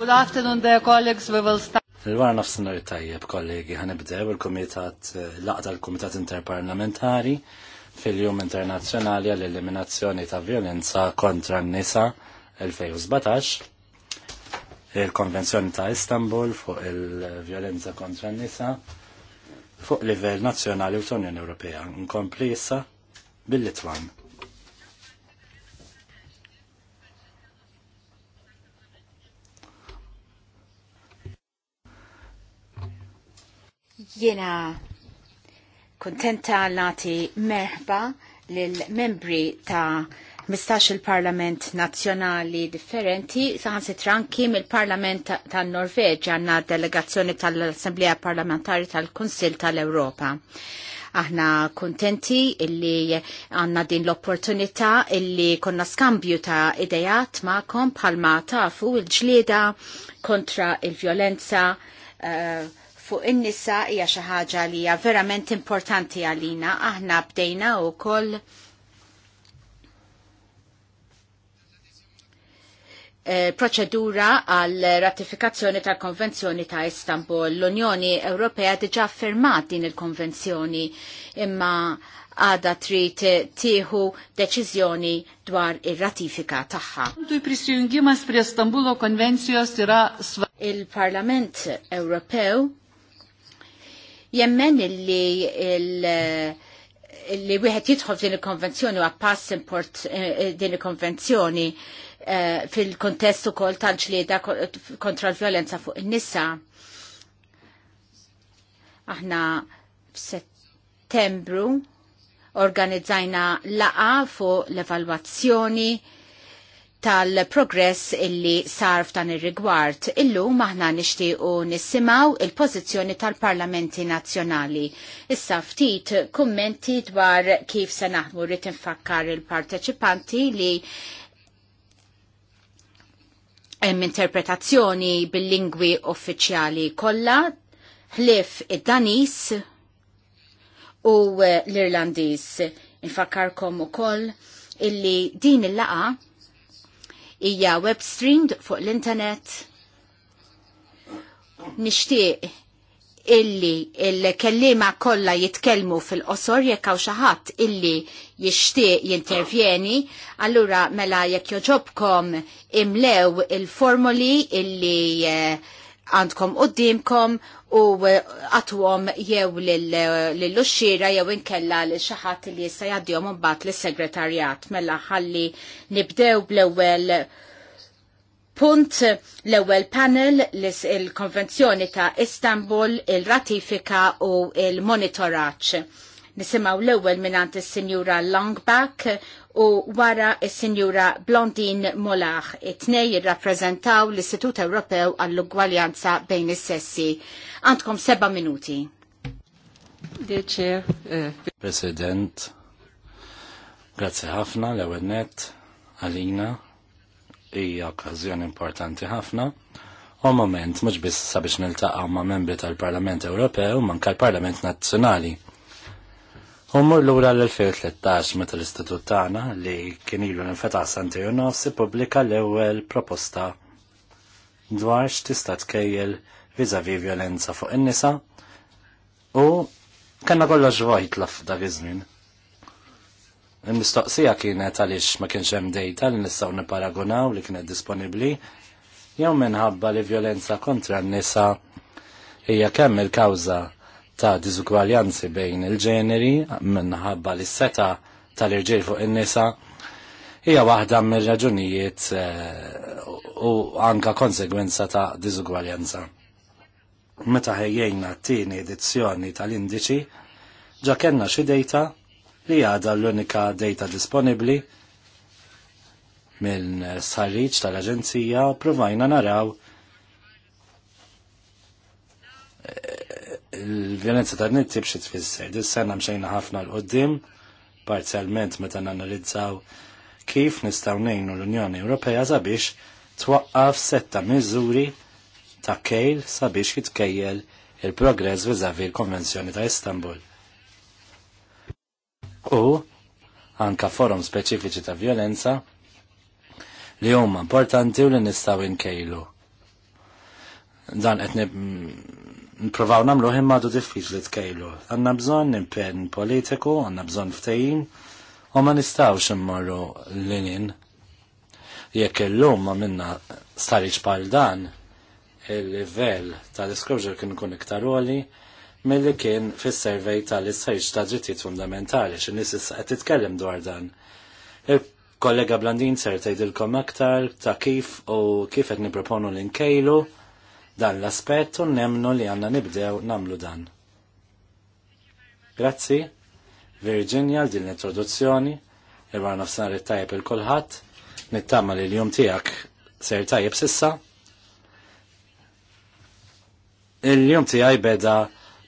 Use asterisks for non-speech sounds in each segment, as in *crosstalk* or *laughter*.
Good afternoon, dear colleagues, we will start. Fil-wara nafsinar tajjeb, kollegi, ħanibdew il-Komitat eh, laqda l-Komitat Interparlamentari fil-Jum Internazzjonali għall-Eliminazzjoni ta' Violenza kontra n-Nisa 2017, il-Konvenzjoni ta' Istanbul fuq il-Violenza kontra n-Nisa fuq livell nazzjonali u tal-Unjoni Ewropea. Nkompli issa bil-Litwan. Jena kontenta nati meħba lill-membri ta' 15 il-parlament nazzjonali differenti, saħan sitranki mill-parlament ta', ta Norveġa għanna delegazzjoni tal-Assemblea Parlamentari tal-Konsil tal-Europa. Aħna kontenti illi għanna din l-opportunità illi konna skambju ta' idejat ma'kom palma tafu il-ġlieda kontra il-violenza uh, fuq in-nisa hija xi ħaġa li hija verament importanti għalina. Aħna bdejna wkoll eh, proċedura għal ratifikazzjoni tal-Konvenzjoni ta' Istanbul. L-Unjoni Ewropea diġa affermat din il-konvenzjoni imma għada trid tieħu deċiżjoni dwar ir-ratifika tagħha. Il-Parlament Ewropew Jemmen illi il- li wieħed jidħol eh, eh, din il-konvenzjoni u għappass import din il-konvenzjoni fil-kontest ukoll tal-ġlieda kontra l-violenza fuq in-nisa. Aħna f'Settembru organizzajna laqa fuq l-evalwazzjoni tal-progress illi sar f'dan ir-rigward. Illum aħna nixtiequ nissimaw il-pożizzjoni tal-Parlamenti Nazzjonali. Issa ftit kummenti dwar kif se naħdmu rrid infakkar il-parteċipanti li hemm interpretazzjoni bil-lingwi uffiċjali kollha, ħlif id-Danis u l-Irlandiż. Infakkarkom ukoll illi din il-laqa hija web streamed fuq l-internet. Nixtieq illi il-kellima kollha jitkellmu fil-qosor jekk hawn xi ħadd illi jixtieq jintervjeni, allura mela jekk joġobkom imlew il-formuli illi uh, għandkom dimkom u e, għatwom jew l e, uxxira jew inkella l xaħat li jista' jgħaddihom bat lis-segretarjat mela ħalli nibdew bl-ewwel punt l-ewwel panel il-Konvenzjoni ta' Istanbul, il-ratifika u il-monitoraġġ. il monitoraċ monitoraġġ Nisimaw l-ewel minant il-Sinjura Longback u wara il-Sinjura Blondin Molaħ. It-nej jirrapprezentaw l-Istitut Ewropew għall-Ugwaljanza bejn is-sessi. Għandkom seba minuti. Uh, President, grazie ħafna l ewennet għalina hija okkażjoni importanti ħafna u moment mhux biss sabiex niltaqa' ma' membri tal-Parlament Ewropew manka l-Parlament Nazzjonali. Ummur l-ura l-2013 meta l-istitut tagħna li kien ilu nfetaħ santiju nofsi pubblika l-ewwel proposta dwar x'tista' tkejjel viżavi violenza fuq in-nisa u kellna kollox vojt laf dak iż-żmien. Il-mistoqsija kienet għaliex ma kienx hemm dejta li nistgħu niparagunaw li kienet disponibbli jew minħabba li violenza kontra n-nisa hija kemm il-kawża ta' diżugwaljanzi bejn il-ġeneri minħabba li seta tal-irġiel fuq in-nisa hija waħda mir-raġunijiet eh, u anka konsegwenza ta' diżugwaljanza. Meta ħejjejna t-tieni edizzjoni tal-indiċi, ġa kellna xi data li għadha l-unika data disponibbli minn sarriċ tal-Aġenzija provajna naraw il-violenza ta' nitt tibxi tfisser. Dis-sena mxejna ħafna l-qoddim, parzialment meta nanalizzaw kif nistaw nejnu l-Unjoni Ewropea sabiex twaqqaf setta miżuri ta' kejl sabiex jitkejjel il-progress vizavi l-Konvenzjoni ta' Istanbul. U anka forum speċifiċi ta' violenza li huma importanti u li nistaw inkejlu dan qed nprovaw namlu imma diffiċ diffiċli tkejlu. Għanna bżon impenn politiku, għanna bżon ftejn, u ma nistawx immorru l-linin. Jekk illum ma minna stariċ pal dan, il-level ta' disclosure kien kun iktar għoli, mill-li kien fis-servej tal-istħarġ ta' drittijiet fundamentali, xin nisis qed titkellem dwar dan. Il-kollega Blandin ser tgħidilkom aktar ta' kif u kif qed niproponu l-inkejlu dan l-aspett u nemnu li għanna nibdew namlu dan. Grazzi, Virginia, din l-introduzzjoni, irwar nafsan rittajib il kolħat nittama li l-jum tijak ser tajib sissa. Il-jum tijaj beda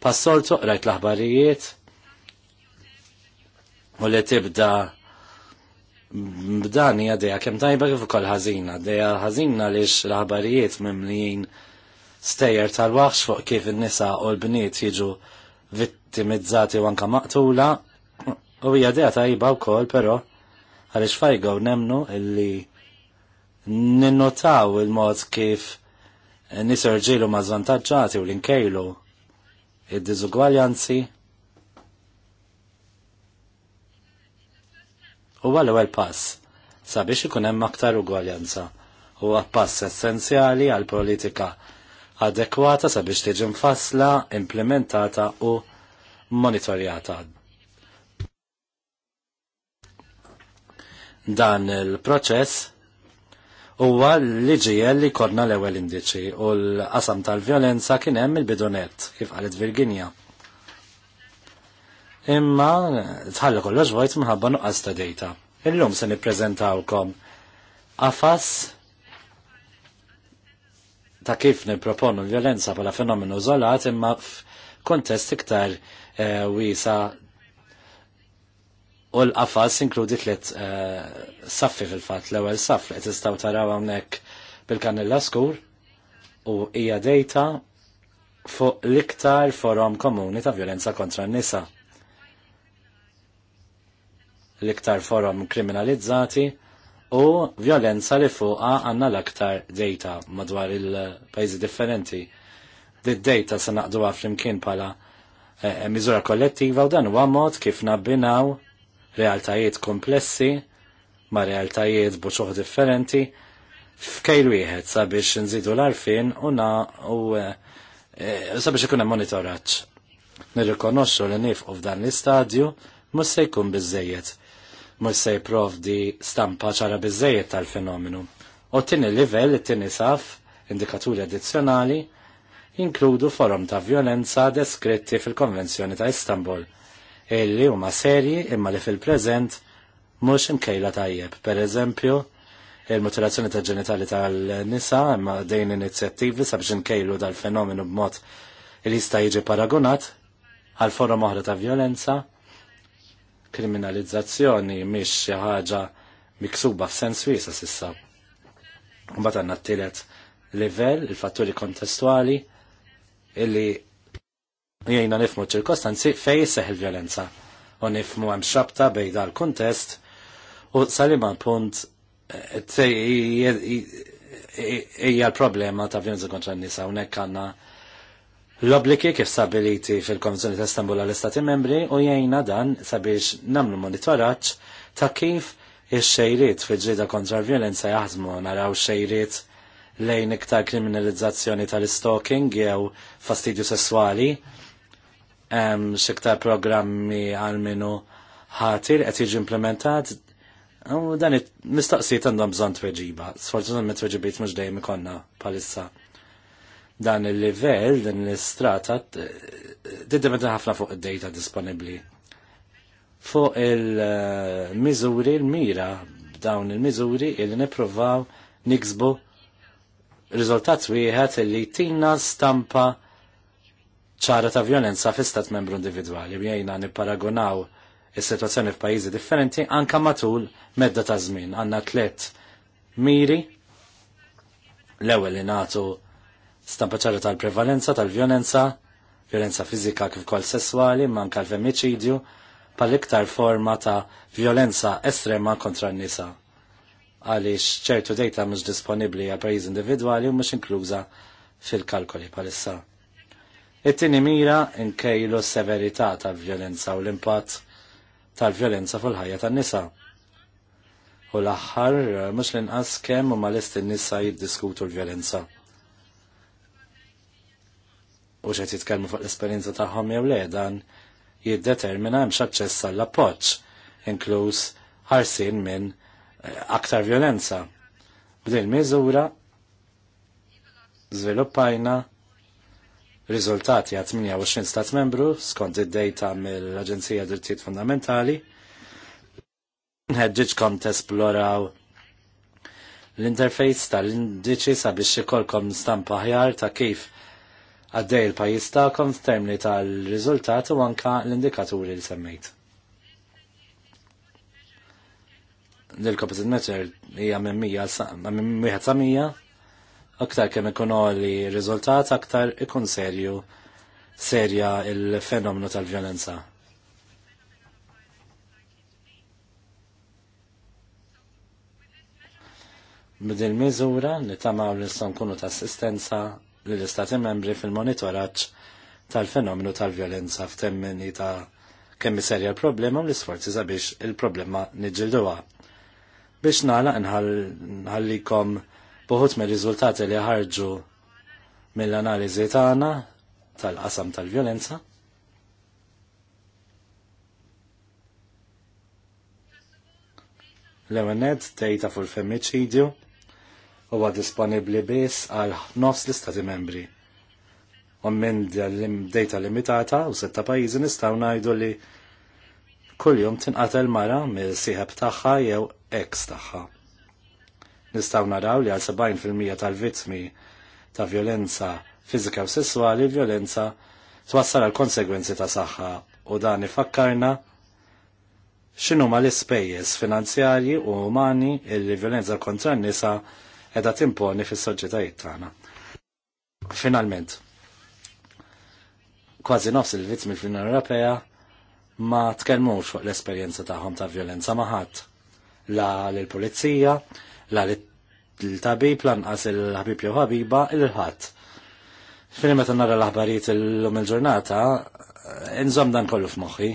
passoltu, rajt l-aħbarijiet, u li tibda b'dani hija kem kemm tajba kif ukoll ħażina, Dija ħazina lix l-aħbarijiet mimlijin stejjer tal-waħx fuq kif in-nisa u l-bniet jiġu vittimizzati u anka maqtula u hija dea tajba wkoll però għaliex fajgow nemnu illi ninnotaw il-mod kif nisorġilu ma' żvantaġġati u l-inkejlu id-diżugwaljanzi u għal-ewel pass sabiex ikun hemm aktar ugwaljanza huwa pass essenzjali għal politika adekwata sabiex tiġi mfassla, implementata u monitorjata. Dan il-proċess huwa l igl li korna l-ewwel indiċi u l-qasam tal-vjolenza kien hemm il-bidonet kif qalet Virginia. Imma tħalli kollox vojt minħabba nuqqas ta' dejta. Illum se nippreżentawkom qafas ta' kif niproponu l-violenza bħala fenomenu zolat imma f'kontest iktar e, wiesa u l-qafas inkludi tliet e, saffi fil-fatt l-ewwel saff li qed tistgħu taraw hawnhekk bil-kanilla skur u hija dejta fuq l-iktar forom komuni ta' violenza kontra n-nisa. L-iktar forum kriminalizzati u violenza li fuqa għanna l-aktar data madwar il-pajzi differenti. Did data se naqduha flimkien pala e, miżura kollettiva u dan huwa mod kif nabbinaw realtajiet komplessi ma' realtajiet buċuħ differenti f'kejl wieħed sabiex nżidu l-arfin u na u e, sabiex ikun hemm monitoraġġ. Nirrikonoxxu li nifqu f'dan l-istadju mhux se jkun biżejjed mhux se jipprovdi stampa ċara bizzejiet tal-fenomenu. U t tini livell, it tini saf, indikaturi addizzjonali, jinkludu forum ta' violenza deskritti fil-Konvenzjoni ta' Istanbul, illi huma serji imma li fil-preżent mhux imkejla tajjeb. Per eżempju, il-mutilazzjoni ta' ġenitali tal-nisa imma dejn inizjattivi sabiex inkejlu dal-fenomenu b'mod li jista' jiġi paragunat għal forum oħra ta' violenza kriminalizzazzjoni mhix xi ħaġa miksuba f'sens wiesa sissa. Mbagħad għandna t-tielet livell, il-fatturi kontestwali illi jgħina nifmu ċirkostanzi fej seħ il-violenza u nifmu hemm xabta bej dal-kuntest u salima punt eh, hija l-problema ta' violenza kontra n-nisa nekk għandna l-obliki kif stabiliti fil-Konvenzjoni ta' Istanbul għall-Istati membri u jgħina dan sabiex namlu monitoraġġ ta' kif ix-xejriet fil-ġrida kontra l-vjolenza jaħdmu naraw xejriet lejn iktar kriminalizzazzjoni tal-stalking jew fastidju sessuali xiktar programmi għal minu ħatir qed jiġi implementat u dan it-mistoqsijiet għandhom bżonn tweġiba. Sfortunatament tweġibiet mhux dejjem ikonna bħalissa dan il-livell, din l-istrata, eh, diddimenta ħafna fuq id-data disponibli. Fuq il-mizuri, il-mira, dawn il-mizuri, il niprofaw niksbu riżultat wieħed li tina stampa ċara ta' violenza fi stat membru individwali bjajna nipparagonaw is-sitwazzjoni f'pajjiżi differenti anka matul medda ta' żmien. Għandna tliet miri l-ewwel li nagħtu stampa ċara tal-prevalenza, tal-vjolenza, vjolenza fizika kif kol sessuali, manka l-femicidju, pal-iktar forma ta' vjolenza estrema kontra n-nisa. Għaliex ċertu dejta mux disponibbli għal pajjiż individwali u mhux inkluża fil-kalkoli palissa. It-tieni mira inkejlu severità tal-vjolenza u l-impatt tal-vjolenza fil-ħajja tan-nisa. U l-aħħar mhux l-inqas kemm huma lest in-nisa jiddiskutu l-vjolenza. l vjolenza u xed jitkellmu fuq l-esperjenza tagħhom jew le dan jiddetermina hemm x'aċċess għall appoġġ inkluż ħarsin minn eh, aktar violenza. B'din miżura żviluppajna riżultati għat 28 stat membru skont id-dejta mill-Aġenzija Drittijiet Fundamentali. kom tesploraw l-interfejs tal-indiċi sabiex ikolkom stampa ħjar ta' kif għaddej il-pajis ta'kom f'termini tal rizultat u anka l-indikaturi li semmejt. Dil-composite measure hija minn mija sa mija, aktar kemm ikun li riżultat aktar ikun serju serja il-fenomenu tal-vjolenza. B'dil miżura li tamaw l-istan kunu ta' assistenza l-Istati membri fil-monitoraġġ tal-fenomenu tal-vjolenza f'temmeni ta' kemm serja l-problema u l-isforzi sabiex il-problema nġilduwa. Biex nagħlaq nħallikom buħut mir-riżultati li ħarġu mill-analiżi tagħna tal-qasam tal-vjolenza. l data for fuq il huwa disponibbli biss għal nofs l-istati membri. U minn data limitata u setta pajjiżi nistgħu ngħidu li kuljum tinqatel mara mill siħeb tagħha jew ex tagħha. Nistgħu naraw li għal 70% tal-vittmi ta' violenza fiżika u sessuali violenza twassal għal konsegwenzi ta' saħħa u dan ifakkarna x'inhuma ma l-ispejjeż finanzjarji u umani illi violenza kontra n-nisa edha timponi fis-soċjetajiet tagħna. Finalment, kważi nofs il-vittmi fl-Unjoni Ewropea ma tkellmux fuq l-esperjenza tagħhom ta' violenza ma' ħadd. La l-pulizija, la l-tabib lanqas il-ħabib jew ħabiba il-ħadd. Fini meta nara l-aħbarijiet l-lum il-ġurnata, nżomm dan kollu f'moħħi.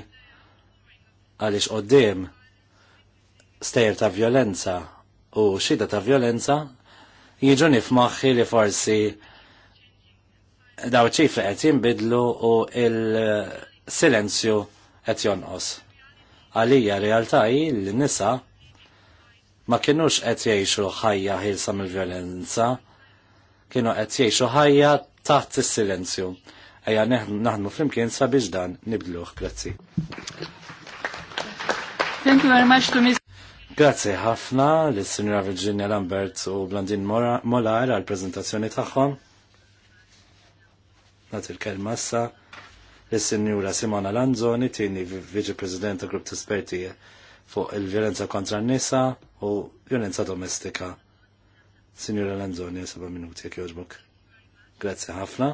Għaliex qoddim stejr ta' violenza u xida ta' violenza jiġu nifmaħħi li forsi daw ċifri qed jinbidlu u il-silenzju qed jonqos. Għalija realtà hi li nisa ma kienux qed jgħixu ħajja ħilsa mill-violenza, kienu qed jgħixu ħajja taħt is-silenzju. Ejja naħdmu flimkien sabiex dan nibdluh, grazzi. Thank you very much to Ms. Grazzi ħafna l-Sinjora Virginia Lambert u Blandin Molar għal-prezentazzjoni tagħhom. Nagħti l-kelma issa l-Sinjura Simona Lanzoni, tieni Viċi President tal Grupp Sperti fuq il-violenza kontra n-nisa u violenza domestika. Signora Lanzoni, 7 minuti, jekk jogħġbok. Grazie ħafna.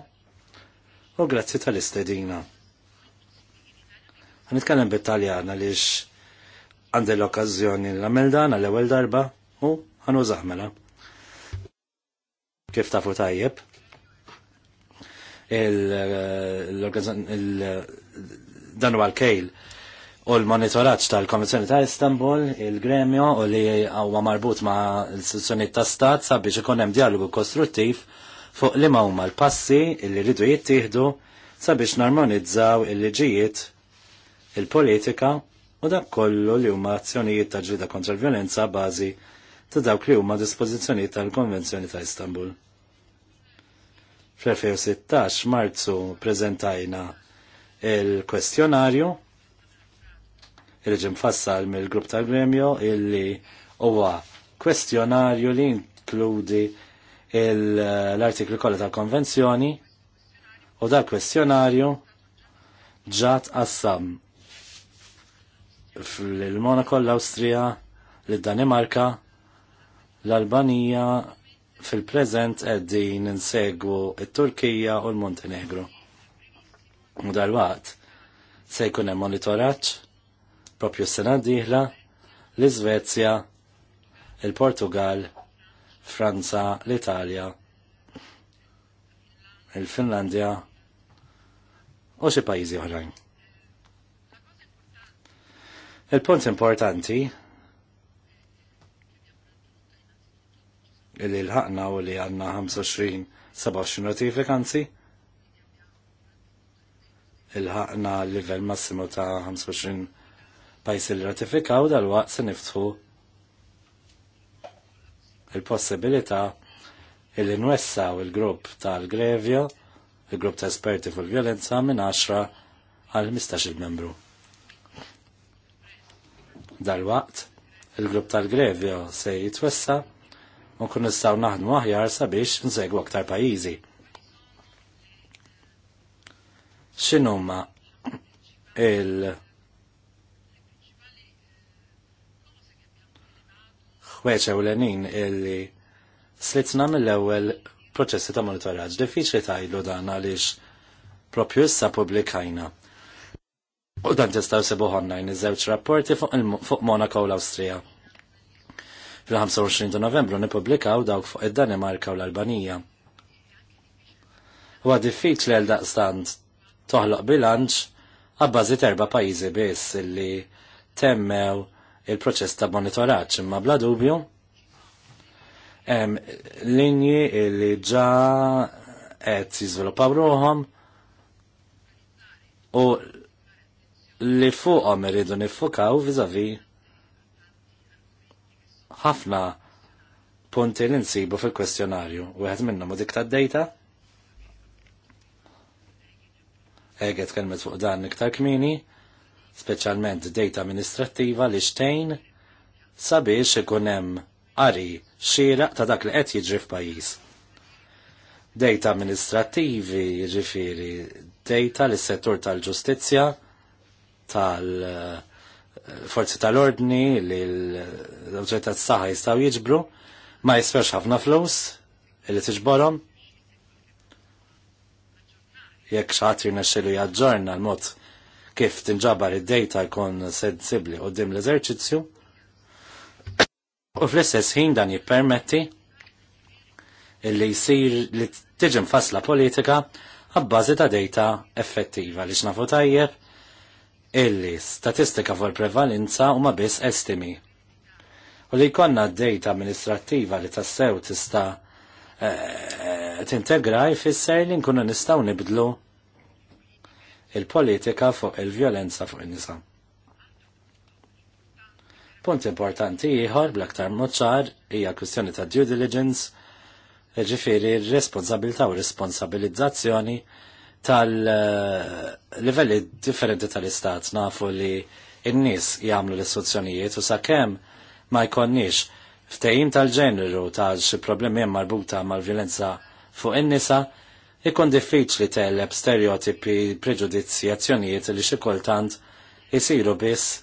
U grazzi tal-istedina. Għanitkallem bit-Taljana għaliex għandi l-okkazjoni l-għamil dan għal ewwel darba u ħanużah zaħmela. Kif tafu tajjeb? Eh, dan huwa l-kejl u l-monitoraġġ tal komissjoni ta' Istanbul, il-Gremio u li huwa marbut ma' l-istituzzjoni ta' Stat sabiex ikun hemm dialogu kostruttiv fuq li ma huma l-passi li rridu jittieħdu sabiex narmonizzaw il-liġijiet il-politika u dak kollu li huma azzjonijiet ta' ġrida kontra l-violenza bażi ta' dawk li huma dispożizzjonijiet tal-Konvenzjoni ta' Istanbul. Fl-2016 Marzu preżentajna il-kwestjonarju il ġim fassal mill-grupp tal-gremio illi huwa kwestjonarju li inkludi l-artikli kollha tal-konvenzjoni u dal kwestjonarju ġat qassam fil-Monaco, l-Austria, l-Danimarka, l-Albanija, fil-prezent għeddin nsegwu il-Turkija u l-Montenegro. U dal-waqt, se jkun hemm monitoraġġ propju s-sena d-dieħla l-Iżvezja, il-Portugal, Franza, l-Italja, il-Finlandja u xi pajjiżi oħrajn. Il-punt importanti li l-ħakna u li għanna 25-27 notifikanti il-ħakna livell massimo ta' 25 pajs li ratifikaw dal-waqt se niftħu il-possibilita illi nwessaw il-grupp tal-grevja, il-grupp ta' esperti fil-violenza minn 10 għal 15 membru. Dal-waqt, il-grupp tal-Grevio se jitwessa u kun nistaw naħdmu aħjar sabiex nsegwu aktar pajizi. X'inhuma il- l ewlenin illi slitna mill-ewwel proċessi ta' monitoraġ. Diffiċli tajlu dan għaliex propju issa publikajna U dan tistaw sebu online iż-żewġ rapporti fuq Monaco u l-Awstrija. Fil-25 novembru nipublikaw dawk fuq id-Danimarka u l-Albanija. Huwa diffiċli għal daqstant toħloq bilanċ għabbażi terba pajjiżi biss illi temmew il-proċess ta' monitoraċ imma bla dubju linji illi ġa qed jiżviluppaw ruhom u li fuqhom iridu niffukaw vizavi ħafna punti li nsibu fil-kwestjonarju. Wieħed minnhom u dik tad-dejta? Eget kelmet fuq dan iktar kmini, speċjalment dejta amministrattiva li xtejn sabiex ikun hemm xira xieraq ta' dak li qed jiġri f'pajjiż. Dejta amministrattivi jiġifieri dejta lis settur tal-ġustizzja tal-forzi eh, tal-ordni li l-autoritat saħħa jistaw jiġbru ma jisferx ħafna flus illi tiġborhom jekk xaħat jirnexxilu jaġġorna l-mod kif tinġabar id-dejta jkun sensibli qudiem l-eżerċizzju. U fl-istess ħin dan jippermetti illi jsir li tiġi mfassla politika għabbażi ta' dejta effettiva li xnafu tajjeb illi statistika fuq prevalenza huma biss estimi. U li jkollna d-dejta amministrattiva li tassew tista' eh, eh, tintegra jfisser li nkunu nistgħu nibdlu il-politika fuq il-vjolenza fuq in-nisa. Punt importanti ieħor bl-aktar moċċar hija kwistjoni ta' due diligence, ġifiri r-responsabilità u responsabilizzazzjoni tal-livelli eh, differenti tal-istat nafu li n-nis jagħmlu l-istruzzjonijiet u sakemm ma jkonniex ftehim tal-ġeneru ta' xi problemi marbuta mal vjolenza fuq in-nisa ikun diffiċli telleb stereotipi preġudizzi azzjonijiet li xi kultant isiru biss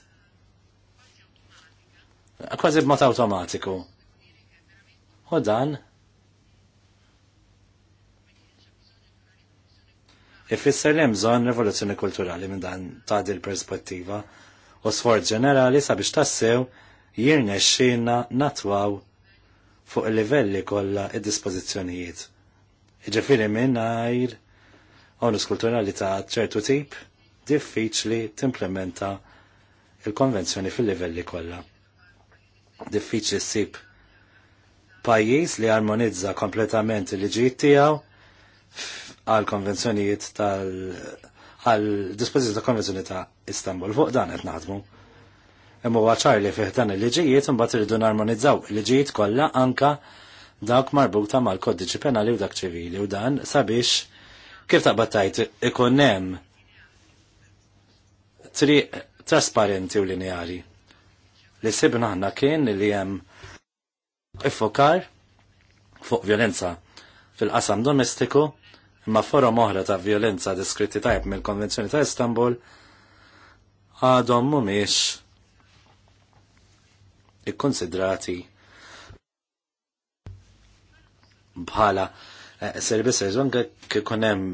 kważi b'mod awtomatiku. U dan ifisser li mżon rivoluzzjoni kulturali minn dan ta' il perspettiva u sforz ġenerali sabiex tassew xina natwaw fuq il-livelli kollha id-dispożizzjonijiet. minn mingħajr onus kulturali ta' ċertu tip diffiċli timplementa il-konvenzjoni fil-livelli kollha. Diffiċli ssib pajjiż li armonizza kompletament il-liġijiet tiegħu għal konvenzjonijiet tal għal dispozizjoni ta' konvenzjoni ta' Istanbul. Fuq dan qed naħdmu. Imma huwa ċar li fih dan il-liġijiet imbagħad iridu narmonizzaw il-liġijiet kollha anka dawk marbuta mal-kodiċi penali u dak ċivili u dan sabiex kif taqbad battajt ikun hemm triq trasparenti u lineari. Li sibna aħna kien li hemm iffokar fuq violenza fil-qasam domestiku imma forom oħra ta' violenza diskritti tajb mill-Konvenzjoni ta' Istanbul għadhom mhumiex ikkonsidrati bħala eh, serbi sejżonga kikun hemm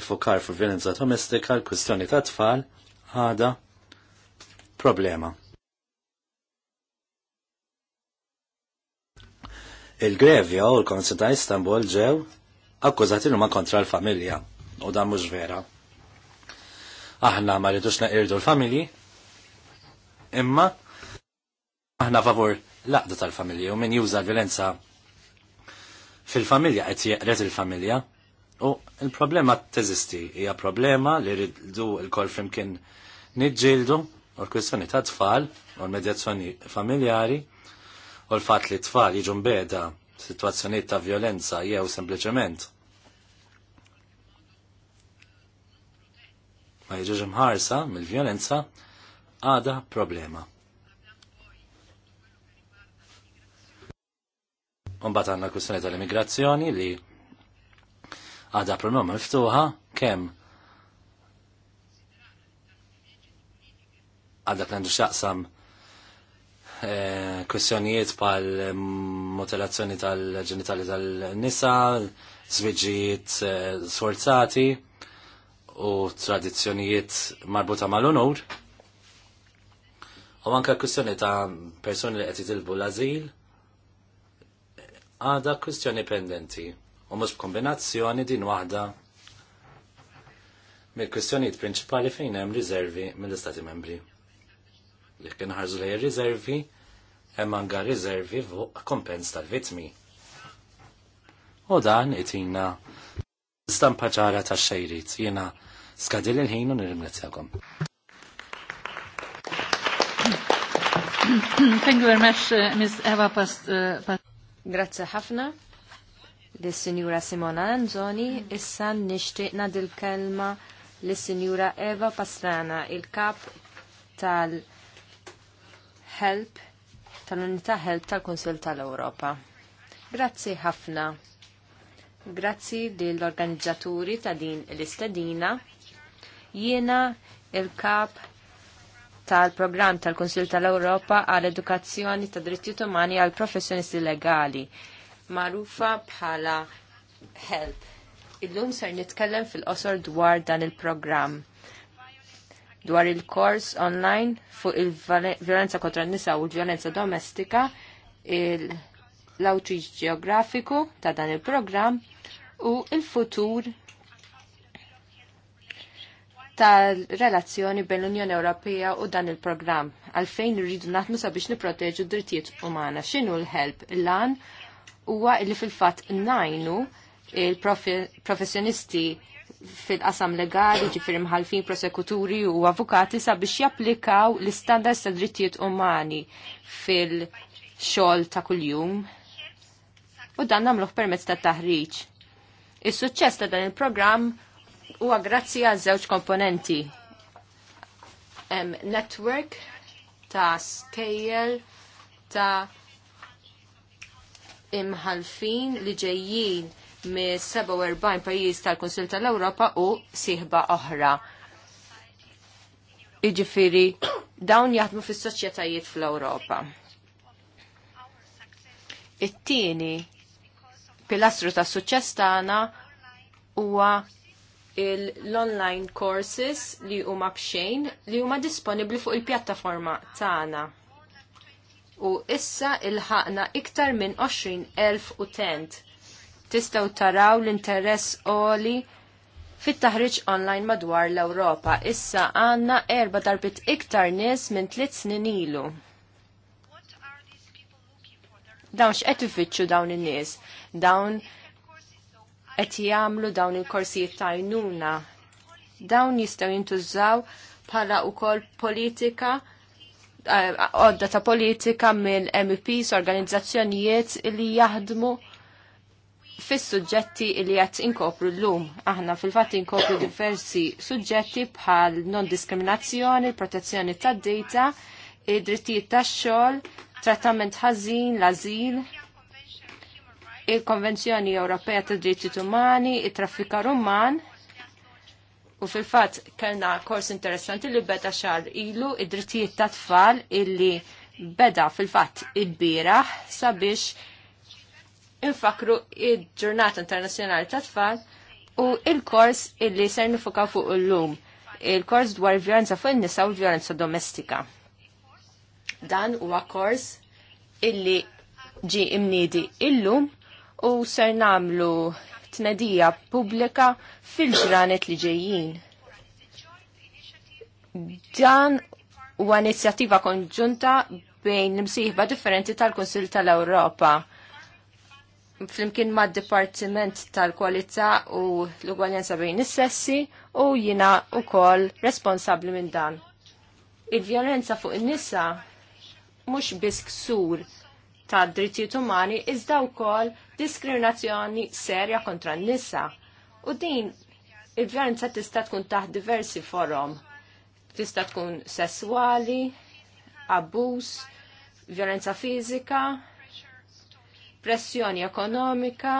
ifukar fuq violenza domestika, l-kwistjoni ta' tfal għada problema. Il-Grevja u l-Konsil ta' Istanbul ġew akkużati huma kontra l-familja u dan mhux vera. Aħna ma rridux naqirdu l-familji, imma aħna favur l tal-familji u min juża l-violenza fil-familja qed jeqret il-familja u il-problema teżisti hija problema li rridu l-kol flimkien niġġieldu u l-kwistjoni ta' tfal u l-medjazzjoni familjari u l-fat li tfal jiġu mbeda situazzjoniet ta' violenza jew sempliċement ma jiġux mħarsa mill violenza għada problema. Unbat għanna kwistjoni tal-immigrazzjoni li għada problema miftuħa kemm għada plendu xaqsam eh, kwestjonijiet pal mutilazzjoni tal-ġenitali tal-nisa, zviġijiet eh, sforzati, u tradizzjonijiet marbuta mal-onur. U anka kwistjoni ta' persuni li qed jitilbu l-azil għada kwistjoni pendenti. U mhux b'kombinazzjoni din waħda mill-kwistjonijiet prinċipali fejn hemm riservi mill-Istati Membri. kien ħarżu li riservi hemm anga riservi fuq kompens tal-vittmi. U dan itina stampa ġara ta' xejrit. Jena skadil il-ħin u nirrimlezzjakom. Thank you very much, uh, Ms. Eva uh, Past. Grazie ħafna. Lis-Sinjura Simona Anzoni, issa nixtieq dil kelma lis-Sinjura Eva Pastrana, il-kap tal-Help tal-Unità Help tal-Kunsil kunsil tal europa Grazzi ħafna. Grazzi lill-organizzaturi ta' din l-istedina. Jiena il-kap tal-programm tal-Konsil tal-Europa għal edukazzjoni ta' dritti umani għal professjonisti legali, marufa bħala HELP. Illum ser nitkellem fil-qosor dwar dan il-programm dwar il-kors online fuq il-violenza kontra n-nisa u l-violenza domestika, l-outreach geografiku ta' dan il-programm u il-futur tal-relazzjoni bejn l-Unjoni Ewropea u dan il-programm għalfejn irridu naħdmu sabiex niproteġu d-drittijiet umana. X'inhu l-help? Lan huwa li fil-fatt najnu il-professjonisti fil-qasam legali, ġifir mħalfin prosekuturi u avukati sabiex japplikaw l-istandards tal drittijiet umani fil-xol ta' kuljum. U dan namluħ permezz ta' taħriġ Is-suċċess ta' dan il-programm huwa grazzi għal żewġ komponenti. Hemm network ta' scale ta' imħalfin li ġejjin me 47 pajjiż tal-Konsil tal-Ewropa u sieħba oħra. Iġifiri, dawn jaħdmu fis soċjetajiet fl-Ewropa. It-tieni pilastru ta' suċċess tagħna huwa l-online courses li huma bxejn li huma disponibbli fuq il-pjattaforma tagħna. U issa il-ħaqna iktar minn 20,000 utent. Tistgħu taraw l-interess oli fit-taħriġ online madwar l-Ewropa. Issa għandna erba darbit iktar nies minn tliet snin ilu dawn x'qed ifittxu dawn in-nies, dawn qed jagħmlu dawn il-korsijiet ta' għajnuna. Dawn jistgħu jintużaw bħala wkoll politika eh, għodda ta' politika mill MEPs organizzazzjonijiet li jaħdmu fis-suġġetti li qed inkopru llum. Aħna fil-fatt inkopru diversi suġġetti bħal non-diskriminazzjoni, protezzjoni tad-data, id-drittijiet tax-xogħol, trattament ħażin, l-azil, il-Konvenzjoni Ewropea tad Diritti Umani, il traffikar uman, u fil-fatt kellna kors interessanti li beda xar ilu id-drittijiet ta' tfal illi beda fil-fatt id bira sabiex infakru id ġurnata internazjonali ta' tfal u il-kors illi ser nifukaw fuq l lum il-kors dwar violenza fuq il-nisa u violenza domestika. Dan huwa kors illi ġi imnidi illum u ser namlu tnedija pubblika fil-ġranet li ġejjin. Dan huwa inizjattiva konġunta bejn l-imsieħba differenti tal konsil tal-Ewropa flimkien ma' Dipartiment tal-Kwalità u l-Ugwaljanza bejn is-sessi u jina u kol responsabli minn dan. Il-vjolenza fuq in-nisa mhux biss ksur ta' drittijiet umani iżda wkoll diskriminazzjoni serja kontra n-nisa. U din il-vjolenza tista' tkun taħt diversi forom. Tista' tkun sesswali, abbuż, vjolenza fiżika, pressjoni ekonomika,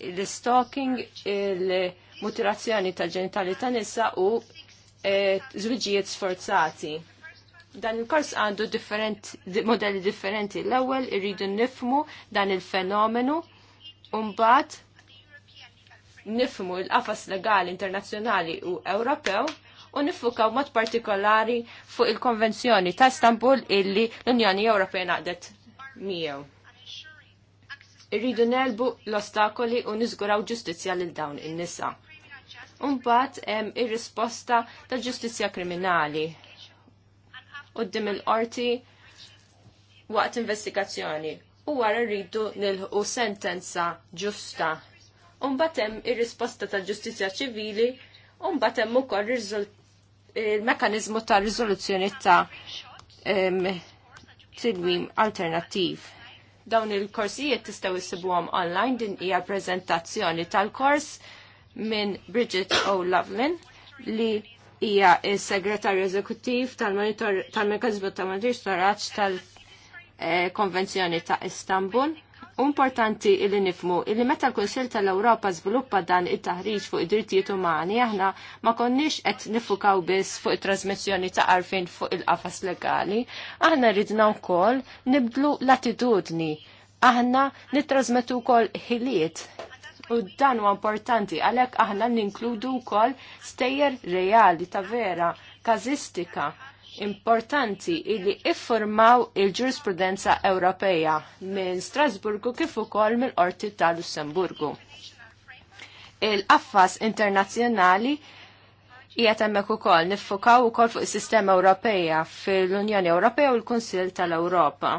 l-stalking, il-mutilazzjoni tal ġenitali ta' nisa u e, eh, zwiġijiet sforzati dan il-kors għandu different, modelli differenti. L-ewwel irridu nifmu dan il-fenomenu un mbagħad nifmu l-qafas legali internazzjonali u Ewropew u nifukaw mod partikolari fuq il-Konvenzjoni ta' Istanbul illi l-Unjoni Ewropea naqdet miegħu. Irridu nelbu l-ostakoli u niżguraw ġustizzja lil dawn in-nisa. Umbat hemm ir-risposta tal ġustizzja kriminali qoddim il-qorti waqt investigazzjoni u wara rridu nilħu sentenza ġusta. Umbat hemm ir-risposta tal-ġustizzja ċivili, umbat hemm ukoll il-mekkaniżmu ta' riżoluzzjoni ta' tilwim alternattiv. Dawn il-korsijiet tistgħu jsibuhom online din hija prezentazzjoni tal-kors minn Bridget O'Lovlin li hija s-segretarju eżekuttiv tal-Mekanizmu ta' Monitoraġġ tal-Konvenzjoni eh, ta' Istanbul. Importanti illi nifmu illi meta l-Kunsil tal-Ewropa żviluppa dan it-taħriġ fuq id-drittijiet umani aħna ma konniex qed nifukaw biss fuq it-trasmissjoni ta' arfin fuq il-qafas legali, aħna ridna wkoll nibdlu l-attitudni aħna nittrażmettu wkoll ħiliet U dan huwa importanti għalhekk aħna ninkludu wkoll stejjer reali ta' vera, kazistika importanti illi iffurmaw il-ġurisprudenza Ewropeja minn Strasburgu kif ukoll mill-Qorti ta' Lussemburgu. Il-qaffas internazzjonali qiegħed hemmhekk ukoll niffukaw ukoll fuq is-sistema Ewropeja fil-Unjoni Ewropea u l-Kunsill tal-Ewropa.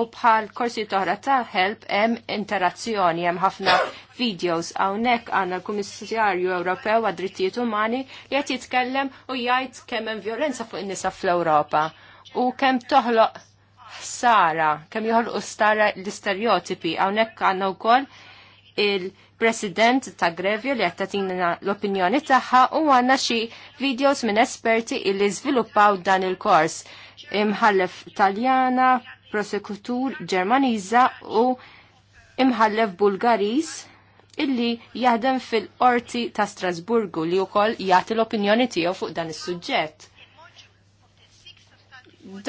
U bħal korsi toħra ta' help hemm interazzjoni, hemm ħafna videos hawnhekk għandna l-Kummissarju Ewropew għad drittijiet umani li qed jitkellem u jgħid kemm hemm violenza fuq in-nisa fl-Ewropa u kemm toħloq ħsara, kemm joħolqu stara l-istereotipi hawnhekk għandna wkoll il-President ta' Grevio li qed l-opinjoni tagħha u għandna xi videos minn esperti li zviluppaw dan il-kors imħallef Taljana, prosekutur Ġermaniża u imħallef Bulgaris illi jaħdem fil-qorti ta' Strasburgu li wkoll jagħti l-opinjoni tiegħu fuq dan is-suġġett.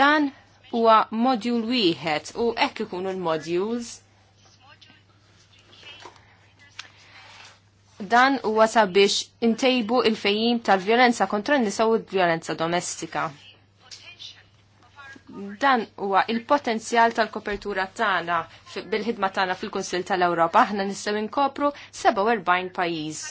Dan huwa modjul wieħed u hekk ikunu l-modules. Dan huwa sabiex intejbu il-fejjim tal-vjolenza kontra n-nisa u l-vjolenza domestika dan huwa il-potenzjal tal-kopertura tagħna bil-ħidma tagħna fil-Kunsill tal-Ewropa aħna nistgħu inkopru 47 pajjiż.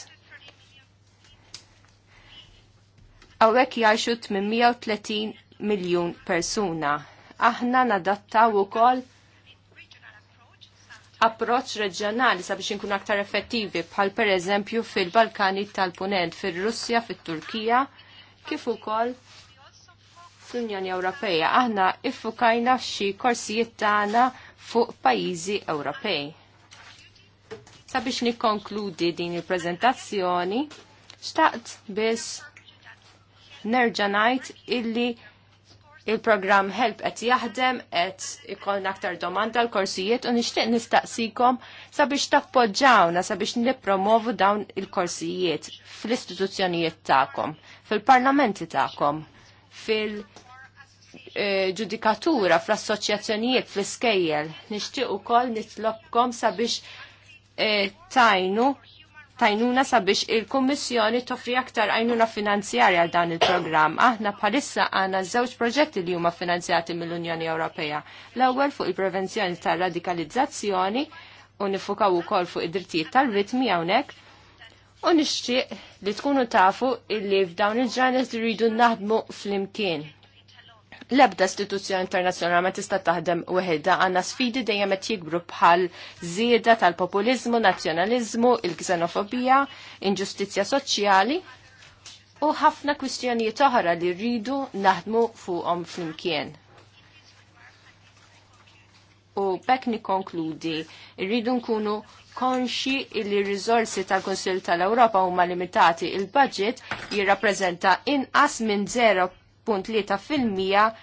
Hawnhekk jgħixu 830 miljun persuna. Aħna nadattaw ukoll approċ reġjonali sabiex inkun aktar effettivi bħal pereżempju fil-Balkani tal-Punent, fir-Russja, fit-Turkija, kif ukoll fl-Unjoni Ewropeja aħna iffukajna f'xi korsijiet tagħna fuq pajjiżi Ewropej. Sabiex nikkonkludi din il-preżentazzjoni, xtaqt biss nerġa' ngħid illi il-programm Help qed jaħdem qed ikollna aktar domanda l korsijiet u nixtieq nistaqsikom sabiex tappoġġawna sabiex nippromovu dawn il-korsijiet fl-istituzzjonijiet tagħkom, fil-parlamenti tagħkom, fil-, -parlamenti ġudikatura fl-assoċjazzjonijiet fl-iskejjel. Nixtieq ukoll nitlobkom sabiex eh, tajnu tajnuna sabiex il-Kummissjoni toffri aktar għajnuna finanzjarja għal dan il-programm. Aħna bħalissa għana żewġ proġetti li huma finanzjati mill-Unjoni Ewropea. L-ewwel fuq il-prevenzjoni tar-radikalizzazzjoni u nifukaw ukoll fuq id-drittijiet tal-ritmi hawnhekk U nixtieq li tkunu tafu illi f'dawn il-ġranet rridu naħdmu fl-imkien l-ebda istituzzjoni internazzjonali ma tista' taħdem weħda għandna sfidi dejjem qed jikbru bħal żieda tal-populiżmu, nazzjonaliżmu, il-ksenofobija, inġustizzja soċjali u ħafna kwistjonijiet oħra li rridu naħdmu fuqhom flimkien. U bekk nikkonkludi, rridu nkunu konxi li rizorsi tal-Konsil tal-Europa huma limitati il-budget jirrappreżenta inqas minn 0 fil-mija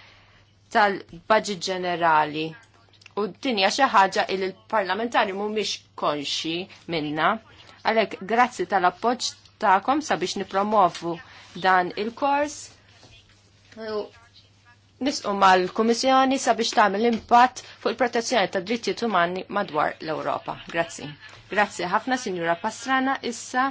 tal-budget ġenerali. U dinja xi ħaġa il parlamentari mhumiex konxi minna. Għalhekk grazzi tal-appoġġ tagħkom sabiex nipromovu dan il-kors. Nisqu mal-Kummissjoni sabiex tagħmel impatt fuq il-protezzjoni tad drittijiet umani madwar l-Ewropa. Grazzi. Grazzi ħafna, Sinjura Pastrana. Issa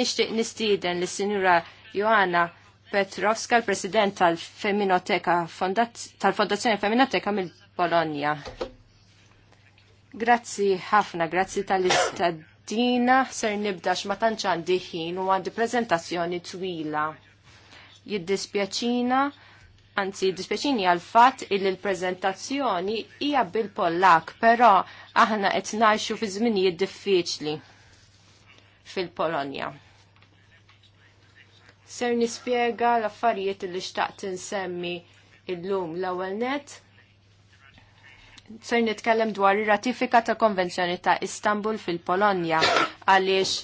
nixtieq nistieden lis-Sinjura Joanna Petrovska, l-President tal-Feminoteka, tal-Fondazzjoni Feminoteka mill-Polonja. Grazzi ħafna, grazzi tal-istadina, ser nibda ma tantx għandi ħin u għandi prezentazzjoni twila. Jiddispjaċina, anzi jiddispjaċini għal fatt illi l-prezentazzjoni hija bil-Pollak, però aħna qed ngħixu fi żminijiet diffiċli fil-Polonja ser nispjega l-affarijiet li xtaqt insemmi illum l-ewwel net. Ser nitkellem dwar ir-ratifika ta' Konvenzjoni ta' Istanbul fil-Polonja għaliex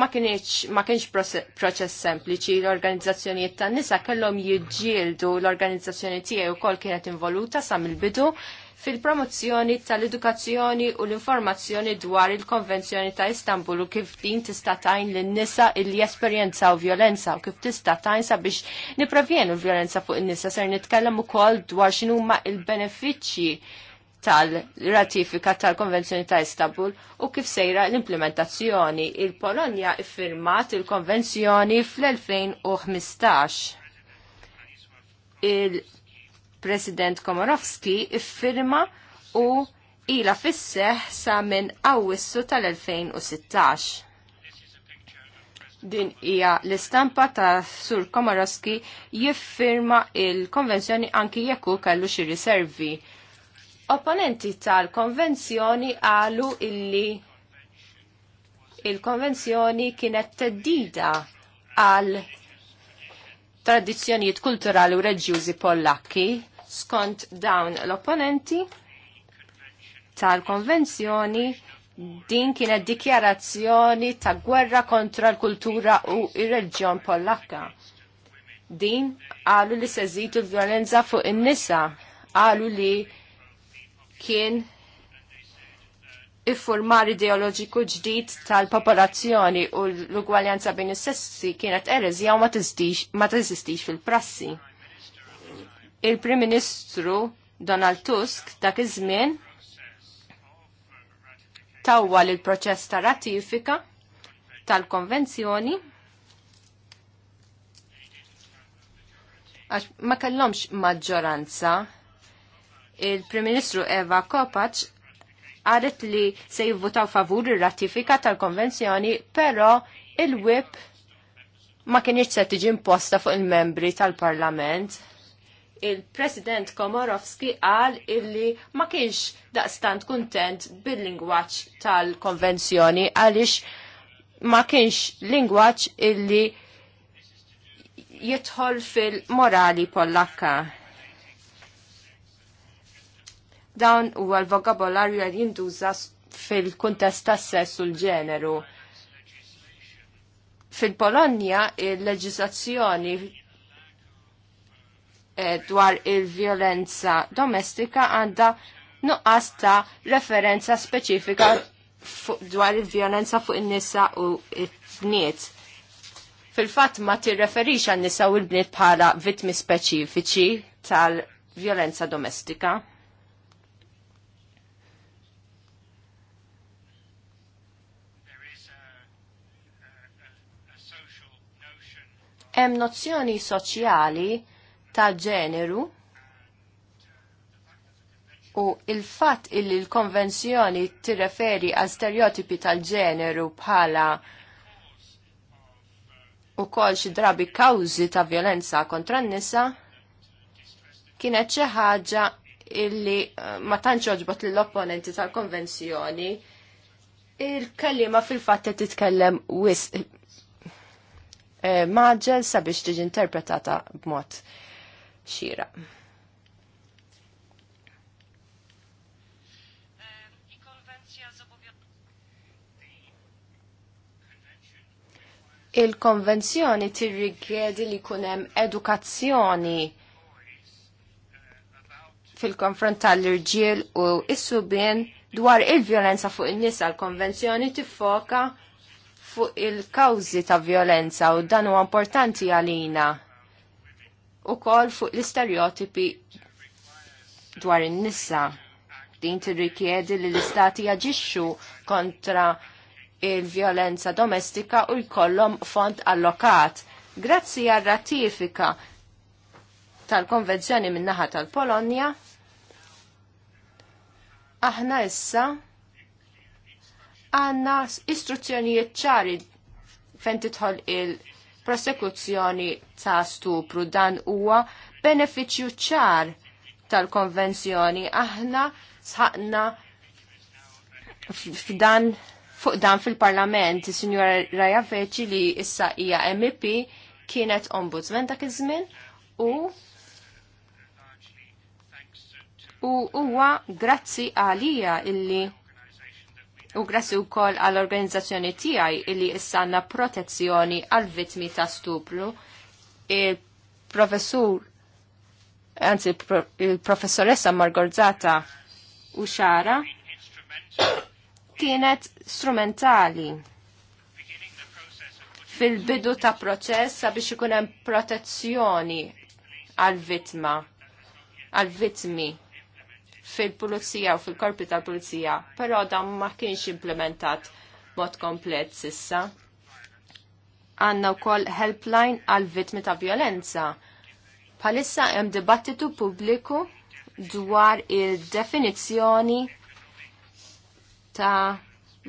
ma kienx ma kienx proċess sempliċi l-organizzazzjonijiet tan nisa kellhom jiġġieldu l-organizzazzjoni tiegħi wkoll kienet involuta sa mill-bidu fil-promozzjoni tal-edukazzjoni u l-informazzjoni dwar il-Konvenzjoni ta' Istanbul u kif din tista' tajn lin-nisa illi jesperjenzaw violenza u kif tista' tajn sabiex nipprevjenu l-violenza fuq in-nisa ser nitkellem ukoll dwar x'inhuma l benefiċċji tal-ratifika tal-Konvenzjoni ta' Istanbul u kif sejra l-implementazzjoni. Il-Polonja iffirmat il-Konvenzjoni fl-2015. Il President Komorowski iffirma u ila fisseħ sa minn Awwissu tal-2016. Din hija l-istampa ta' Sur Komorowski jiffirma il-konvenzjoni anki jekku kellu xi riservi. Opponenti tal-konvenzjoni għalu illi il-konvenzjoni kienet teddida għal tradizzjonijiet kulturali u reġjużi pollakki skont dawn l-opponenti tal-konvenzjoni din kienet dikjarazzjoni ta' gwerra kontra l-kultura u il reġjon Pollakka. Din għalu li seżitu l-violenza fuq in-nisa, għalu li kien iffurmar ideoloġiku ġdid tal-popolazzjoni u l-ugwaljanza bejn is-sessi kienet erezja u ma tiżistix fil-prassi il-Prim Ministru Donald Tusk dak iż-żmien tawwal il-proċess ta' ratifika tal-konvenzjoni għax ma kellhomx maġġoranza il-Prim Ministru Eva Kopac għadet li se jivvutaw favur ir-ratifika tal-konvenzjoni, però il-WIP ma kienx se tiġi imposta fuq il-membri tal-Parlament il-President Komorowski qal illi ma kienx daqstant kuntent bil-lingwaċ tal-konvenzjoni għalix ma kienx lingwaċ illi jidħol fil-morali pollakka. Dawn huwa l-vokabolarju għal jinduża fil-kuntest tas-sess u l-ġeneru. Fil-Polonja il-leġizazzjoni Eh, dwar il-violenza domestika għandha nuqqas ta' referenza speċifika dwar il-violenza fuq in-nisa u it-bniet. Fil-fatt ma tirreferix għan nisa u l-bniet bħala vittmi speċifiċi tal-violenza domestika. Hemm nozzjoni soċjali ta' ġeneru u il-fatt illi l-konvenzjoni tirreferi għal stereotipi tal-ġeneru bħala u kol xi drabi kawżi ta' violenza kontra n-nisa kienet xi ħaġa illi eh, ma tantx oġbot lill-opponenti tal-konvenzjoni il-kellima fil-fatt qed titkellem wisq eh, maġel sabiex tiġi interpretata b'mod xira. Il-konvenzjoni tirrigedi li kunem edukazzjoni fil-konfront tal-irġiel u is-subien dwar il-vjolenza fuq in-nisa l-konvenzjoni tiffoka fuq il-kawzi ta' violenza u dan huwa importanti għalina u kol fuq l-istereotipi dwar in-nisa. Din tirrikjedi li l-istati jaġixxu kontra il-violenza domestika u jkollhom font allokat. Grazzi għal ratifika tal-konvenzjoni minnaħa tal-Polonja, aħna issa għanna istruzzjonijiet ċari fejn titħol il- prosekuzzjoni ta' stupru dan huwa benefiċċju ċar tal-konvenzjoni aħna sħaqna f'dan fuq dan fil-parlament, il Raja Feċi li issa hija MEP kienet ombudsman dak iż-żmien u u huwa grazzi għalija illi U grassi u koll għall-organizzazzjoni tijaj illi issanna protezzjoni għal-vitmi ta' stupru, il-professur, anzi il-professoressa Margorzata u xara, kienet strumentali fil-bidu ta' proċess sabiex ikun hemm protezzjoni għal-vitma, għal-vitmi fil-pulizija u fil-korpi tal-pulizija, però dan ma kienx implementat mod komplet sissa. Għanna u koll helpline għal vitmi ta' violenza. Palissa hemm dibattitu pubbliku dwar il-definizzjoni ta'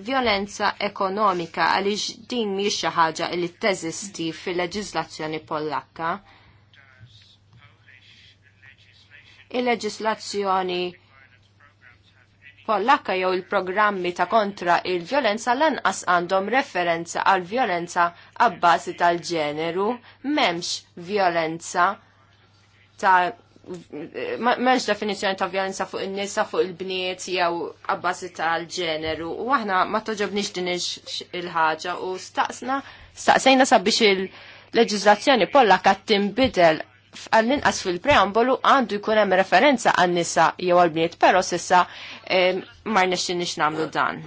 violenza ekonomika għaliex din mhix xi ħaġa li teżisti fil-leġiżlazzjoni Pollakka. Il-leġiżlazzjoni Pollakka jew il-programmi ta' kontra il-vjolenza lanqas għandhom referenza għal vjolenza għabbażi tal-ġeneru, memx vjolenza ta' memx definizjoni ta' vjolenza fuq in-nisa fuq il-bniet jew għabbażi tal-ġeneru. U aħna ma toġobniex din il-ħaġa u staqsna staqsejna sabiex il- leġizlazzjoni pollakka tinbidel għall-inqas fil-preambolu għandu jkun hemm referenza għan-nisa jew għall-bniet, però sissa ma mar nix nagħmlu dan.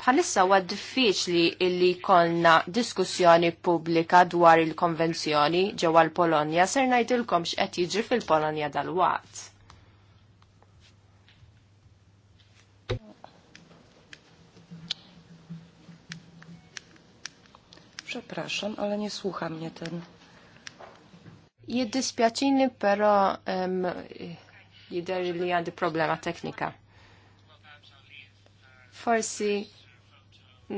Bħalissa huwa diffiċli illi jkollna diskussjoni pubblika dwar il-konvenzjoni ġewwa l-Polonja ser ngħidilkom x'qed jiġri fil-Polonja dal-waqt. Przepraszam, ale nie słucha mnie ten. Jiddispjaċini, pero um, li għandi problema teknika. Forsi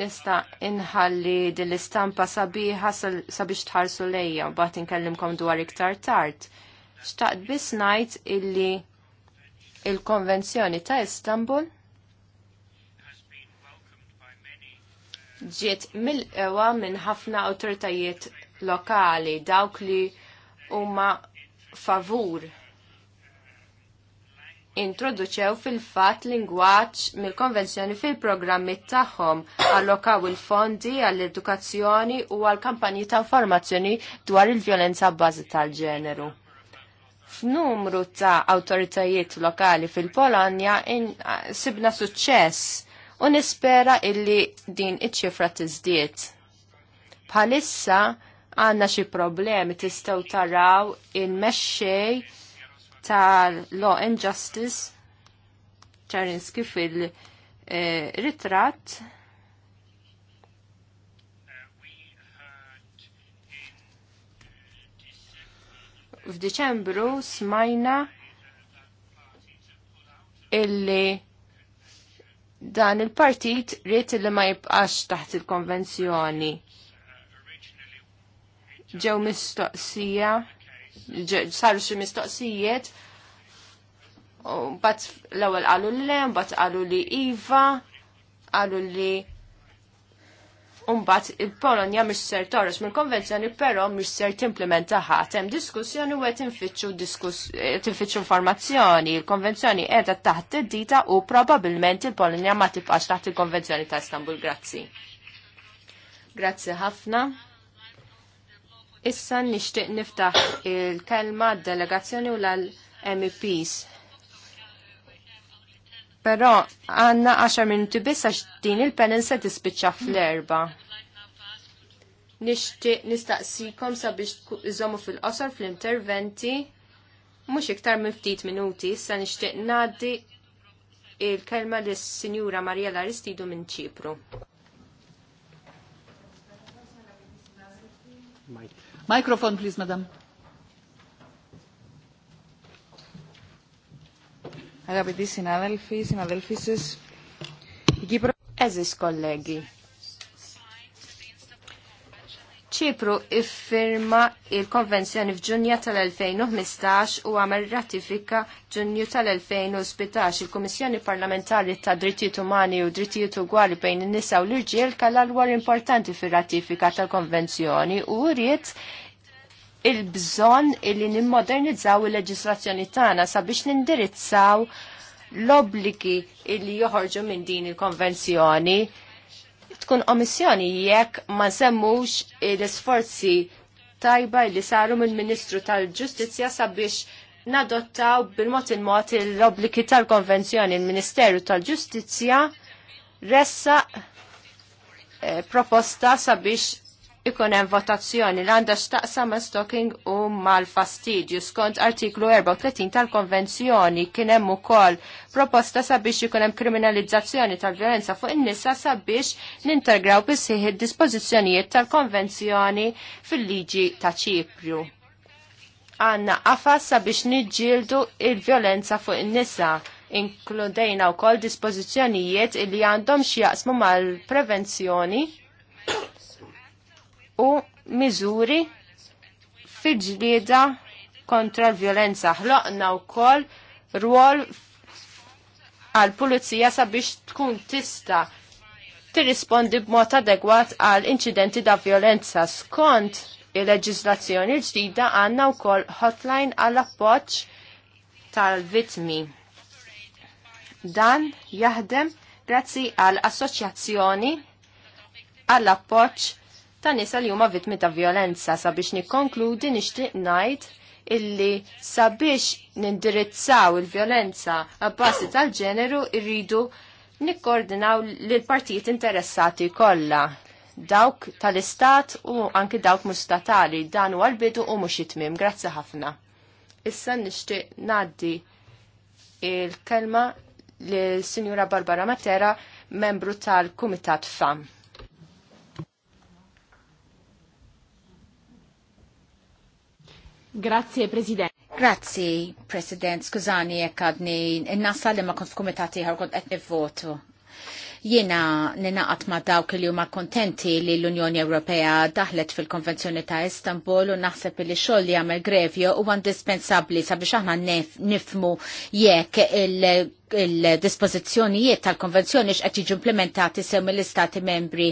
nista inħalli din l-istampa sabiħa sabiex tħarsu lejja, bat inkellimkom dwar iktar tard. Xtaqt biss ngħid illi il-Konvenzjoni ta' Istanbul ġiet mill-ewa minn ħafna awtoritajiet lokali dawk li huma favur introduċew fil-fat lingwaġġ mill-konvenzjoni fil-programmi tagħhom allokaw il-fondi għall-edukazzjoni u għall-kampanji ta' informazzjoni dwar il-vjolenza bbażi tal-ġeneru. F'numru ta' awtoritajiet lokali fil-Polonja sibna suċċess u nispera illi din iċ-ċifra tiżdied. Bħalissa għanna xi problemi tistgħu taraw in mexxej tal-Law and Justice Charinski fil-ritratt eh, f'Diċembru smajna illi dan il-partit rrit li ma jibqax taħt il-konvenzjoni. Ġew mistoqsija, saru xi mistoqsijiet, bat l-ewwel qalu le, bat qalu li Iva, qalu li Umbat il-Polonja mis ser torres mill-konvenzjoni però mis ser timplementa ħadd. Hemm diskussjoni u qed eh, tinfittxu informazzjoni. Il-konvenzjoni qiegħda taħt id-dita u probabbilment il-Polonja ma tibqax taħt il-konvenzjoni ta' Istanbul. Grazzi. Grazzi ħafna. Issa nixtieq niftaħ il-kelma d-delegazzjoni u l-MEPs Però għanna 10 minuti biss għax din il penin se tispiċċa fl-erba. Nixtieq nistaqsikom sabiex iżommu fil-qosor fl-interventi mhux iktar minn ftit minuti, issa nixtieq ngħaddi il-kelma lis-Sinjura Marjela Ristidu minn Ċipru. Microphone, please, madam. Eżis kollegi. ċipru iffirma il-konvenzjoni f'Ġunja tal-2015 u għamel ratifika Ġunju tal-2016 il-Komissjoni Parlamentari ta' Drittijiet Umani u Drittijiet Ugwali bejn in-nisa u l-irġiel kalla l-war importanti fir-ratifika tal-konvenzjoni u rrid il-bżon illi nimmodernizzaw il-leġislazzjoni tagħna sabiex nindirizzaw l-obbligi illi joħorġu minn din il-konvenzjoni tkun omissjoni jekk ma semmux l-isforzi tajba li saru mill ministru tal-Ġustizzja sabiex nadottaw bil-mod il-mod l-obbligi tal-konvenzjoni il-Ministeru tal-Ġustizzja ressa eh, proposta sabiex ikun hemm votazzjoni li għandha x'taqsam ma' stalking u mal-fastidju. Skont artiklu 34 tal-konvenzjoni kien hemm ukoll proposta sabiex ikun hemm kriminalizzazzjoni tal-violenza fuq in-nisa sabiex nintegraw bisih id-dispożizzjonijiet tal-konvenzjoni fil-liġi ta' Ċipru. Għanna qafas sabiex niġġieldu il-violenza fuq in-nisa inkludejna wkoll dispożizzjonijiet li għandhom x'jaqsmu mal-prevenzjoni u miżuri fiġlieda ġlieda kontra l-violenza. Ħloqna wkoll rwol għal-pulizija sabiex tkun tista tirrispondi b'mod adegwat għal inċidenti ta' violenza skont il-leġislazzjoni ġdida għanna wkoll hotline għall appoġġ tal-vitmi. Dan jaħdem grazzi għal assoċjazzjoni għall appoġġ ta' nisa li huma vittmi ta' violenza sabiex nikkonkludi nixtieq ngħid illi sabiex nindirizzaw il-violenza għabbasi tal-ġeneru irridu nikkoordinaw lil partijiet interessati kollha dawk tal-istat u anki dawk mustatali dan huwa l-bidu u mhux jitmim. Grazzi ħafna. Issa nixtieq ngħaddi il-kelma l Sinjura Barbara Matera, membru tal-Kumitat FAM. Grazie President. Grazzi, President, skużani jekk għadni nasa li ma kont f'kumitati ħar kont qed nivvotu. Jiena ninaqat ma dawk li huma kontenti li l-Unjoni Ewropea daħlet fil-Konvenzjoni ta' Istanbul u naħseb li xogħol li jagħmel Grevio huwa indispensabbli sabiex aħna nifmu jekk il- il-dispozizjonijiet tal-konvenzjoni x'qed jiġu implementati sew mill-istati membri.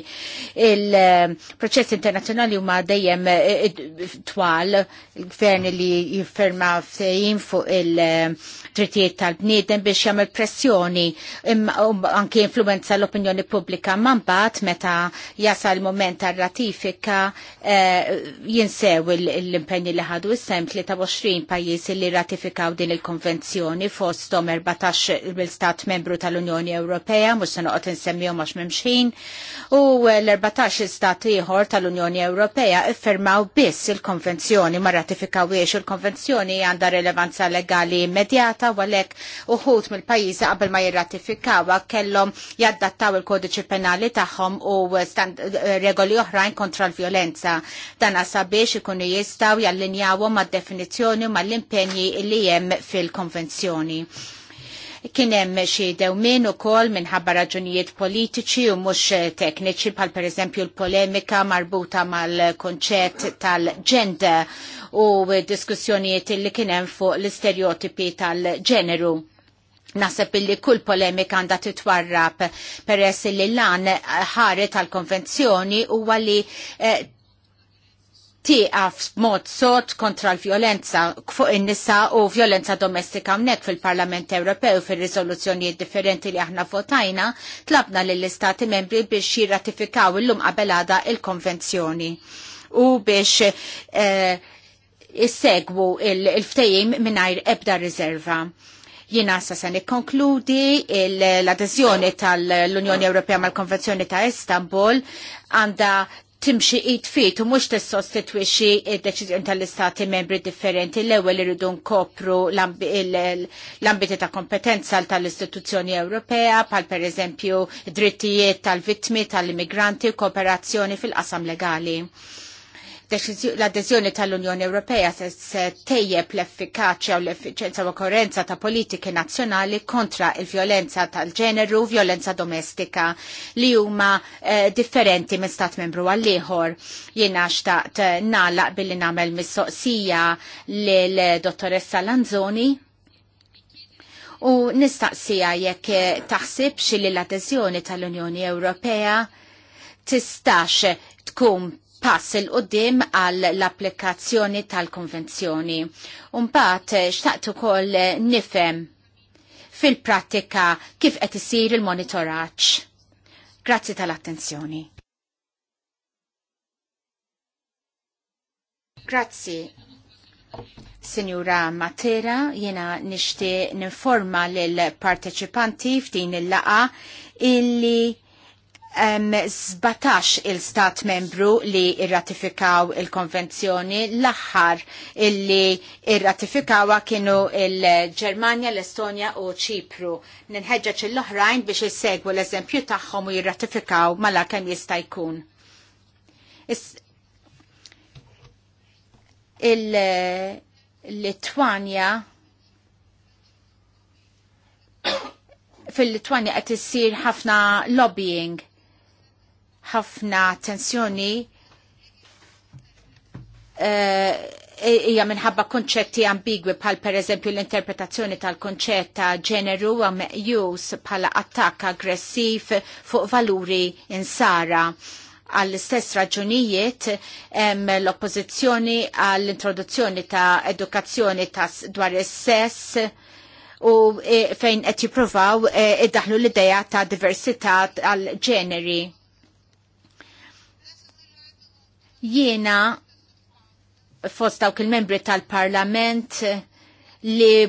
Il-proċess internazzjonali huma dejjem eh, eh, twal il-gvern li jifferma fejn fuq il-drittijiet tal-bniedem biex jagħmel pressjoni anke influenza l-opinjoni pubblika ma mbagħad meta jasal il-moment tar-ratifika eh, jinsew l-impenni li ħadu is-sem 23 pajjiżi li ratifikaw din il-konvenzjoni fosthom 14 il-stat membru tal-Unjoni Ewropea, mhux se noqgħod insemmihom għax memxin, u l-14 stat ieħor tal-Unjoni Ewropea iffirmaw biss il-konvenzjoni, ma ratifikawiex il-konvenzjoni għandha rilevanza legali immedjata u għalhekk uħud mill-pajjiżi qabel ma jirratifikawha kellhom jaddattaw il-kodiċi penali tagħhom u regoli oħrajn kontra l-vjolenza. Dan sabiex ikunu jistgħu jallinjawhom mad-definizzjoni mal-impenji li hemm fil-konvenzjoni. Kien hemm xi dewmien ukoll minħabba raġunijiet politiċi u mhux eh, tekniċi bħal pereżempju l-polemika marbuta mal-konċett tal-gender u diskussjonijiet li kien hemm fuq l-istereotipi tal-ġeneru. Naseb illi kull polemika għanda titwarrab peress li l-lan ħare tal-konvenzjoni u għalli eh, tiqaf mod sot kontra l-violenza fuq in-nisa u violenza domestika mnek fil-Parlament Ewropew fil-riżoluzzjonijiet differenti li aħna votajna, tlabna lill-Istati membri biex jirratifikaw il-lum il-lum qabelada il-konvenzjoni u biex eh, issegwu il-ftejim il minnajr ebda riserva jina sa se nikkonkludi l-adezjoni tal-Unjoni Ewropea mal-Konvenzjoni ta' Istanbul għanda timxi id fit u mux tissostitwixi id-deċizjoni tal-istati membri differenti l-ewel irridu nkopru l-ambiti ta' kompetenza tal-istituzzjoni Ewropea, pal per eżempju drittijiet tal-vittmi tal-immigranti u kooperazzjoni fil-qasam legali l-adezjoni tal-Unjoni Ewropea se tejjeb l-effikaċja u l-effiċenza u korrenza ta' politiki nazzjonali kontra il-violenza tal-ġeneru u violenza domestika li huma eh, differenti minn stat membru għall ieħor. Jiena xtaqt eh, nagħlaq billi nagħmel mistoqsija lill-dottoressa eh, Lanzoni u nistaqsija jekk eh, taħsib li l-adeżjoni tal-Unjoni Ewropea tistax tkun pass il-qoddim għall-applikazzjoni tal-konvenzjoni. Umbat, eh, xtaqt ukoll eh, nifem fil-prattika kif qed isir il-monitoraġġ. Grazzi tal-attenzjoni. Grazzi. Signora Matera, jena nishti ninforma l-parteċipanti f'din il-laqa illi Zbatax il-stat membru li irratifikaw il-konvenzjoni l-aħħar illi irratifikawa kienu il-Germania, l-Estonja u ċipru. Ninħeġġeġ l-oħrajn biex jissegwu l-eżempju tagħhom u jirratifikaw mala kemm jista' jkun. Il-Litwanja *coughs* fil-Litwanja qed issir ħafna lobbying ħafna tensjoni eh, e- hija minħabba konċetti ambigwi bħal pereżempju l-interpretazzjoni tal-konċett ta' ġeneru u meqjus bħala attakk aggressiv fuq valuri insara għall-istess raġunijiet l-oppozizjoni għall-introduzzjoni ta' edukazzjoni ta' dwar is-sess u e, fejn qed jippruvaw e, iddaħlu l-idea ta' diversità għall-ġeneri Jiena fost dawk il-membri tal-Parlament eh, li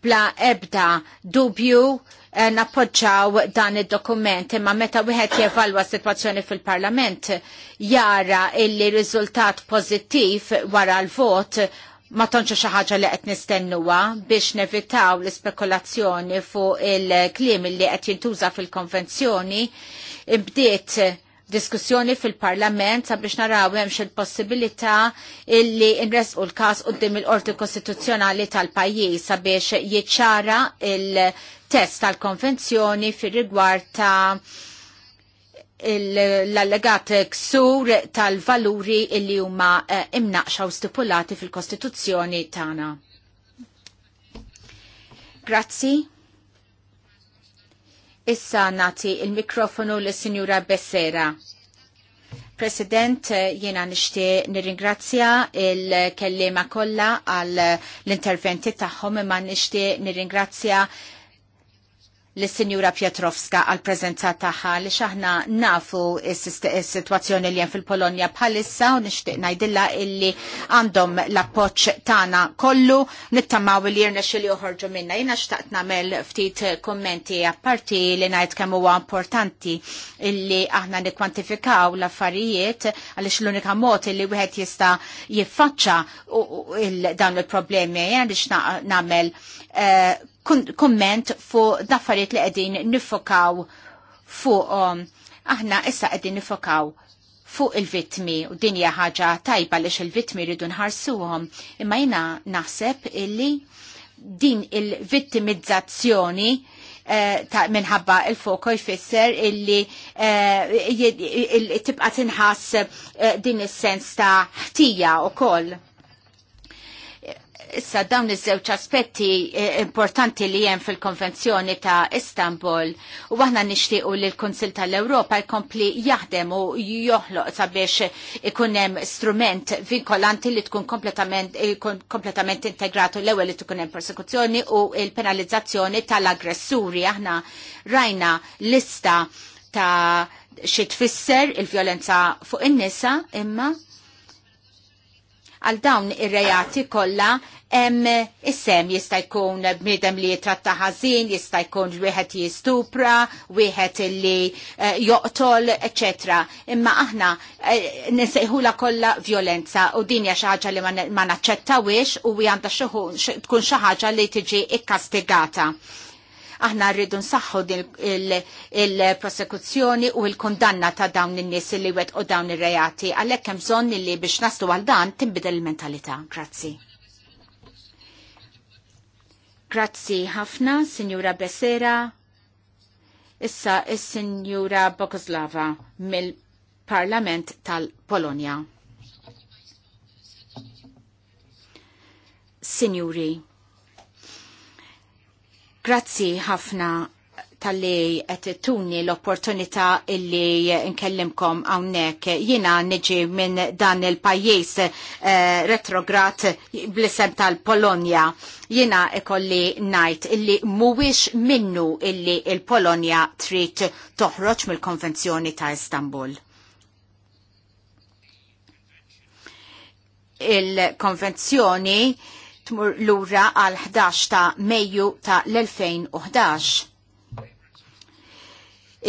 bla ebda dubju eh, nappoġġaw dan id-dokument imma meta wieħed jevalwa s-sitwazzjoni fil-Parlament jara illi riżultat pozittiv wara l-vot ma tonċa xi ħaġa li qed nistennuha biex nevitaw l-ispekulazzjoni fuq il klim li qed jintuża fil-konvenzjoni bdiet diskussjoni fil-parlament sabiex naraw xi l possibilità illi nresqu l-każ qudiem il-Qorti Kostituzzjonali tal-pajjiż sabiex jiċċara il-test tal-konvenzjoni fir-rigward ta' l-allegat ksur tal-valuri illi huma eh, imnaqxa u stipulati fil-Kostituzzjoni tagħna. Grazzi. Issa nati il-mikrofonu l-Sinjura Bessera. President, jiena nishti nirringrazzja il-kellima kolla għal l-interventi tagħhom imma nishti nirringrazzja l-Sinjura Pietrowska għal prezenza taħħa li xaħna nafu s-situazzjoni li jen fil-Polonja bħalissa u nishtiq najdilla illi għandhom l-appoċ tana kollu nittamaw li jirna xil joħorġu minna. Jina xtaqt namel ftit kommenti apparti li najt kemm huwa importanti illi aħna nikwantifikaw l-affarijiet għalix l-unika mod illi wieħed jista jiffaċċa il dawn il-problemi. jen nix namel eh, komment fuq daffariet li qegħdin nifokaw fuqhom. Um, aħna issa qegħdin nifokaw fuq il-vitmi u din hija ħaġa tajba lix il-vitmi rridu nħarsuhom, imma jina naħseb illi din il-vittimizzazzjoni eh, ta' minħabba il-foko jfisser illi eh, tibqa tinħass eh, din is-sens ta' ħtija u koll. Issa dawn iż-żewġ aspetti eh, importanti li hemm fil-Konvenzjoni ta' Istanbul u aħna nixtiequ li l-Kunsil tal-Ewropa jkompli jaħdem u joħloq sabiex ikun hemm strument vinkolanti li tkun kompletament, eh, kompletament integratu l-ewwel li tkun hemm persekuzzjoni u l-penalizzazzjoni tal-aggressuri. Aħna rajna lista ta' xi tfisser il-vjolenza fuq in-nisa imma għal dawn ir-rejati kollha hemm is-sem jista' jkun bniedem li jitratta ħażin, jista' jkun wieħed jistupra, wieħed li eh, joqtol, eċetera. Imma aħna eh, nsejħula kollha violenza u din hija xi ħaġa li ma naċċettawiex u għandha tkun xi ħaġa li tiġi ikkastigata. Aħna rridu nsaħħu il-prosekuzzjoni u il-kondanna ta' dawn in-nies li wet u dawn ir-reati għalhekk hemm bżonn li biex naslu għal dan tinbidel il-mentalità. Grazzi. Grazzi ħafna, Sinjura Besera. Issa is-Sinjura Bokoslava mill-Parlament tal-Polonja. Signori. Grazzi ħafna tal-li għet tuni l-opportunita illi nkellimkom għawnek. Jina nġi minn dan il-pajis uh, eh, retrograt blisem tal-Polonja. Jina ikolli najt illi muwix minnu illi il-Polonja trid toħroċ mill-konvenzjoni ta' Istanbul. Il-konvenzjoni tmur lura għal 11 ta' Mejju ta' l-2011.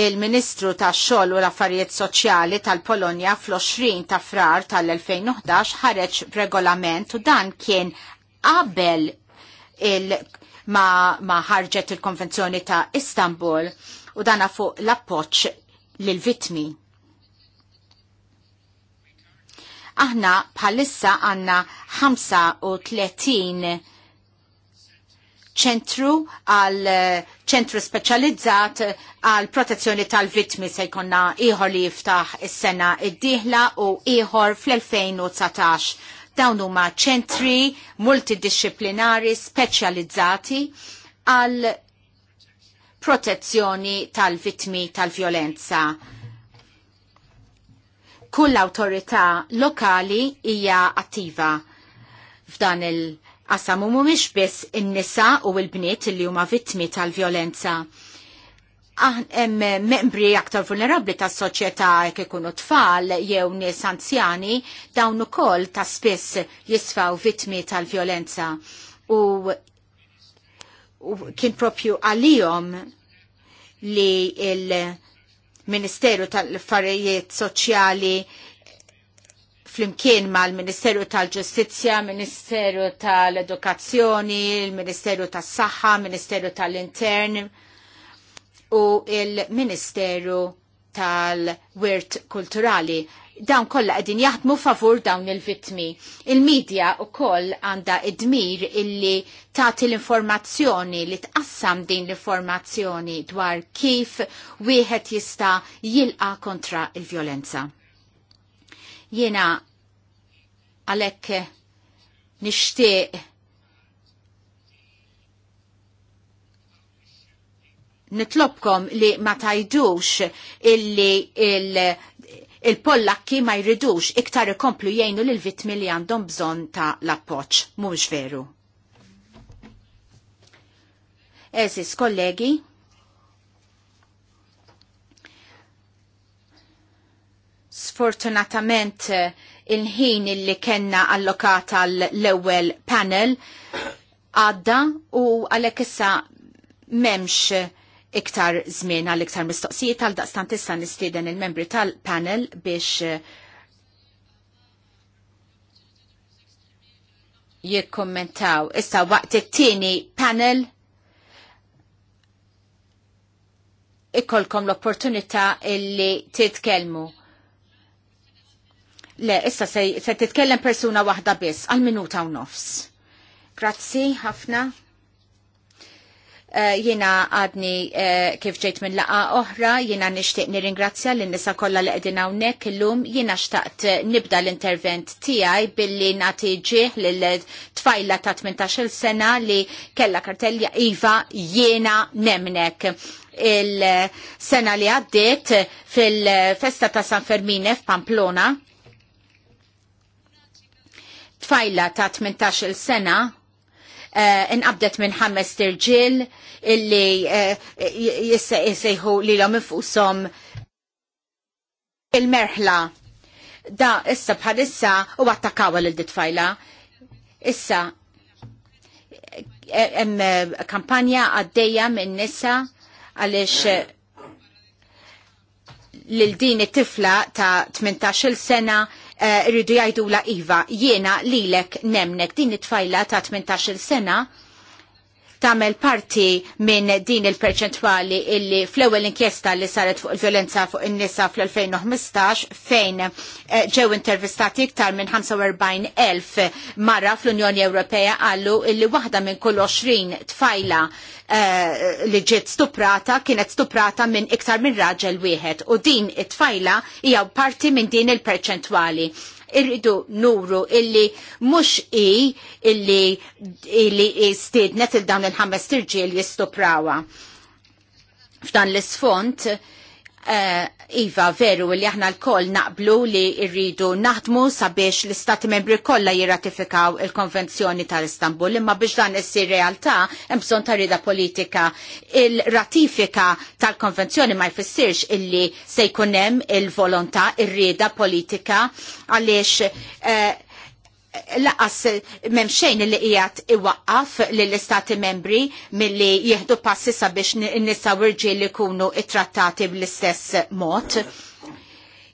Il-Ministru ta' xogħol u l-Affarijiet Soċjali tal-Polonja fl-20 ta' frar tal-2011 ħareġ regolament u dan kien qabel il ma, ma ħarġet il-Konvenzjoni ta' Istanbul u dana fuq l-appoċ l vitmi Aħna bħalissa għanna 35 ċentru għal ċentru speċjalizzat għal protezzjoni tal-vittmi se jkonna ieħor li jiftaħ is-sena id-dieħla u ieħor fl-2019. Dawn huma ċentri multidisciplinari speċjalizzati għal protezzjoni tal-vittmi tal-vjolenza. tal vittmi tal vjolenza kull autorità lokali hija attiva f'dan il- Qasam u mhumiex biss in-nisa u l-bniet li huma vittmi tal-vjolenza. Hemm membri aktar vulnerabbli tas-soċjetà jekk ikunu tfal jew nies anzjani dawn ukoll ta' spiss jisfaw vittmi tal-vjolenza. U, u kien propju għalihom li il- Ministeru tal-Affarijiet Soċjali flimkien mal ministeru tal-Ġustizzja, Ministeru tal-Edukazzjoni, il-Ministeru tas-Saħħa, Ministeru tal-Intern u il-Ministeru tal-Wirt Kulturali dawn kollha qegħdin jaħdmu favur dawn il-vittmi. Il-medja wkoll għandha id-dmir illi tagħti l-informazzjoni li tqassam din l-informazzjoni dwar kif wieħed jista' jilqa kontra il-vjolenza. Jiena għalhekk nixtieq nitlobkom li ma tajdux illi il- il-Pollakki ma jridux iktar ikomplu jgħinu lill vittmi li għandhom bżonn ta' l-appoġġ, mhux veru. Eżis, kollegi, sfortunatament eh, il-ħin illi kenna allokata l-ewwel panel għadda u għalhekk issa memx iktar żmien għal iktar mistoqsijiet għal daqstan tista' nistieden il-membri tal-panel biex eh, jikkommentaw. Issa waqt it-tieni panel ikkolkom l-opportunità illi titkellmu. Le, issa se, se titkellem persuna waħda biss, għal minuta u nofs. Grazzi, ħafna. Eh, jina għadni eh, kif ġejt minn laqa oħra, jina nishtiq nir-ingrazzja l-nisa kolla li għedin unnek l-lum, jina xtaqt eh, nibda l-intervent tijaj billi nati ġieħ l-tfajla ta' 18 sena li kella kartelja Iva jina nemnek il-sena li għaddit fil-festa ta' San Fermine f'Pamplona. Tfajla ta' 18 sena Eh, inqabdet minn ħames tirġil illi eh, jissejħu li l-om infusom il-merħla. Da, issa bħalissa u għattakawa l-ditfajla. Issa, eh, hemm kampanja għaddejja minn nisa għaliex lil din it-tifla ta' 18 sena Eh, irridu la Iva, jiena lilek nemnek din it-tfajla ta' 18 sena Tamel parti minn din il-perċentwali illi fl-ewwel inkjesta li saret fuq il-violenza fuq in-nisa fl-2015 fejn eh, ġew intervistati iktar minn 45,000 marra fl-Unjoni Ewropea għallu illi waħda minn kull 20 tfajla eh, li ġiet stuprata kienet stuprata minn iktar minn raġel wieħed u din it-tfajla hija parti minn din il-perċentwali irridu nuru illi mhux i illi illi stednet il-dawn il-ħames tirġiel jistoprawa. F'dan l-isfont, eh, Iva, veru li aħna l-koll naqblu li irridu naħdmu sabiex l-istati membri kollha jirratifikaw il-Konvenzjoni tal-Istanbul, imma biex dan issir realtà hemm bżonn ta' rida politika. Il-ratifika tal-Konvenzjoni ma jfissirx illi se jkun hemm il-volontà ir-rieda politika għaliex eh, laqas memxejn li qiegħed iwaqqaf lill istati membri milli jieħdu passi sabiex n-nisa wirġi li jkunu ittrattati bl-istess mod.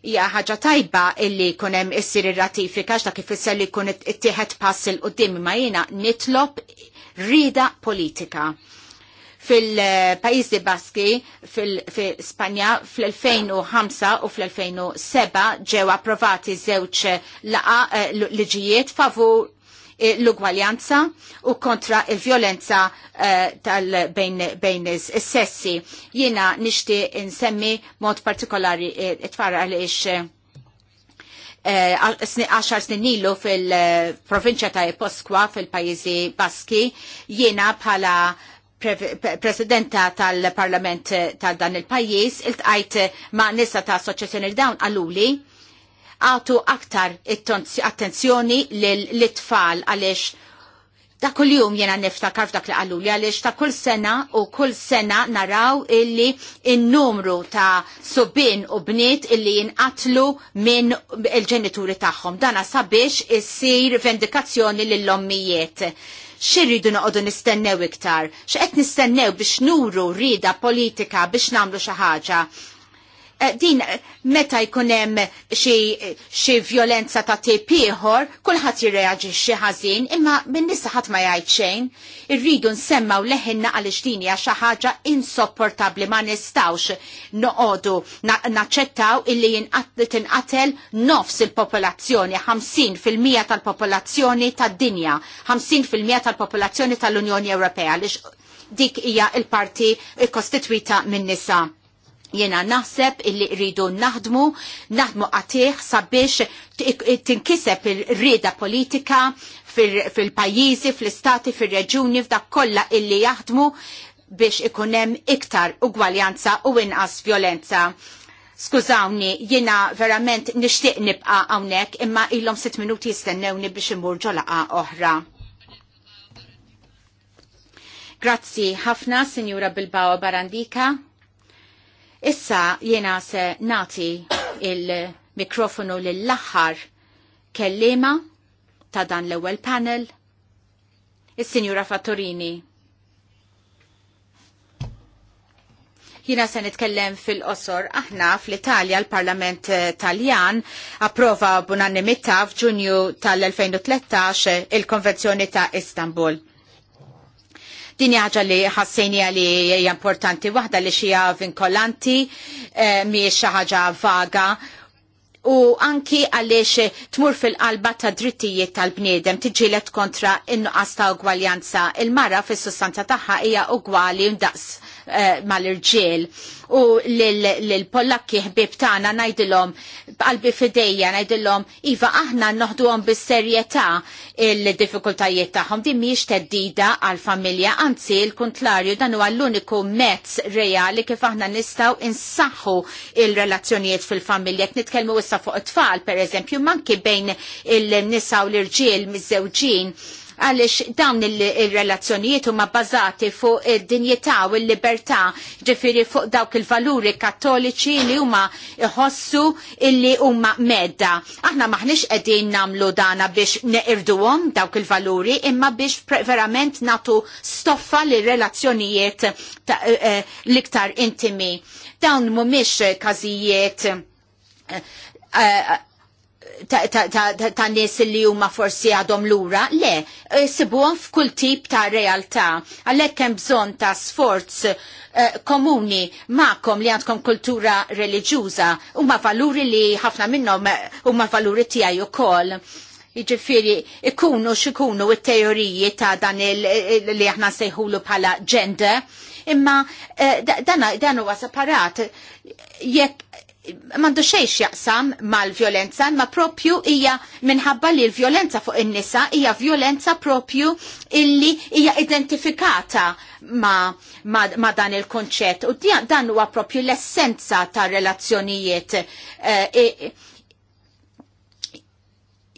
Hija ħaġa tajba illi jkun hemm issir ir-ratifika x'ta kif isser li jkun tieħed pass il qudiem ma jiena nitlob rida politika fil-Pajjiżi Baski fil-Spanja fl-2005 u fl-2007 ġew approvati żewġ eh, laqa eh, liġijiet favur eh, l-ugwaljanza u kontra il-violenza tal-bejn is-sessi. Jiena nishti insemmi mod partikolari it-tfara għaliex 10 snin ilu fil-provinċja ta' Eposkwa fil-pajizi Baski jiena bħala presidenta tal-parlament eh, ta' dan il-pajis, il-tqajt eh, ma' nisa ta' l dawn għaluli, għatu aktar attenzjoni l-tfal għalix da' kull jum jena niftakar f'dak li għalluli għalix ta' kull sena u kull sena naraw illi il-numru ta' subin u bniet illi jinqatlu minn il-ġenituri tagħhom. Dana sabiex issir vendikazzjoni l-lommijiet xirridu noqogħdu nistennew iktar, x'qed nistennew biex nuru rida politika biex nagħmlu xi ħaġa Eh, din eh, meta jkun hemm xi violenza ta' tip ieħor, kulħadd jirreaġixxi ħażin, imma min-nisa ħadd ma jgħid xejn. Irridu nsemmaw leħinna għaliex din hija xi ħaġa insopportabbli ma nistawx noqogħdu naċċettaw illi jinqatel nofs il-popolazzjoni, 50% tal-popolazzjoni tad-dinja, 50% tal-popolazzjoni tal-Unjoni Ewropea lix dik hija il-parti kostitwita minn nisa Jena naħseb illi rridu naħdmu, naħdmu għatih sabiex tinkiseb il-rida politika fil-pajizi, fil-stati, fil-reġuni, f'dak kollha illi jaħdmu biex ikunem iktar ugwaljanza u inqas violenza. Skużawni, jena verament nishtiq nibqa għawnek imma illom sit minuti jistennewni biex imur ġolaqa oħra. Grazzi ħafna, Sinjura Bilbao Barandika. Issa jena se nati il-mikrofonu lill-aħħar kellima ta' dan l-ewwel panel, is-Sinjura Fattorini. jina se nitkellem fil-qosor aħna fl-Italja l-Parlament Taljan approva b'unanimità f'Ġunju tal-2013 il-Konvenzjoni ta' Istanbul Din ħaġa li ħassini li hija importanti waħda li xija vinkolanti eh, mhijiex xi ħaġa vaga u anki għaliex tmur fil-qalba ta' drittijiet tal-bniedem tiġilet kontra in-nuqqas ta' ugwaljanza. Il-mara fis-sustanza tagħha hija ugwali daqs. Eh, mal-irġiel. U l-Pollakki ħbib tagħna ngħidilhom qalbi fidejja ngħidilhom iva aħna noħduhom bis-serjetà il-diffikultajiet tagħhom din mhijiex teddida għall-familja, anzi l-kuntrarju dan huwa l-uniku mezz reali kif aħna nistgħu insaħħu il-relazzjonijiet fil-familja. Nitkellmu issa fuq it-tfal pereżempju manki bejn il-nisa u l-irġiel miż-żewġin għaliex dawn il-relazzjonijiet huma bbażati fuq id-dinjità u l-libertà, ġifieri fuq dawk il-valuri kattoliċi li huma iħossu illi huma medda. Aħna maħniex qegħdin nagħmlu dana biex neqirduhom dawk il-valuri imma biex verament natu stoffa li relazzjonijiet liktar eh, eh, l-iktar intimi. Dawn mhumiex każijiet eh, ta', ta, ta, ta nies li huma forsi għadhom lura, le, eh, sibuhom f'kull tip ta' realtà. Għalhekk hemm bżonn ta' sforz eh, komuni ma'kom li għandkom kultura reliġjuża huma valuri li ħafna minnhom eh, huma valuri tiegħi ukoll. Jiġifieri ikunu x'ikunu it-teoriji ta' dan li aħna sejħulu bħala gender, imma dan huwa separat. Jekk mandu xejx jaqsam mal-violenza, ma propju hija minħabba li l-violenza fuq in-nisa hija violenza propju illi ija identifikata ma, ma, ma dan il konċet U dan huwa propju l-essenza ta' relazzjonijiet. Eh, e-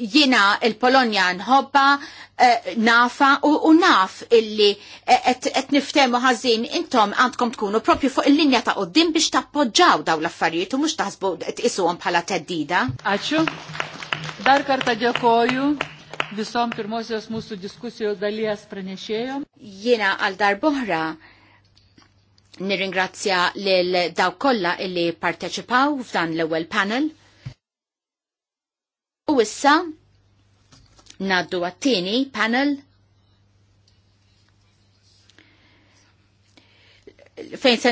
jina il-Polonja nħobba, uh, nafa u, u naf illi eh, et, niftemu ħażin intom għandkom tkunu propju fuq il-linja ta' qoddim biex tappoġġaw daw l-affarijiet u mhux taħsbu tqisuhom bħala teddida. Aċċu, dar karta ġakoju. visom pirmosios mūsų diskusijos Dalija pranešėjom. Jina għal dar boħra nirringrazzja lil daw kollha illi parteċipaw f'dan l-ewwel panel. U issa naddu għattini panel fejn se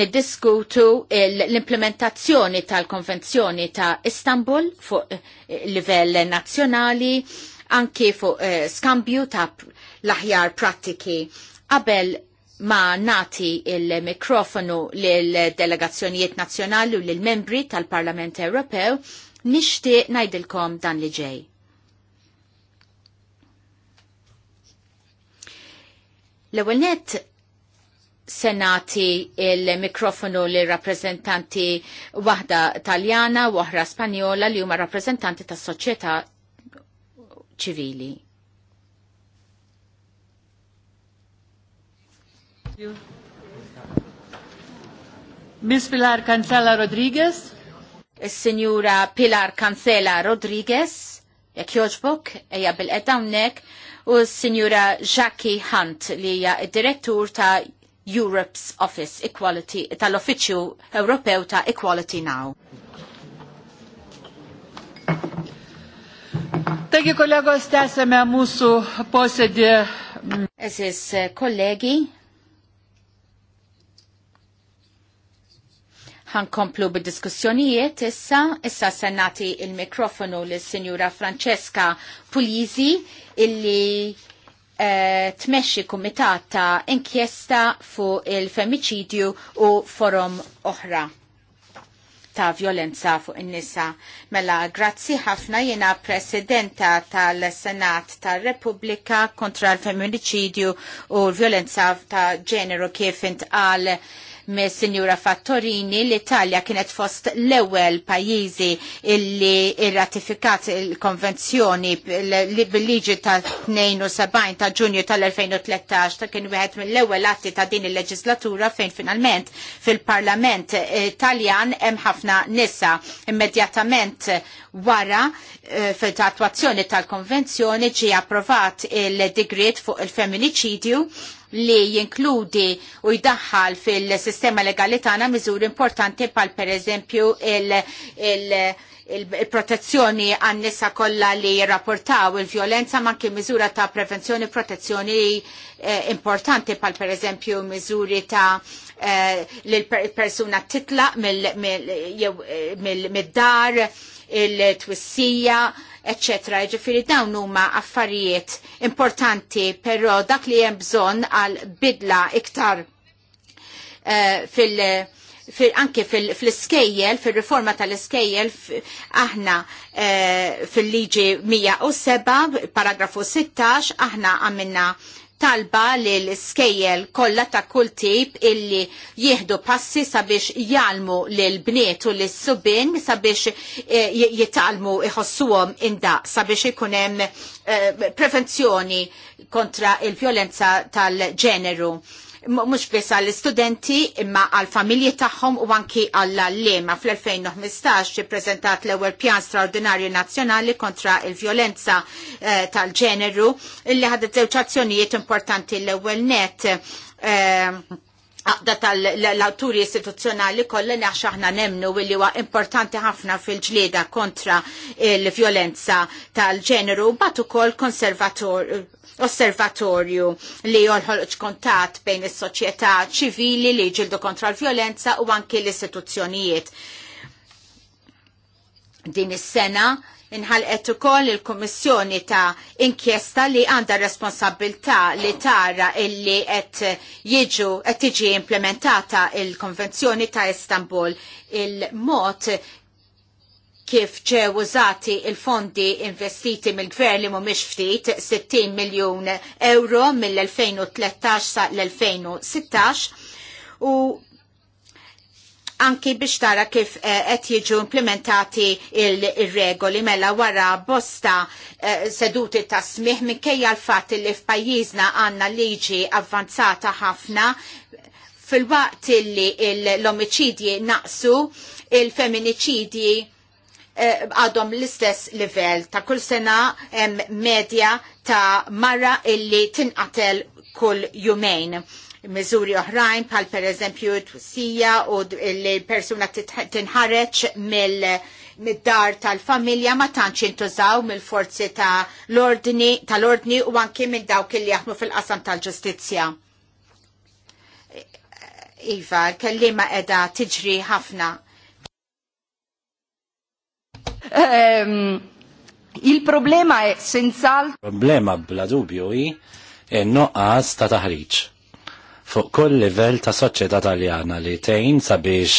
niddiskutu l-implementazzjoni tal-Konvenzjoni ta' Istanbul fuq eh, livell nazzjonali anki fuq eh, skambju ta' l-aħjar prattiki. Qabel ma nati il-mikrofonu l-delegazzjonijiet nazzjonali u l-membri tal-Parlament Ewropew, nixtieq ngħidilkom dan li ġej. L-ewwel nett senati il-mikrofonu li rappresentanti waħda taljana u oħra spanjola li huma rappresentanti tas soċjetà ċivili. Miss Pilar Cancela Rodriguez il-Sinjura Pilar Cancela Rodriguez, jek joġbok, eja bil-qed hawnhekk, u s-Sinjura Jackie Hunt li hija direttur ta' Europe's Office Equality tal-Offiċju Ewropew ta' Equality Now. Tegi kollegos, tęsėme musu posėdį. Eżis eh, kollegi, ħankomplu bid-diskussjonijiet issa, issa senati il-mikrofonu l-Sinjura Francesca Pulizi illi eh, tmexxi kumitat ta' inkjesta fu il femicidju u forum oħra ta' violenza fuq in-nisa. Mela, grazzi ħafna jiena presidenta tal-Senat tal-Repubblika kontra l femicidju u l-Violenza ta' ġeneru kif intqal me Sinjura Fattorini l-Italja kienet fost l-ewel pajizi illi ratifikat il-konvenzjoni bil-liġi ta' 72 ta' ġunju tal-2013 ta' kien wieħed mill-ewel atti ta' din il-leġislatura fejn finalment fil-Parlament Italjan hemm ħafna nisa immedjatament wara eh, fil-attuazzjoni tal-konvenzjoni ġi approvat il-degret fuq il femminicidju li jinkludi u jdaħħal fil-sistema legali tagħna miżuri importanti pal pereżempju il-, il il-protezzjoni għan nisa kolla li jirrapportaw il-violenza ma kien miżura ta' prevenzjoni protezzjoni eh, importanti pal per eżempju miżuri ta' eh, li l-persuna titla mill-dar, eh, mil, mil, mil, il-twissija, etc. Ġifiri dawn huma affarijiet importanti, però dak li hemm bżonn għal bidla iktar eh, anke fil-iskejjel, fil iskejjel fil tal-iskejjel, aħna eh, fil-liġi 107, paragrafu 16, aħna għamilna talba li l-skejjel kollha ta' kull tip illi jieħdu passi sabiex jalmu lil bniet u lis subin sabiex eh, jitalmu iħossuhom inda sabiex ikun hemm eh, prevenzjoni kontra il-vjolenza tal-ġeneru mhux biss għall-istudenti imma għall-familji tagħhom u anki għall lema Fl-2015 ippreżentat l-ewwel pjan straordinarju nazzjonali kontra il-vjolenza eh, tal-ġeneru illi ħadet żewġ azzjonijiet importanti l-ewwel net eh, għaqda tal-awturi istituzzjonali kollha li aħna nemnu li huwa importanti ħafna fil-ġlieda kontra l-vjolenza tal-ġeneru bat ukoll konservatur osservatorju li jolħolġ kontat bejn is-soċjetà ċivili li ġildu kontra l-vjolenza u anki l-istituzzjonijiet. Din is-sena inħalqet ukoll il-Kummissjoni ta' inkjesta li għandha responsabilità li tara illi qed jiġu qed tiġi implementata il-Konvenzjoni ta' Istanbul il-mod kif ġew użati il-fondi investiti mill-gvern li mhumiex ftit 60 miljun euro mill-2013 sa l-2016 u anki biex tara kif eh, qed jiġu implementati il-regoli mela wara bosta eh, seduti ta' smih minkejja l-fatt li f'pajjiżna għandna liġi avvanzata ħafna fil-waqt li l-omicidji naqsu il-feminicidji Eh, għadhom l-istess livell ta' kull sena hemm medja ta' marra illi tinqatel kull jumejn. Miżuri oħrajn bħal pereżempju twissija u li persuna tinħareġ mill mid-dar tal-familja ma tantx intużaw mill-forzi tal-ordni tal-ordni u anki minn dawk li jaħmu fil-qasam tal-ġustizzja. Iva, kellima edha tiġri ħafna Um, il problema è senz'altro. Il problema bla dubju hi e a ta' taħriġ fuq kull livell ta' soċjetà taljana li tgħin sabiex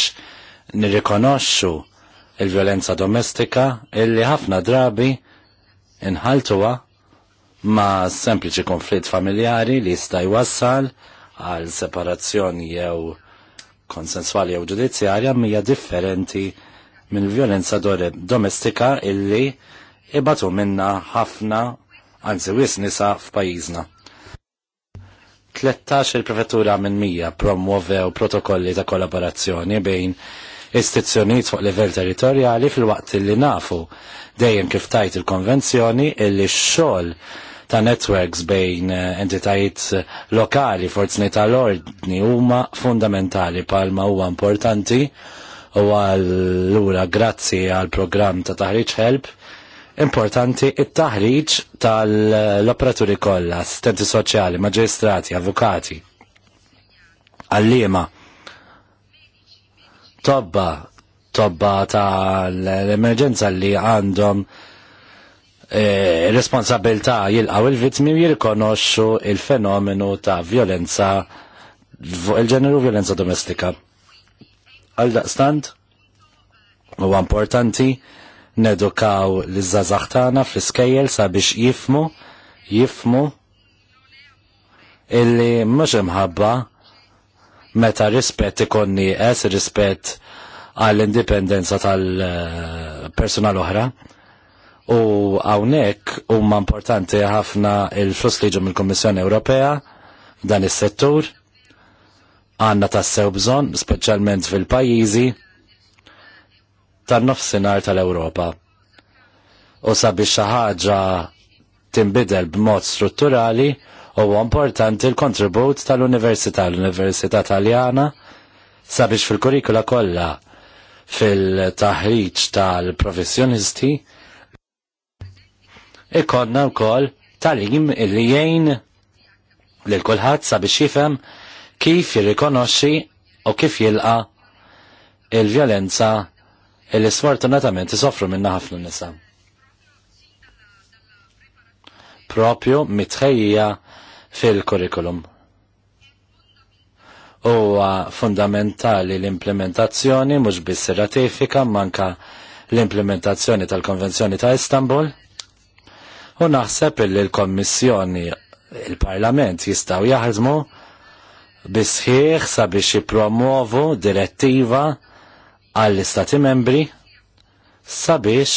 nirrikonoxxu il-violenza domestika illi ħafna drabi inħaltuha ma' sempliċi konflitt familjari li jista' jwassal għal separazzjoni jew konsensuali jew ġudizzjarja mija differenti minn violenza domestika illi ibatu minna ħafna għanzi wis nisa f'pajjiżna. 13 il-prefettura minn mija promuovew protokolli ta' kollaborazzjoni bejn istizzjonijiet fuq livell territorjali fil-waqt li nafu dejjem kif tajt il-konvenzjoni illi x-xogħol ta' networks bejn eh, entitajiet lokali forzni tal-ordni huma fundamentali palma huwa importanti u għallura grazzi għal program ta' taħriġ help importanti it-taħriġ tal-operaturi kollha, assistenti soċjali, maġistrati, avukati, għallima, tobba, tobba tal-emerġenza li għandhom E, responsabilta jilqaw il-vittmi jirkonoxxu il-fenomenu ta' violenza il-ġeneru violenza domestika. Għal daqstant, huwa importanti nedukaw l-żazax tagħna fl-iskejjel sabiex jifmu jifmu illi mhux ħabba meta rispett ikonni es rispett għall-indipendenza tal-personal oħra. U hawnhekk huma importanti ħafna il-flus li mill-Kummissjoni Ewropea dan is-settur għanna tassew bżon, speċjalment fil-pajizi tan-nofsinhar tal-Ewropa. U sabiex xi ħaġa tinbidel b'mod strutturali huwa importanti l-kontribut tal-Università l-Università Taljana sabiex fil-kurikula kollha fil-taħriġ tal-professjonisti ikonna wkoll talim il jgħin lil kulħadd sabiex jifhem kif jirrikonoxxi u kif jilqa il-vjolenza illi sfortunatament isofru minna ħafna nisa. Propju mitħejja fil-kurrikulum. Huwa fundamentali l-implementazzjoni mhux biss ratifika manka l-implementazzjoni tal-Konvenzjoni ta' Istanbul u naħseb li l-Kommissjoni il-Parlament jistaw jaħdmu bisħieħ sabiex jipromovu direttiva għall-istati membri sabiex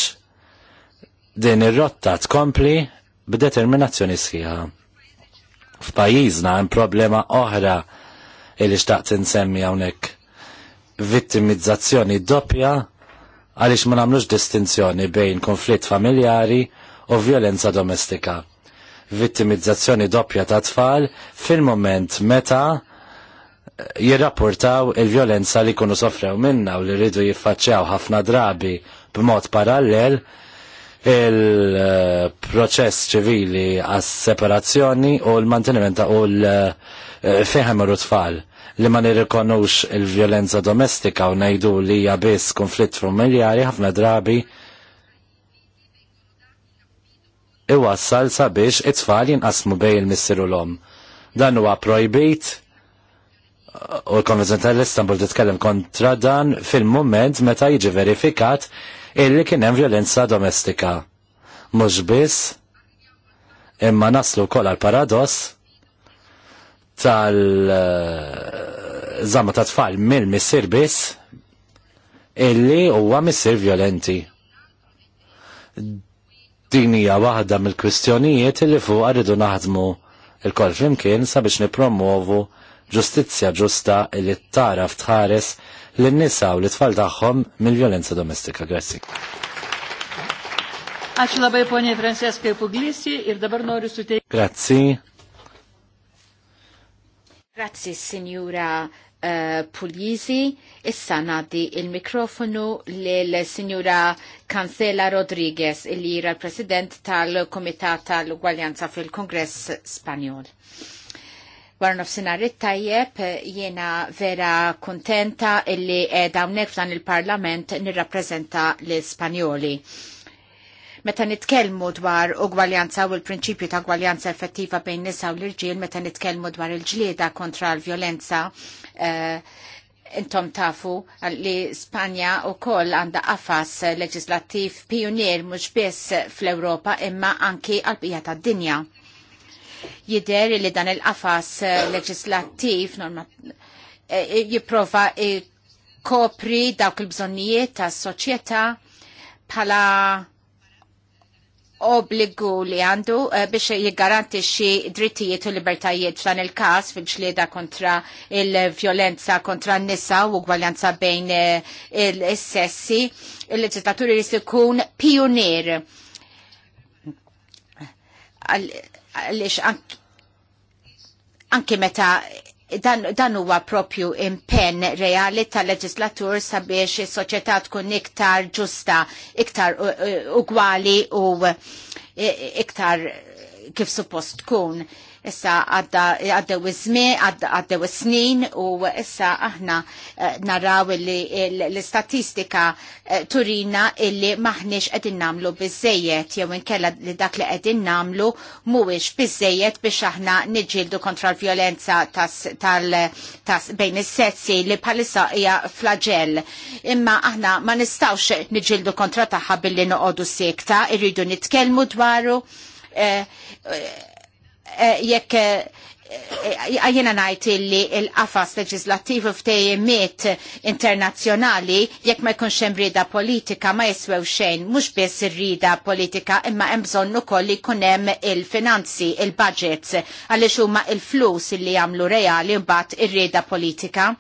din ir-rotta tkompli b'determinazzjoni sħiħa. F'pajjiżna hemm problema oħra li xtaqt insemmi hawnhekk. Vittimizzazzjoni doppja għaliex ma nagħmlux distinzjoni bejn konflitt familjari u violenza domestika. Vittimizzazzjoni doppja ta' tfal fil-moment meta jirrapportaw il-violenza li kunu sofrew minna u li rridu jiffaċċjaw ħafna drabi b'mod parallel il-proċess ċivili għas separazzjoni u l-mantenimenta u l-feħem u tfal li ma nirrikonux il-violenza domestika u najdu li jabis konflitt familjari ħafna drabi iwassal sabiex it-tfal jinqasmu bej il-missir u l-om. Dan huwa projbit u l-Konvenzjoni tal-Istanbul titkellem kontra dan fil-moment meta jiġi verifikat illi kien hemm violenza domestika. Mhux biss imma naslu wkoll għal paradoss tal-żamma ta' tfal mill-missier biss illi huwa missier violenti. Din hija waħda mill-kwistjonijiet illi fuq rridu naħdmu il-kol flimkien sabiex nipromovu ġustizzja ġusta li taraf tħares l-nisa u l-tfal tagħhom mill violenza domestika. Grazzi. Ačiū labai ponė Puglisi ir dabar noriu suteikti. Grazzi. Grazzi, signora uh, Puglisi. Issa nadi il-mikrofonu l-signora Cancela Rodriguez, il-li president tal-Komitat tal-Ugwaljanza fil-Kongress Spanjol. Wara nofsinhar it-tajjeb jiena vera kontenta illi qiegħda f'dan il-Parlament nirrappreżenta l-Ispanjoli meta nitkellmu dwar ugwaljanza u l-prinċipju ta' gwaljanza effettiva bejn nisa u l-irġiel, meta nitkellmu dwar il-ġlieda kontra l-violenza, eh, intom tafu li Spanja u koll għanda għafas leġislattiv pionier mhux biss fl-Ewropa imma anki għal-bija tad-dinja jider li dan il-qafas eh, leġislattiv eh, jiprofa eh, kopri dawk il-bżonnijiet ta' soċjetà bħala obbligu li għandu biex jiggarantixxi drittijiet u libertajiet f'dan il-każ fil-ġlieda kontra il-vjolenza kontra n-nisa u gwaljanza bejn il-sessi. Il-leġislaturi jrid ikun għalix anki meta dan, dan huwa propju impenn reali tal-leġislatur sabiex is-soċjetà tkun iktar ġusta, iktar ugwali u e, e, iktar kif suppost tkun. Uh, Issa għaddew iż-żmien, għaddew is-snin u issa aħna eh, naraw li l-istatistika eh, turina illi maħniex qegħdin nagħmlu biżejjed jew inkella li dak li qegħdin nagħmlu mhuwiex biżejjed biex aħna niġġieldu kontra l-vjolenza bejn is sezzi li bħalissa hija flagell. Imma aħna ma nistawx niġġieldu kontra tagħha billi noqogħdu sekta, irridu nitkellmu dwaru. Eh, eh, Eh, jekk għajjena eh, eh, najt illi il-qafas leġislativu ftejimiet internazzjonali jekk ma jkunx hemm rida politika ma jiswew xejn mhux biss ir-rida politika imma hemm bżonn ukoll li jkun hemm il-finanzi, il-budgets għaliex huma il-flus illi jagħmlu reali mbagħad ir-rida politika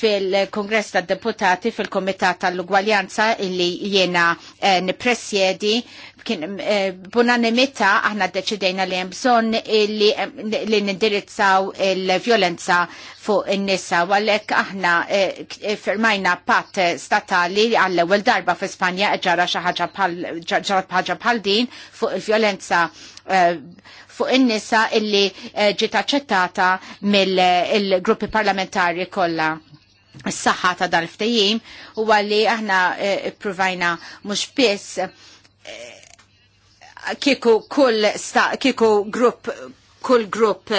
fil-Kongress tad deputati fil-Komitat tal-Ugwaljanza illi jiena eh, nipresjedi kien b'unanimità eh, aħna deċidejna li hemm bżonn eh, li, nindirizzaw il-vjolenza fuq in-nisa u għalhekk aħna eh, firmajna patt statali għall ewwel darba fi Spanja ġara xi ħaġa bħal din fuq il-vjolenza fuq in-nisa illi ġiet aċċettata mill-gruppi parlamentari kollha s saxħa ta' dal ftajim u għalli aħna eh, provajna mux biss eh, kiku kull kiku grupp kull grupp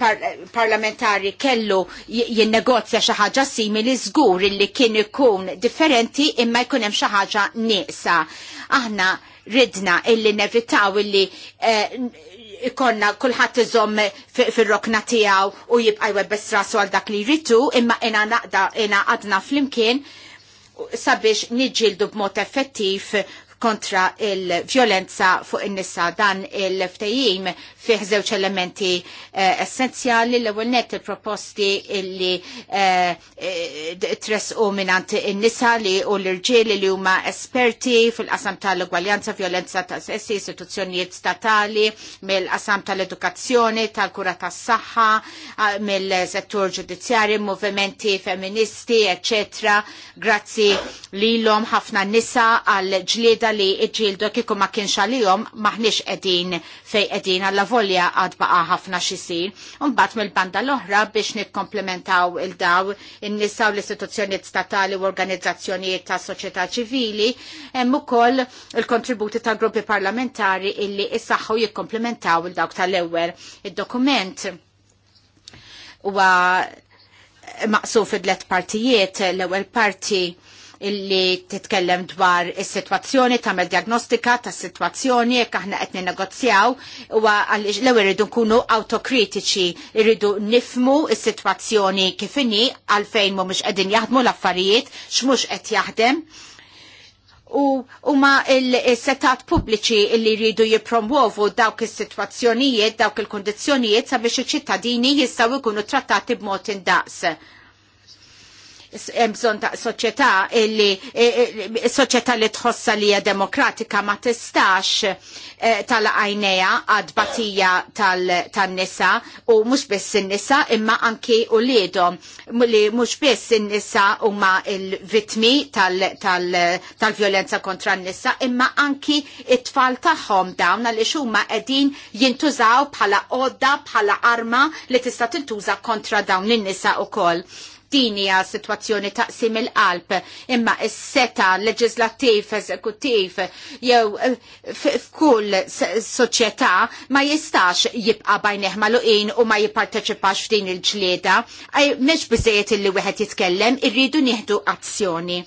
par, parlamentari kellu jinnegozja xi ħaġa simili żgur illi kien ikun differenti imma jkun hemm xi ħaġa nieqsa. Aħna ridna illi nevitaw illi eh, ikonna kullħat iżomm fil-rokna tijaw u jibqa jwebbes rasu għal dak li rritu, imma ina naqda ina għadna fl-imkien sabiex nġildu b'mod effettiv kontra il-violenza fuq in-nisa dan il ftajim fih żewġ elementi eh, essenzjali l ewwel net il-proposti illi eh, eh u minant in-nisa li u l-irġiel li huma esperti fil-qasam tal gwaljanza violenza ta' sessi, istituzzjonijiet statali, mill-qasam tal-edukazzjoni, tal-kura tas-saħħa, eh, mill-settur ġudizzjari, movimenti femministi, eccetera. Grazzi lilhom ħafna nisa għal ġlieda li iġildu kiku ma kienx għalihom maħniex qegħdin fej qegħdin għalla volja għad baqa ħafna xisir. Unbat mill-banda l-oħra biex nikkomplementaw il-daw il-nisaw l-istituzzjonijiet statali u organizzazzjonijiet ta' soċjetà ċivili hemm ukoll il-kontributi tal gruppi parlamentari illi issaħħu jikkomplementaw il-dawk tal-ewwel. Id-dokument huwa maqsuf id-let partijiet, l-ewwel parti illi titkellem dwar is-sitwazzjoni, tagħmel diagnostika tas-sitwazzjoni jekk aħna qed ninnegozjaw u għaliex l irridu nkunu autokritiċi, irridu nifmu is-sitwazzjoni kif inhi għalfejn mhumiex qegħdin jaħdmu l-affarijiet, x'mhux qed jaħdem u huma il-setat pubbliċi illi jridu jipromuovu dawk is-sitwazzjonijiet, dawk il kundizzjonijiet sabiex iċ-ċittadini jistgħu jkunu trattati b'mod indaqs hemm bżonn ta' soċjetà illi e, e, e, soċjetà li tħossa li demokratika ma tistax tal ajneja għad batija tan-nisa u mhux biss in-nisa imma anki u liedhom li mhux biss in-nisa huma l-vitmi tal-vjolenza kontra n-nisa imma anki it-tfal tagħhom dawn għaliex huma qegħdin jintużaw bħala għodda bħala arma li tista' tintuża kontra dawn in-nisa wkoll dinja hija situazzjoni taqsim il-qalb imma s-seta leġislattiv, eżekuttiv jew eh, f'kull soċjetà ma jistax jibqa' bajneħ maluqin u ma jipparteċipax f'din il-ġlieda. Mhux biżejjed illi wieħed jitkellem, irridu nieħdu azzjoni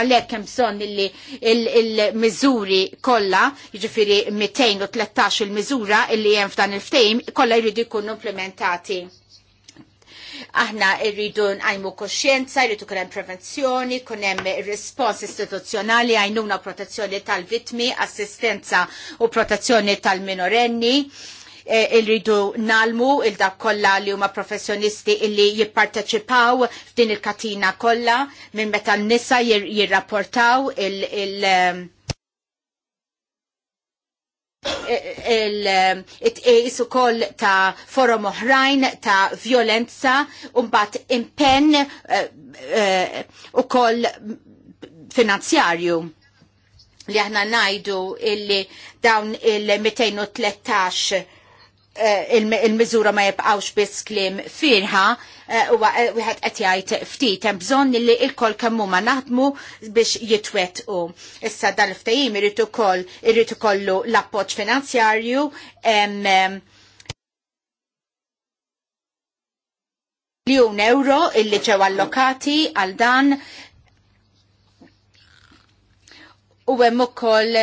għalek hemm bżonn illi il-miżuri kollha, jiġifieri 213 il-miżura illi hemm f'dan il-ftehim kollha jridu jkunu implementati. Aħna irridu għajmu koxjenza, irridu kunem prevenzjoni, kunem respons istituzzjonali, għajnuna protezzjoni tal-vitmi, assistenza u protezzjoni tal-minorenni e, irridu nalmu il-dak kolla li huma professjonisti illi jipparteċipaw f'din il-katina kolla minn meta n-nisa jirrapportaw il-, il um, il-tqis u koll ta' forum oħrajn ta' violenza un-bat impen eh, eh, u koll finanzjarju li aħna najdu illi dawn il-213 Eh, il-miżura ma jibqawx biss klim firħa eh, eh, wieħed qed jgħid ftit hemm bżonn li l-kol kemmu ma naħdmu biex jitwettqu. Issa dal ftajim irid koll irritu ikollu l-appoġġ finanzjarju miljun euro illi ġew allokati għal dan u hemm ukoll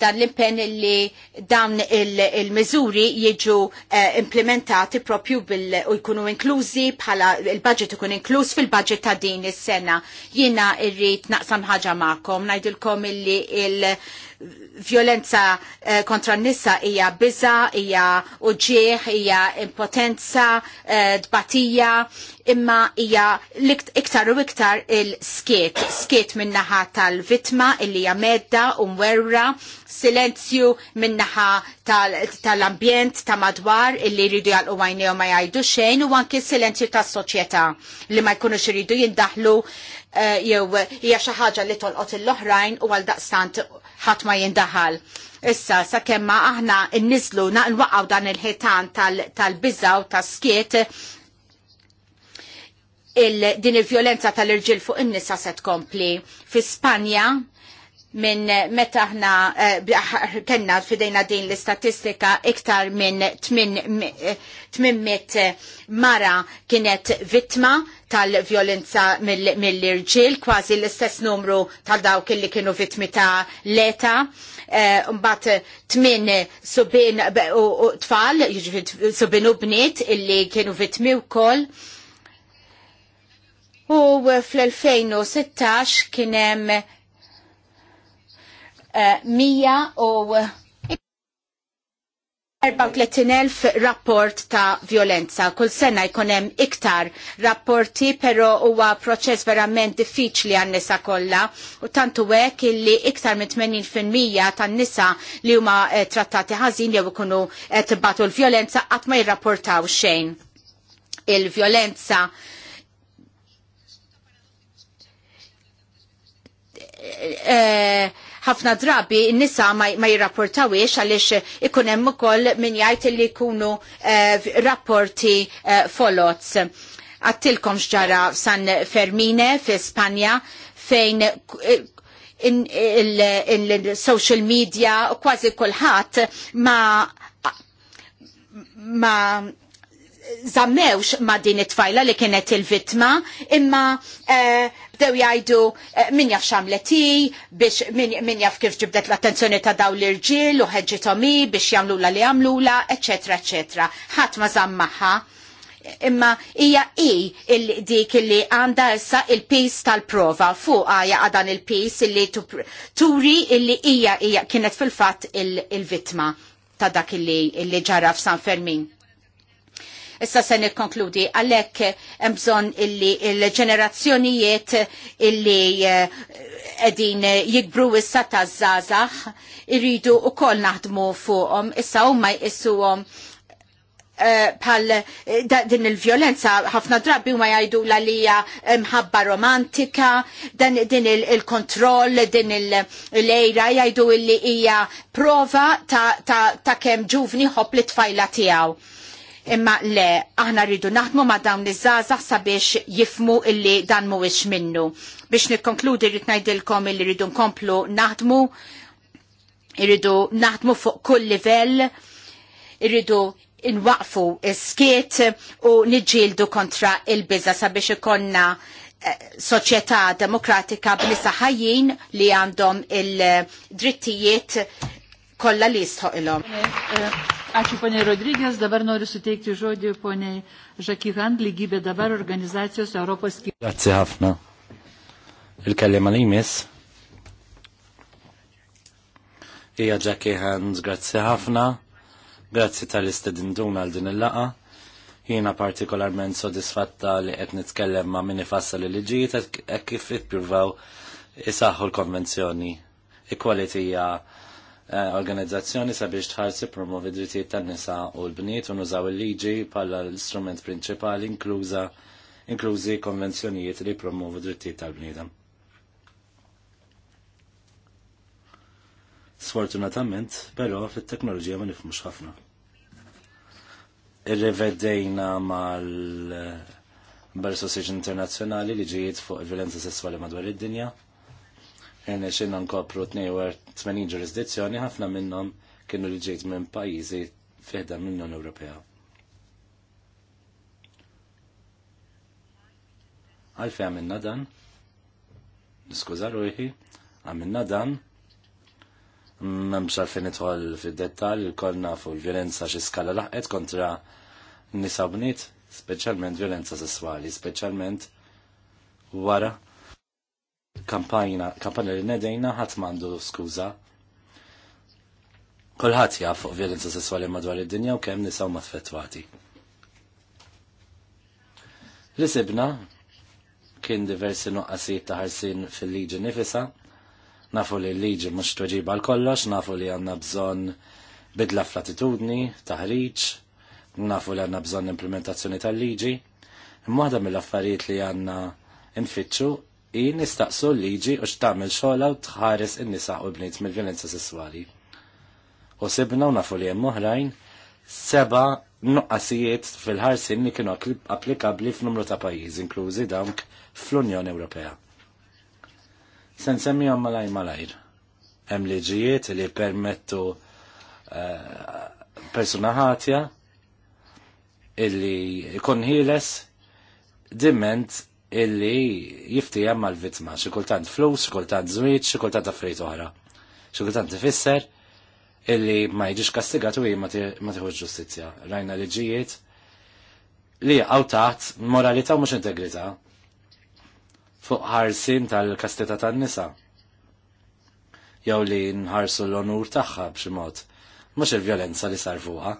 dan l-impenn li dan il mezuri jieġu jiġu eh, implementati propju bil u jkunu inklużi bħala il-budget ikun inkluż fil-budget ta' din is-sena. Jiena irrid naqsam ħaġa magħkom, ngħidilkom illi il- violenza eh, kontra n-nisa hija biża, hija uġieħ, hija impotenza, eh, dbatija, imma hija iktar u iktar il-skiet, skiet minnaħa tal-vitma illi hija medda u mwerra, silenzju minnaħa tal-ambjent ta' madwar illi jridu jgħalqu għajnew ma jgħidu xejn u anki silenzju tas-soċjetà li ma jkunux iridu jindaħlu eh, jew hija xi ħaġa li tolqot l-oħrajn u għal daqstant ħadd ma jindaħal. Issa, sa kemma aħna n-nizlu naqnwaqaw dan il-ħitan tal-bizza u tal-skiet il din il-violenza tal-irġil fuq in-nisa se tkompli. Fi Spanja, minn eh, meta aħna eh, kenna fidejna din l-istatistika iktar minn 800 eh, mara kienet vittma tal-violenza mill-irġiel, kważi l-istess numru tal dawk li kienu vittmi ta' leta. Mbagħad tmin subin u tfal, jiġifieri subin u bniet illi kienu vittmi wkoll. U fl-2016 kien hemm 34.000 rapport ta' violenza. Kull sena jkunem iktar rapporti, pero huwa proċess verament diffiċli għan nisa kollha. U tantu hekk illi iktar minn 80% tan nisa li huma eh, trattati ħażin jew ikunu eh, tibbatu l-violenza qatt ma jirrapportaw xejn. Il-violenza eh, ħafna drabi n-nisa ma jirrapportawiex għaliex ikun hemm ukoll min jgħid li jkunu eh, rapporti eh, folots. Għattilkom xġara San Fermine fi Spanja fejn eh, il-social media kważi kulħadd ma ma zammewx ma din it-tfajla li kienet il-vitma, imma eh, bdew jajdu jgħidu eh, min jaf xamleti, biex min, jaf kif ġibdet l-attenzjoni ta' daw l-irġil u ħedġitomi biex jamlula li jamlula, eccetera, eccetera. ħat ma zammaha, imma hija i il dik li għanda issa il-pis tal-prova fuq għaja għadan il-pis illi turi li hija ija kienet fil-fatt il-vitma ta' dak illi ġara f'San Fermin. Issa se nikkonkludi għalhekk hemm bżonn illi l-ġenerazzjonijiet illi eh, qegħdin jikbru issa taż-żgħażagħ iridu wkoll naħdmu fuqhom issa huma jqissuhom eh, bħal eh, din il-violenza ħafna drabi huma jgħidu l-għalija mħabba romantika, dan din il-kontroll, din il-lejra jgħidu illi hija prova ta', ta kemm ġuvni ħobb l-tfajla tiegħu Imma le, aħna rridu naħdmu ma dawn iż żgħażagħ sabiex jifmu illi dan mhuwiex minnu. Biex nikkonkludi rrid ngħidilkom illi rridu nkomplu naħdmu, irridu naħdmu fuq kull livell, irridu inwaqfu skiet u niġġieldu kontra il-biża sabiex ikonna eh, soċjetà demokratika b'nisa ħajjin li għandhom il-drittijiet kolla li jistħoq ilhom. Eh, ačiū ponė Rodrygės, dabar noriu suteikti žodį ponė Žakihan, lygybė dabar organizacijos Europos Grazie ħafna. Il-kellima li jmiss. Ija Jackie Hans, grazzi ħafna. Grazzi tal-istedindun għal din il-laqa. Jiena partikolarment sodisfatta li qed nitkellem ma' min ifassal li liġijiet hekk kif ippjurvaw isaħħu l-konvenzjoni. Equality hija Eh, organizzazzjoni sabiex tħarsi promovi drittijiet tan-nisa u l-bniet u nużaw il-liġi bħala l-istrument prinċipali inkluża inklużi konvenzjonijiet li promovu drittijiet tal-bniedem. Sfortunatament, però fit-teknoloġija ma nifhmux ħafna. Irrivedejna mal eh, Bar Association Internazzjonali li ġijiet fuq il-violenza sessuali madwar id-dinja, Irne xinna nkopru 82 ġurisdizzjoni ħafna minnhom kienu li ġejt minn pajjiżi fiħda mill-Unjoni Ewropea. Għalfej għamilna dan, niskuża ruħi, għamilna dan, memx għalfejn nidħol fid-dettall, konna nafu l-violenza xi skala laħqet kontra nisabnit, speċjalment violenza sessuali, speċjalment wara kampanja li nedejna ħadd m'għandu skuża. Kulħadd jaf fuq violenza sesswali madwar id-dinja u kemm nisaw ma tfettwati. Risibna, kien diversi nuqqasijiet ta' ħarsin fil-liġi nifisa, nafu li l-liġi mhux tweġiba għal kollox, nafu li għandna bżonn bidla fl-attitudni, taħriġ, nafu li għandna bżonn implementazzjoni tal-liġi, imma waħda mill-affarijiet li għandna nfittxu Jien nistaqsu l-liġi u xtamil xogħla u tħares in-nisa u bnejt mill-violenza sesswali. U sibna u nafu li hemm seba nuqqasijiet fil-ħarsin li kienu applikabli f'numru ta' pajjiż, inklużi dawk fl-Unjoni Ewropea. Se nsemmihom malajr malajr. Hemm liġijiet li permettu eh, persuna ħatja illi ikun ħieles diment illi jifti jamma l-vitma, xikultant flus, xikultant zwiċ, xikultant affrit oħra. Xikultant tifisser illi ma jġiġ kastigat u ma tiħuġ ġustizja. Rajna li ġijiet li għaw taħt moralità u mux integrita fuq ħarsin tal-kastita tan-nisa. Jew li nħarsu l-onur tagħha b'xi mod, mhux il-vjolenza li sarfuħa.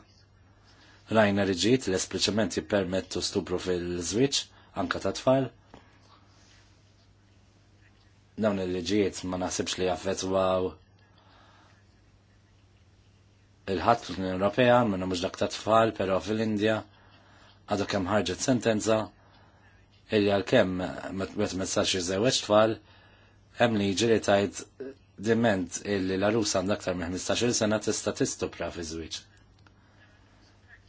Rajna li ġiet li espliċement jippermettu stupru fil-żwieġ anka ta' tfal dawn il-liġijiet ma naħsibx li waw il-ħadd fl-Unjoni Ewropea minnu mhux dak ta' tfal, però fil-Indja għadu kemm ħarġet sentenza illi għalkemm meta ma tistax jiżewweġ tfal hemm liġi li tajt diment illi l-arus għandha aktar minn 15-il sena tista' tistupra fi żwieġ.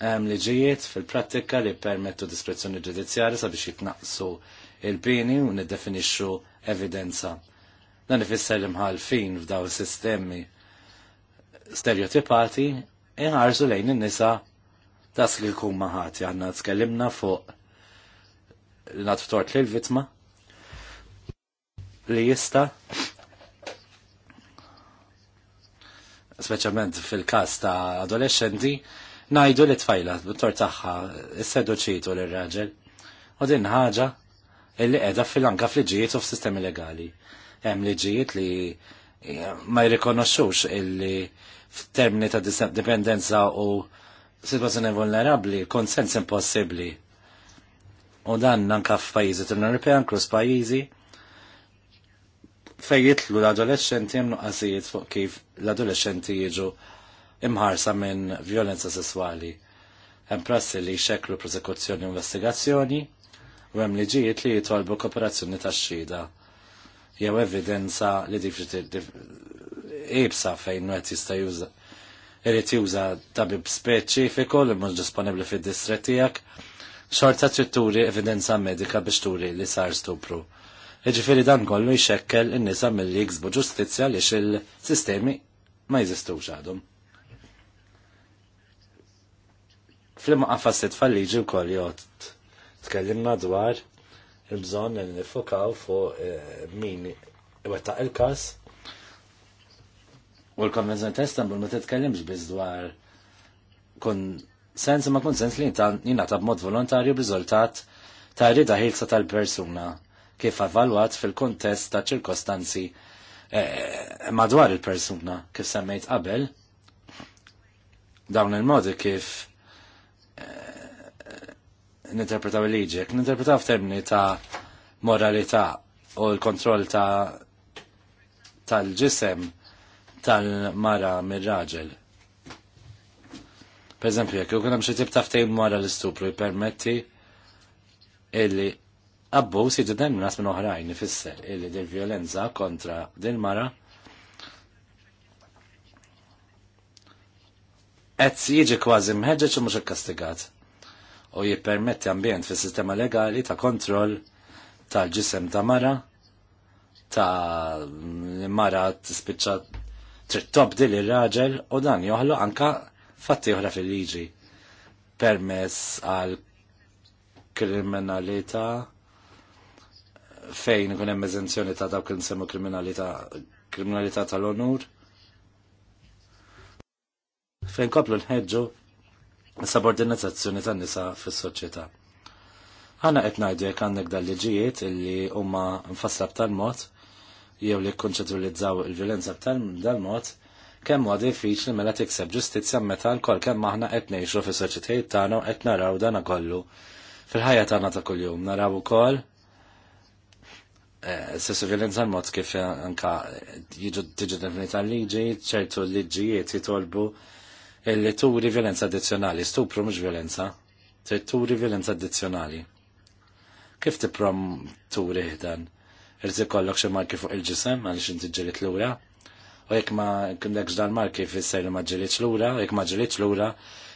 Hemm liġijiet fil-prattika li permettu diskrezzjoni ġudizzjarja sabiex jitnaqsu il-bini u niddefinixxu evidenza. Dan ifisser imħalfin f'daw sistemi stereotipati inħarsu lejn in-nisa tas li jkun maħati għanna tkellimna fuq nat natftort li l-vitma li jista speċjalment fil-kas ta' adolescenti najdu li tfajla b'tor tagħha s-seduċitu lir raġel u din ħaġa illi qiegħda fil-anka fl-ġijiet u f'sistemi legali. Hemm liġijiet li eh, ma jirrikonoxxux illi f'termini ta' dipendenza u situazzjoni vulnerabbli konsens impossibbli. U dan anka f'pajjiżi tal-Unjoni Ewropea, inkluż pajjiżi fejn l-adolescenti hemm nuqqasijiet fuq kif l-adolescenti jiġu imħarsa minn violenza sessuali. Hemm prassi li xeklu prosekuzzjoni u investigazzjoni u hemm liġijiet li jitolbu kooperazzjoni tax-xhieda jew evidenza li difri ibsa fejn qed jista' juża irid juża tabib speċifiku li mhux disponibbli fid-distret tiegħek, xorta trid turi evidenza medika biex turi li sar stupru. Jiġifieri dan kollu jxekkel in-nisa milli jiksbu ġustizzja li il-sistemi ma jeżistux għadhom. Flimma qafas tfalliġi wkoll jgħod tkellimna dwar il-bżonn li nifokaw fuq eh, min iwettaq il-każ u l-Konvenzjoni ta' Istanbul ma titkellimx biz dwar kun sens ma kun sens li jingħata b'mod volontarju b'riżultat ta' rida ħilsa tal-persuna kif avvalwat fil-kontest ta' ċirkostanzi eh, madwar il-persuna kif semmejt qabel dawn il-modi kif eh, ninterpretaw il-liġi, ninterpretaw f'termini ta' moralità u l-kontroll ta' tal-ġisem tal-mara mir-raġel. Per eżempju, jekk ikun hemm xi ta' ftejn mara l-istupru jipermetti illi abbuż jiġi determinat minn oħrajn ifisser illi dil violenza kontra dil-mara qed jieġi kważi mħeġġeġ u mhux ikkastigat u jippermetti ambjent fis sistema legali ta' kontroll tal-ġisem ta' mara ta' mara tispiċċa trittob dil ir-raġel u dan joħloq anka fatti oħra fil-liġi permess għal kriminalità fejn ikun hemm eżenzjoni ta' dawk li nsemmu kriminalità kriminalità tal-onur fejn koplu nħedġu subordinazzazzjoni tan-nisa fis-soċjetà. Ħana qed ngħidu jekk għandek dal-liġijiet illi huma mfassla b'tal-mod jew li kkonċentralizzaw il-violenza b'tal-mod kemm huwa diffiċli mela tikseb ġustizzja meta l-kol kemm aħna qed ngħixu fis-soċjetajiet tagħna u qed naraw dan kollu fil-ħajja tagħna ta' kuljum. Naraw ukoll eh, sessu violenza mod kif anka jiġu tiġi definita liġi, ċertu liġijiet jitolbu illi turi violenza addizzjonali, stupru mhux violenza, trid turi violenza addizzjonali. Kif prom turi dan? Irzi kollok xi marki fuq il-ġisem għaliex inti ġilit lura. U jekk ma kimlekx dan marki fissaj li ma ġilitx lura, jekk ma l lura,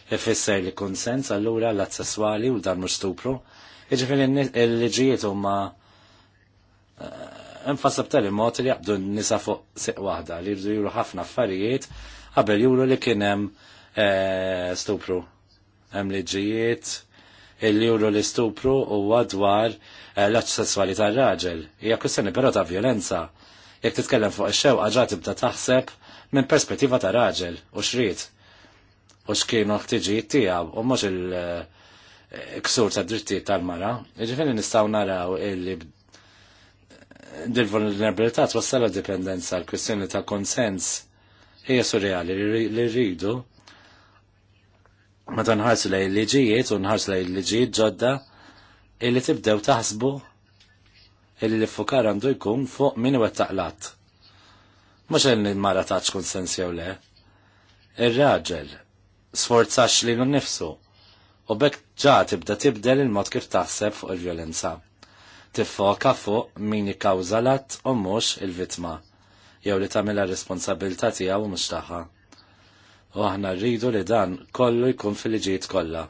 fissaj li konsens allura l-att sesswali u dan mux stupru. Jiġifieri l-liġijiet huma eh, enfasab tali mot li jaqbdu nisa fuq siq waħda li jridu juru ħafna affarijiet qabel juru li kien hemm Eh, stupru. Hemm liġijiet illi juru li stupru huwa dwar eh, l-aċċ sesswali tar-raġel. Hija kwistjoni però ta' violenza. Jekk titkellem fuq ix-xewqa ġa tibda taħseb minn perspettiva ta' raġel u xrid u x'kienu ħtiġijiet tiegħu u mhux il-ksur eh, ta' drittijiet tal-mara. Jiġifieri nistgħu naraw illi dil-vulnerabilità twassal dipendenza l-kwistjoni ta' konsens hija surreali li rridu Meta nħarsu lej liġijiet u nħarsu lej liġijiet ġodda illi tibdew taħsbu illi l-fukar għandu jkun fuq min u taqlat. Mux għen il-mara taċ konsens jew le. Il-raġel sforzax li nifsu u bekk ġa tibda tibdel il-mod kif taħseb fuq il-violenza. Tiffoka fuq min jikkawżalat u mhux il-vitma jew li tamela responsabilta tiegħu u mhux tagħha. U aħna rridu li dan kollu jkun fil-liġijiet kollha.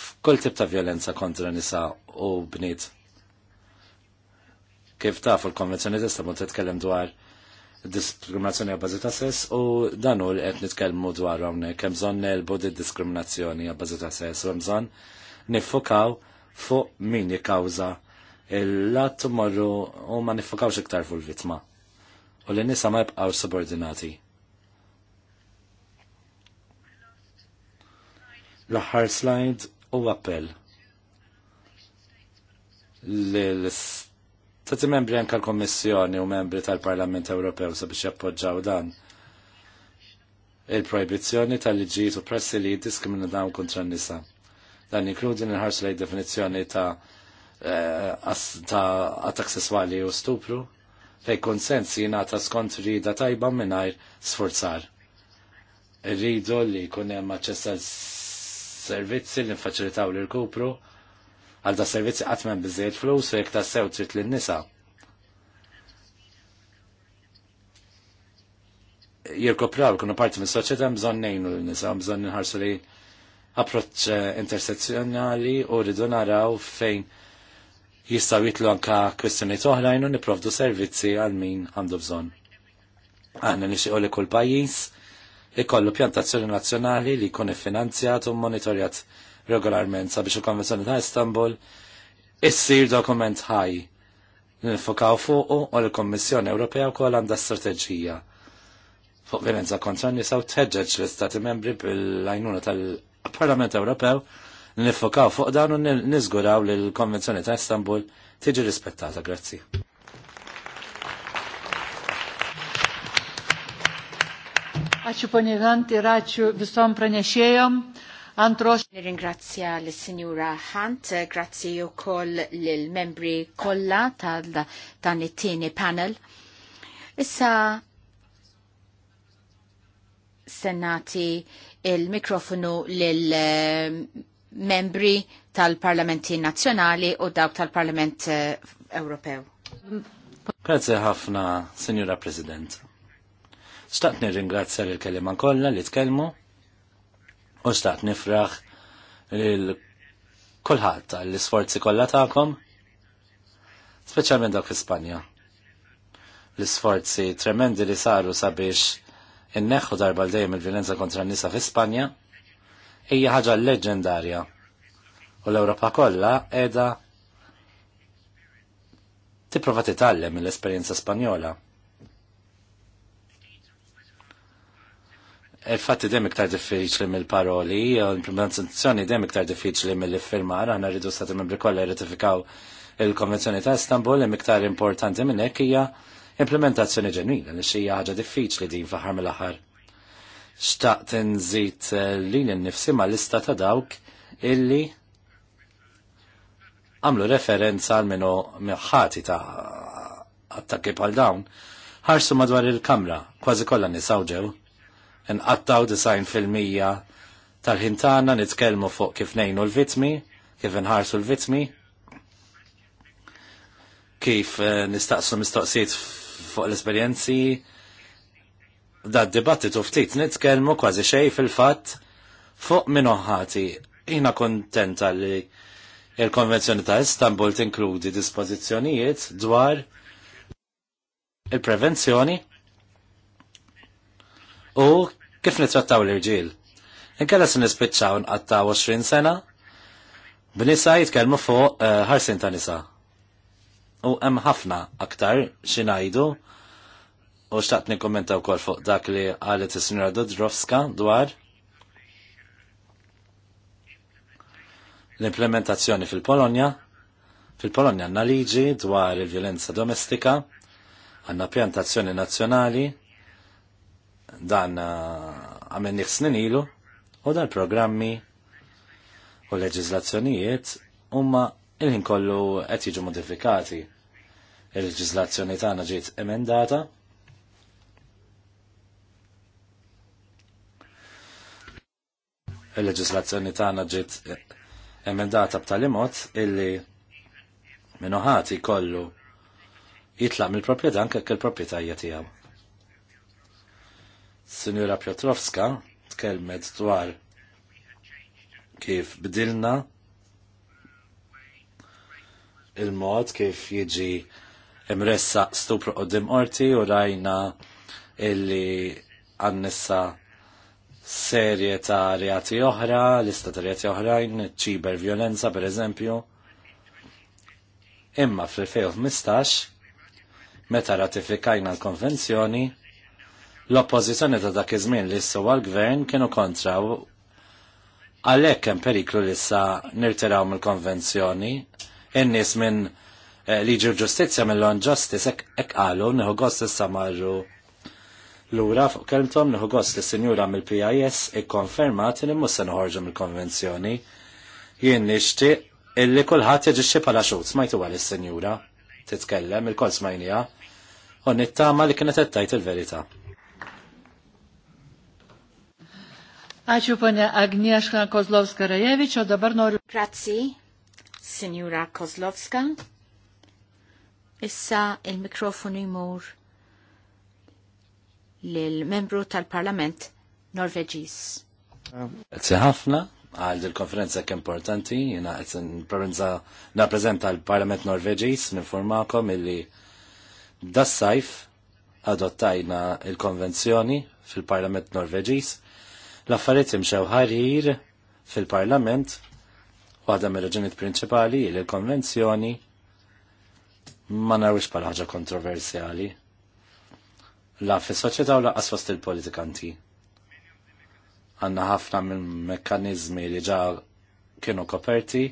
F'kull tip ta' violenza kontra nisa u bnit. Kif taf il-konvenzjoni tista' mu titkellem dwar diskriminazzjoni għabbażi ta' sess u dan hu li qed nitkellmu dwar hawnhekk kemm bżonn nelbu di diskriminazzjoni għabbażi ta' sess u hemm bżonn niffokaw fuq min jikkawża il-lat morru u ma nifukawx iktar fuq il-vitma. U li nisa ma jibqaw subordinati. L-aħħar slide u appell. l membri anka l-Kommissjoni u membri tal-Parlament Ewropew sabiex jappoġġaw dan il-proibizjoni tal-liġijiet u prassi li jiddiskriminaw kontra n-nisa. Dan jinkludi nħarsu lej definizzjoni ta' eh, ta' attak sessuali u stupru fej konsens jingħata skont rida tajba mingħajr sforzar. Rridu li jkun hemm servizzi li nfaċilitaw li rkupru għal da servizzi għatmen bizzejt flus u jek ta' sew trit l-nisa. jirkupraw kunu parti minn soċieta mżon nejnu l-nisa, mżon nħarsu li approċ intersezzjonali u rridu naraw fejn jistaw jitlu anka kwestjoniet oħrajn u niprovdu servizzi għal min għandu bżon. Aħna nixiequ li kull pajjiż ikollu pjantazzjoni nazzjonali li jkun iffinanzjat u monitorjat regolarment sabiex il-Konvenzjoni ta' Istanbul issir dokument ħaj nifokaw fuq u l-Kommissjoni Ewropea wkoll għandha strateġija fuq violenza kontra nisaw tħeġġeġ l-Istati membri bil-għajnuna tal-Parlament Ewropew nifokaw fuq dan u nizguraw li l-Konvenzjoni ta' Istanbul tiġi rispettata. Grazzi. Ačiū ponė Hunt ir ačiū visom pranešėjom. Antros. Nirringrazzja l signora Hunt, grazzi u koll l-membri kolla tal-dan it-tieni panel. Issa sennati il-mikrofonu l-membri eh, tal-Parlamenti Nazzjonali u dawk tal-Parlament eh, Ewropew. Grazie ħafna, Signora President. Staqt nirringrazzja l kelima kollha li tkellmu u staqt nifraħ lil kulħadd għall isforzi kollha tagħkom, speċjalment dawk Spanja. L-isforzi tremendi li saru sabiex inneħħu darba l dejjem il-violenza kontra n-nisa fi Spanja hija ħaġa leġendarja. U l-Ewropa kollha qiegħda tipprova titgħallem mill-esperjenza Spanjola il-fatti dem iktar diffiċli mill-paroli, u l-implementazzjoni dem iktar diffiċli mill-firmar, għana rridu stati membri kollha jirratifikaw il-Konvenzjoni ta' Istanbul, il-miktar importanti minn hekk hija implementazzjoni ġenwina li xi ħaġa diffiċli din faħar mill-aħħar. Xtaqt nżid eh, lili nnifsi ma' lista ta' dawk illi għamlu referenza għal minu ħati ta' attakki bħal dawn ħarsu madwar il-kamra, kważi kollha nisawġew. ġew nqattaw design fil-mija tal-ħintana nitkellmu fuq kif nejnu l-vitmi, kif nħarsu l-vitmi, kif eh, nistaqsu mistoqsijiet fuq l-esperjenzi, da d-dibattitu ftit nitkellmu kważi xej fil-fatt fuq minuħati. Jina kontenta li il-Konvenzjoni ta' Istanbul tinkludi dispożizzjonijiet dwar il-prevenzjoni u kif nitrattaw l-irġiel. Inkella se nispiċċaw nqatta' 20 sena b'nisa jitkellmu fuq eh, ħarsin ta' nisa. U hemm ħafna aktar xi ngħidu u xtaqt nikkommenta wkoll fuq dak li qalet is-Sinjora Dudrovska dwar l-implementazzjoni fil-Polonja. Fil-Polonja għandna liġi dwar il-violenza domestika, għandna pjantazzjoni nazzjonali, Dan eh, għamen snin ilu u dan programmi u leġizlazzjonijiet umma il-ħin kollu qed jiġu modifikati. Il-leġizlazzjoni tagħna ġiet emendata il-leġislazzjoni tagħna ġiet emendata b'tali mod illi minuħati kollu jitlaq mill-proprjetà anke il-proprjetajja tiegħu. Sinjura Piotrowska tkellmet dwar kif bdilna il-mod kif jiġi imressa stupru u orti u rajna illi għannissa serje ta' reati oħra, lista ta' reati oħrajn, ċiber violenza per eżempju. Imma fil 2015 meta ratifikajna l-konvenzjoni, L-oppożizzjoni ta' dak iż-żmien li issa għal-gvern kienu kontra għalhekk hemm periklu li issa nirtiraw mill-konvenzjoni in-nies minn li eh, liġi ġustizzja mill-on justice hekk qalu nieħu gost issa marru lura fuq kelmthom nieħu gost li sinjura mill-PIS ikkonfermat li mhux se noħorġu mill-konvenzjoni. Jien nixtieq illi kulħadd jaġixxi bħala xut smajtu għal is-sinjura titkellem il-kol smajnija u nittama li kienet qed tgħid il-verità. Ačiū, ponia Agnieszka kozlovska rajewicz o dabar noriu. Grazzi, signora Kozlovska. Issa il-mikrofonu jmur lill-membru tal-Parlament Norveġis. Grazie ħafna għal dil-konferenza kem importanti, jina napprezenta l-Parlament Norveġis, n-informakom illi das-sajf adottajna il-konvenzjoni fil-Parlament Norveġis L-affarijiet imxew ħarir fil-Parlament waħda mir-raġunijiet prinċipali li konvenzjoni ma narwix bħal ħaġa kontroversjali. La fis-soċjetà u laqqas fost il-politikanti. Għanna ħafna minn mekkaniżmi li ġa kienu koperti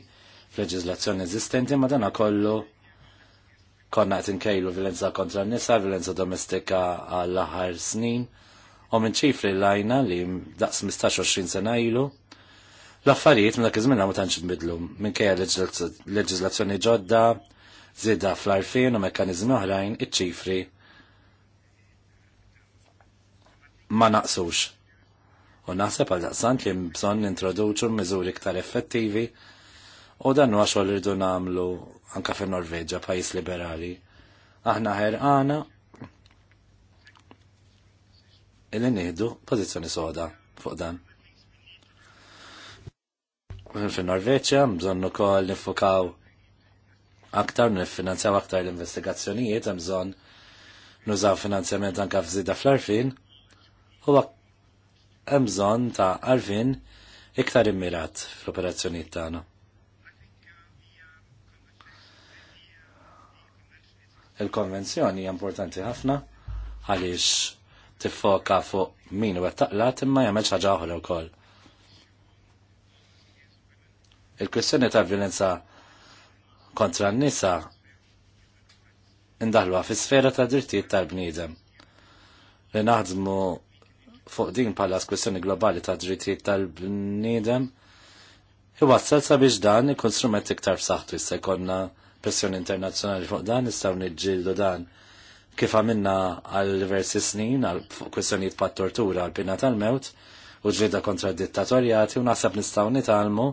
f'leġiżlazzjoni eżistenti ma dana kollu konna qed inkejlu violenza kontra n-nisa, violenza domestika għall ħar snin, u minn ċifri l-lajna li daqs 15-20 sena ilu, l-affarijiet minn dakizmin iż-żmien ma minn nbidlu minkejja leġiżlazzjoni ġodda, zida fl-arfin u mekkaniżmi oħrajn iċ-ċifri ma naqsux. U naħseb għal daqsant li bżonn introduċu miżuri iktar effettivi u dan huwa xogħol namlu nagħmlu anke fin-Norveġġa pajjiż liberali. Aħna ħerqana illi nieħdu pożizzjoni soda fuq dan. Fin-Norveċja bżonn ukoll nifukaw aktar niffinanzjaw aktar l-investigazzjonijiet hemm bżonn nużaw finanzjament anke f'żida fl-arfin u hemm bżonn ta' arfin iktar immirat fl-operazzjonijiet tagħna. Il-konvenzjoni hija importanti ħafna għaliex tiffoka fuq min u taqlat imma jagħmel xi ħaġa oħra wkoll. Il-kwistjoni ta' violenza kontra n-nisa indaħluha fi sfera ta' drittijiet tal-bniedem. Li naħdmu fuq din bħala kwissjoni globali ta' drittijiet tal-bniedem Iwassal sabiex dan ikun strumenti iktar f'saħħtu issa jkollna pressjoni internazzjonali fuq dan nistgħu niġġieldu dan kif għamilna għal diversi snin għal kwistjonijiet pat tortura għal pina tal-mewt u ġrida kontra dittatorjati u naħseb nistgħu nitalmu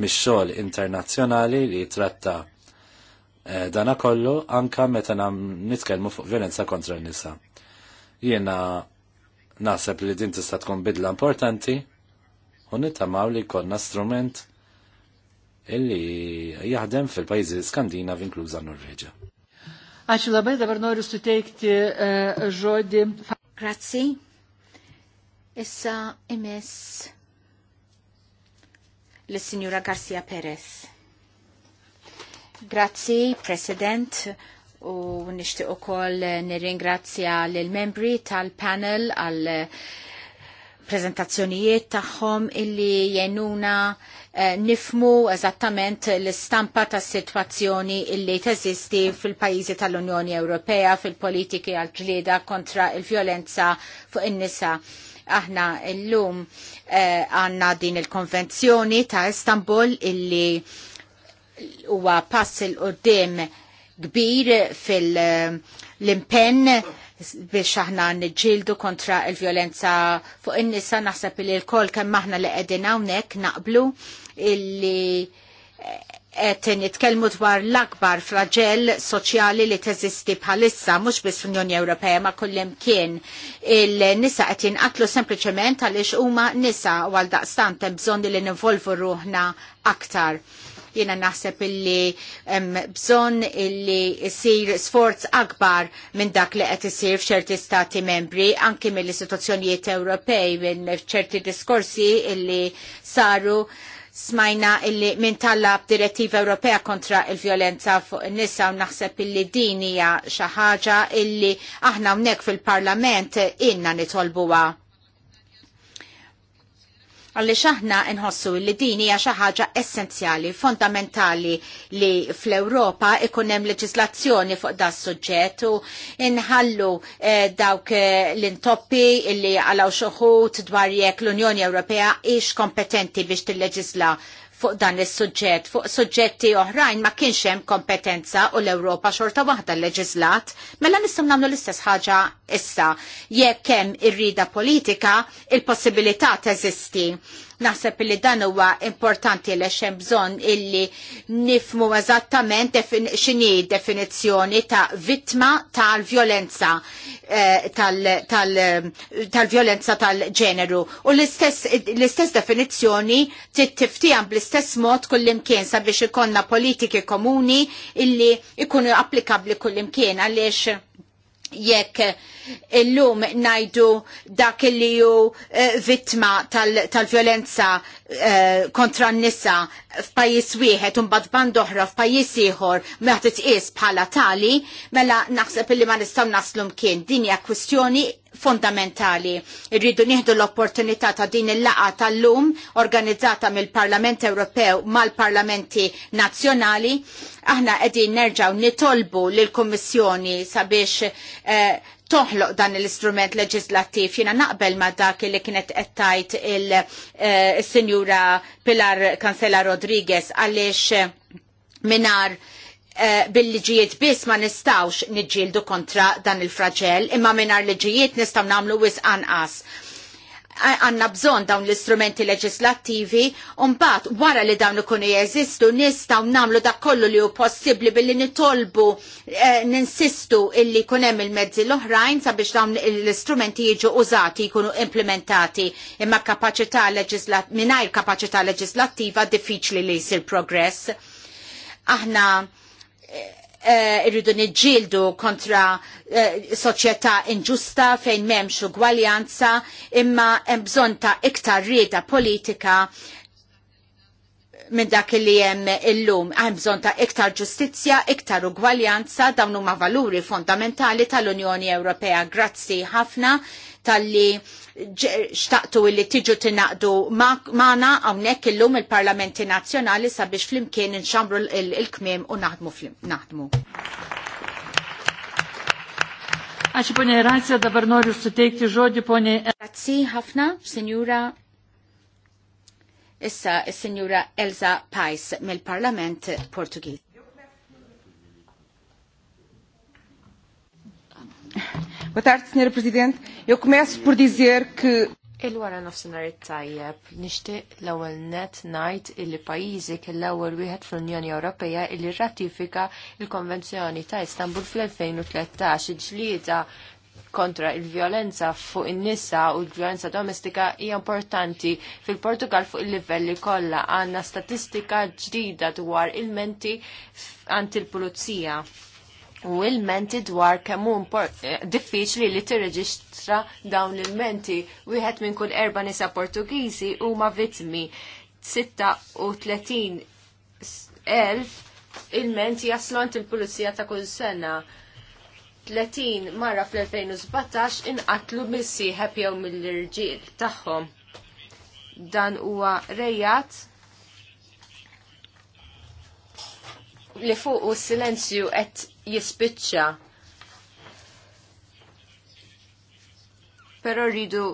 mix-xogħol internazzjonali li tratta eh, dana kollu anka meta nitkellmu fuq violenza kontra n-nisa. Jiena naħseb li din tista' tkun bidla importanti u nittamaw li jkollna strument illi jaħdem fil-pajjiżi Skandinav inkluża Norveġa. Ačiū labai, dabar noriu suteikti uh, žodį. Grazzi. Issa imes l-Signora Garcia Perez. Grazie, President, u nishti nishtiq ukoll nirringrazzja l-membri tal-panel għal uh, prezentazzjonijiet tagħhom illi jenuna eh, nifmu eżattament l-istampa tas situazzjoni illi teżisti fil-pajjiżi tal-Unjoni Ewropea fil-politiki għal-ġlieda kontra il-vjolenza fuq in-nisa. Aħna l-lum eh, għanna din il-konvenzjoni ta' Istanbul illi huwa pass il-qoddim kbir fil-impenn biex aħna nġildu kontra il-violenza fuq in-nisa naħseb li l-kol kemm aħna li qegħdin hawnhekk naqblu illi eh, qed nitkellmu dwar l-akbar fraġel soċjali li teżisti bħalissa mhux biss fl-Unjoni Ewropea ma kullim kien il-nisa qed jinqatlu sempliċement għaliex huma nisa għal daqstant hemm bżonn li ninvolvu ruħna aktar. Jiena naħseb illi bżonn illi jsir sforz akbar minn dak li qed isir f'ċerti stati membri, anki mill-istituzzjonijiet Ewropej minn ċerti diskorsi illi saru smajna illi minn tallab direttiva Ewropea kontra il-violenza fuq in-nisa u naħseb illi din hija xi ħaġa illi aħna hawnhekk fil-Parlament inna nitolbuha għaliex aħna nħossu li din hija xi ħaġa essenzjali, fondamentali li fl-Ewropa ikun hemm leġislazzjoni fuq da suġġett u inħallu eh, dawk eh, l-intoppi illi għalaw xoħut dwar jekk l-Unjoni Ewropea ix kompetenti biex tilleġisla fuq dan is-suġġett. Fuq suġġetti oħrajn ma kienx hemm kompetenza u l-Ewropa xorta waħda leġislat, mela nistgħu nagħmlu l-istess ħaġa issa jekk hemm irrida politika, il-possibilità teżisti Naħseb li dan huwa importanti li xem bżonn illi nifmu eżattament xini x'inhi definizzjoni ta' vittma tal-vjolenza eh, tal-vjolenza tal vjolenza tal vjolenza tal tal ġeneru U l-istess definizzjoni tittiftijan bl-istess mod kullimkien sabiex ikonna politiki komuni illi ikunu applikabli kullimkien għaliex jekk illum najdu dak li ju eh, vittma tal-violenza tal eh, kontra n-nisa f'pajis wieħed un badban doħra f'pajis ieħor meħt qies bħala tali, mela naħseb illi ma nistgħu naslu mkien. Din hija kwistjoni fondamentali. Irridu nieħdu l-opportunità ta' din il-laqa tal-lum organizzata mill-Parlament Ewropew mal-Parlamenti Nazzjonali. Aħna qegħdin nerġgħu nitolbu lill-Kummissjoni sabiex eh, toħloq dan l-istrument leġislattiv jina naqbel ma dak li kienet qed il-Sinjura eh, Pilar Cancela Rodriguez għaliex eh, minar Eh, bil-liġijiet biss ma nistawx niġġieldu kontra dan il-fraġel, imma minar liġijiet nistaw namlu wis anqas għanna bżon dawn l-istrumenti leġislattivi, bat wara li dawn ikunu jeżistu, nistaw namlu da kollu li u possibli billi nitolbu, eh, ninsistu illi kunem il-mezzi l-oħrajn sabiex dawn l-istrumenti jiġu użati, jkunu implementati, imma kapacità leġislat, minajr kapacità leġislattiva diffiċli li jisir progress. Aħna Eh, irridu niġġieldu kontra eh, soċjetà inġusta fejn m'hemmx ugwaljanza imma hemm bżonn ta' iktar rieda politika minn dak li hemm illum hemm bżonn ta' iktar ġustizzja, iktar ugwaljanza dawn huma valuri fondamentali tal-Unjoni Ewropea. Grazzi ħafna tal-li xtaqtu illi tiġu tinaqdu maħna għawnek illum il-Parlamenti Nazjonali sabiex flimkien nxambru il-kmim u naħdmu naħdmu. Għaxi poni Razja da Barnorju suteikti ġodi poni. Grazzi ħafna, signora. Issa, signora Elza Pajs mill-Parlament Portugiz. Boa tarde, Sra. Presidente. Eu começo por dizer que Il-wara nofsinar it-tajjeb, nixtieq l-ewwel net ngħid li pajjiżi kell l-ewwel wieħed fl-Unjoni Ewropea li rratifika il-Konvenzjoni ta' Istanbul fl-2013 ġlieda kontra il-vjolenza fuq in-nisa u l-vjolenza domestika hija importanti fil-Portugal fuq il-livelli kollha għandna statistika ġdida dwar il-menti għand il-pulizija. il menti il il menti għand il pulizija u il-menti dwar kemmu eh, diffiċli li tirreġistra dawn il-menti. Wieħed minn kull erba' nisa Portugiżi huma vittmi 36,000 il-menti jaslont il-pulizija ta' kull sena. 30 marra fl-2017 inqatlu missi sieħeb jew mill-irġiel tagħhom. Dan huwa rejat li fuq u silenzju qed jispiċċa. Però rridu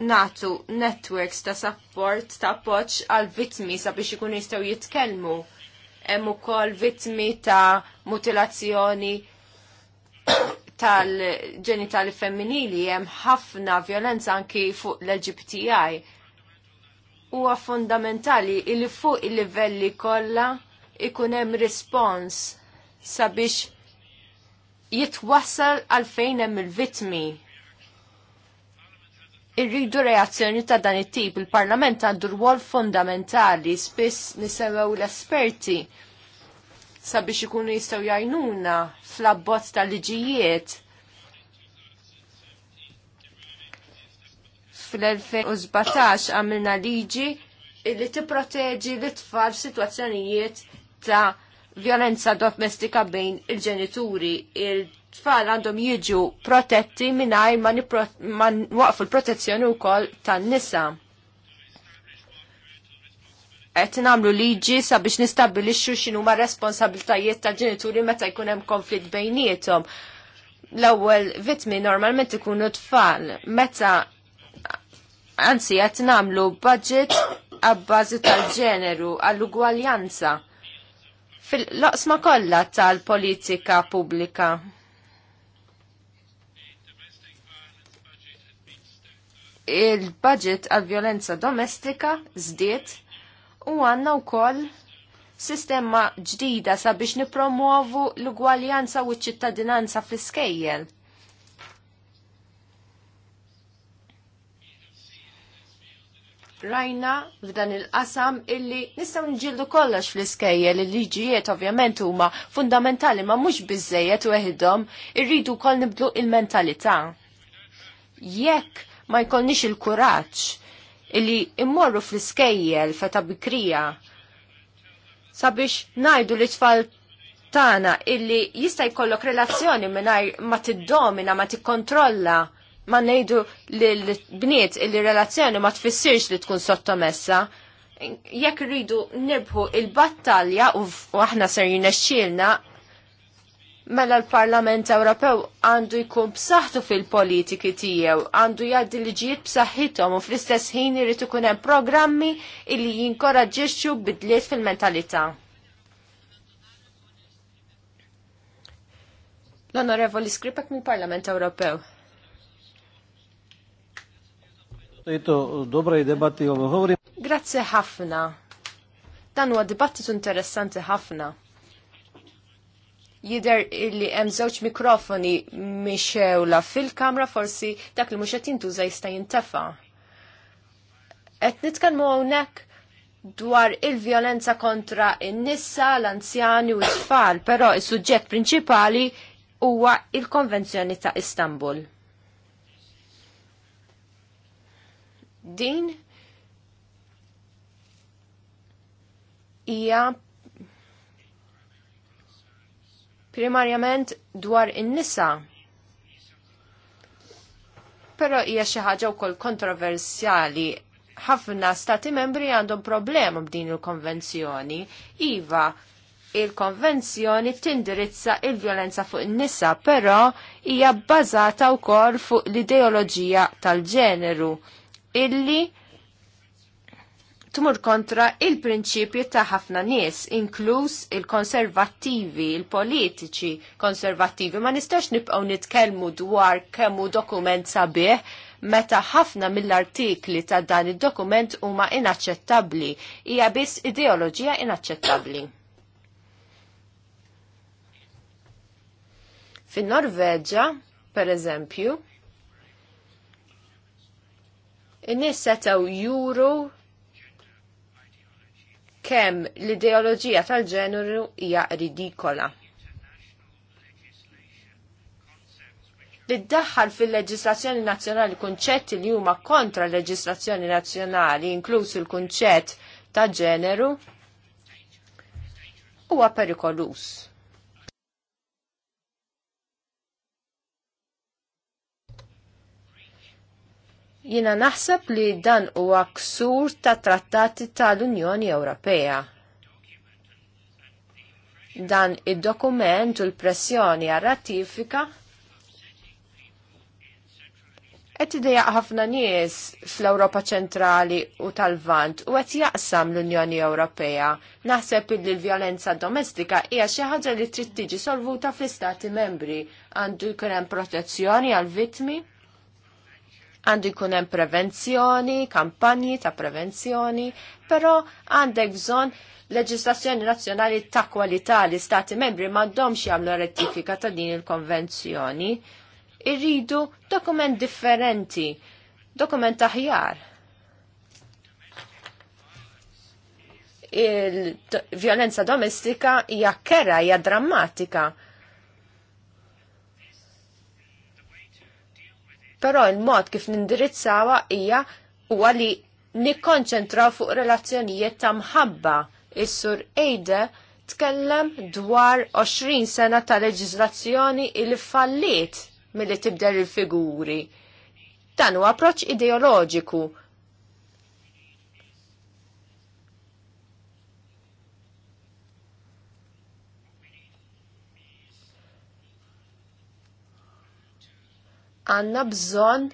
natu networks ta' support ta' appoġġ għal vittmi sabiex ikunu jistgħu jitkellmu. Hemm ukoll vittmi ta' mutilazzjoni *coughs* tal-ġenitali femminili hemm ħafna violenza anki fuq l-LGBTI. Huwa fundamentali li fuq il-livelli kollha ikun hemm respons sabiex jitwassal għalfejn hemm il-vitmi. Irridu reazzjoni ta' dan it-tip, il-Parlament għandu rwol fondamentali, spiss nisewew l-esperti sabiex ikunu jistgħu jgħinuna fl-abbozz tal-liġijiet. Fl-2017 għamilna liġi li tipproteġi l-itfal f'sitwazzjonijiet ta' violenza domestika bejn il-ġenituri. Il-tfal għandhom jiġu protetti minnaj ma waqfu l-protezzjoni u kol tan nisa. Qed nagħmlu liġi sabiex nistabbilixxu x'inhuma responsabiltajiet tal-ġenituri meta jkun hemm konflitt bejniethom l-ewwel vitmi normalment ikunu tfal. Meta anzi qed nagħmlu budget għabbażi tal-ġeneru għall-ugwaljanza fil-loqsma kollha tal-politika pubblika. Il-budget għal-violenza domestika zdiet u għanna wkoll sistema ġdida sabiex nipromuovu l-ugwaljanza u ċ-ċittadinanza fl-iskejjel. rajna f'dan il-qasam illi nistgħu nġildu kollox fl-iskejjel il-liġijiet ovvjament huma fundamentali ma mhux biżejjed weħidhom irridu wkoll nibdlu il-mentalità. Jekk ma jkollniex il-kuraġġ illi immorru fl-iskejjel feta bikrija sabiex najdu li tfal tana illi jista' jkollok relazzjoni mingħajr ma tiddomina ma tikkontrolla ma nejdu l-bniet li relazzjoni ma tfissirx li tkun sottomessa. Jekk rridu nibħu il-battalja u aħna ser jinexxielna, mela l-Parlament Ewropew għandu jkun b'saħħtu fil-politiki tiegħu, għandu jgħaddi liġijiet b'saħħithom u fl-istess ħin irid ikun hemm programmi li jinkoraġġixxu bidliet fil-mentalità. L-Onorevoli Skripek mill-Parlament Ewropew. Grazzi ħafna. Dan huwa dibattitu interessanti ħafna. Jider illi hemm żewġ mikrofoni mixewla fil-kamra forsi dak li mhux qed jintuża jista' jintefa'. Qed nitkellmu hawnhekk dwar il-vjolenza kontra in-nisa, l-anzjani u t-tfal, però is-suġġett prinċipali huwa il-Konvenzjoni ta' Istanbul. Din hija primarjament dwar in-nisa. Però hija xi ħaġa wkoll kontroversjali ħafna stati membri għandhom problema b'din il-konvenzjoni. Iva, il-konvenzjoni tindirizza il-violenza fuq in-nisa, però hija bbażata wkoll fuq l-ideoloġija tal-ġeneru illi tmur kontra il-prinċipju ta' ħafna nies, inkluż il-konservattivi, il-politiċi konservattivi. Ma nistax nibqgħu nitkellmu dwar kemm hu dokument sabiħ meta ħafna mill-artikli ta' dan id-dokument huma inaċċettabbli, hija biss ideoloġija inaċċettabbli. Fin-Norveġġa, per eżempju, in-nies setgħu juru kemm l-ideoloġija tal-ġeneru hija ridikola. li ddaħħal fil-leġislazzjoni nazzjonali kunċetti li huma kontra l-leġislazzjoni nazzjonali, inkluż il-kunċett ta' ġeneru, huwa perikolus. Jina naħseb li dan huwa ksur ta' trattati tal-Unjoni Ewropea. Dan id-dokument u l-pressjoni għal ratifika qed idejja ħafna nies fl-Ewropa ċentrali u tal-Vant u qed jaqsam l-Unjoni Ewropea. Naħseb li l-vjolenza domestika hija xi ħaġa li trid tiġi solvuta fl-Istati membri għandu jkun hemm protezzjoni għal vittmi Għandu jkun hemm prevenzjoni, kampanji ta' prevenzjoni, però għandek bżonn leġislazzjoni nazzjonali ta' kwalità li stati membri m'għandhomx jagħmlu rettifika ta' din il-konvenzjoni. Irridu dokument differenti, dokument aħjar. il-violenza domestika hija kera, hija drammatika però il-mod kif nindirizzawa hija huwa li nikkonċentraw fuq relazzjonijiet ta' mħabba. Is-sur Ejde tkellem dwar 20 sena ta' leġiżlazzjoni il falliet milli tibdel il-figuri. Dan huwa approċċ ideoloġiku għanna bżon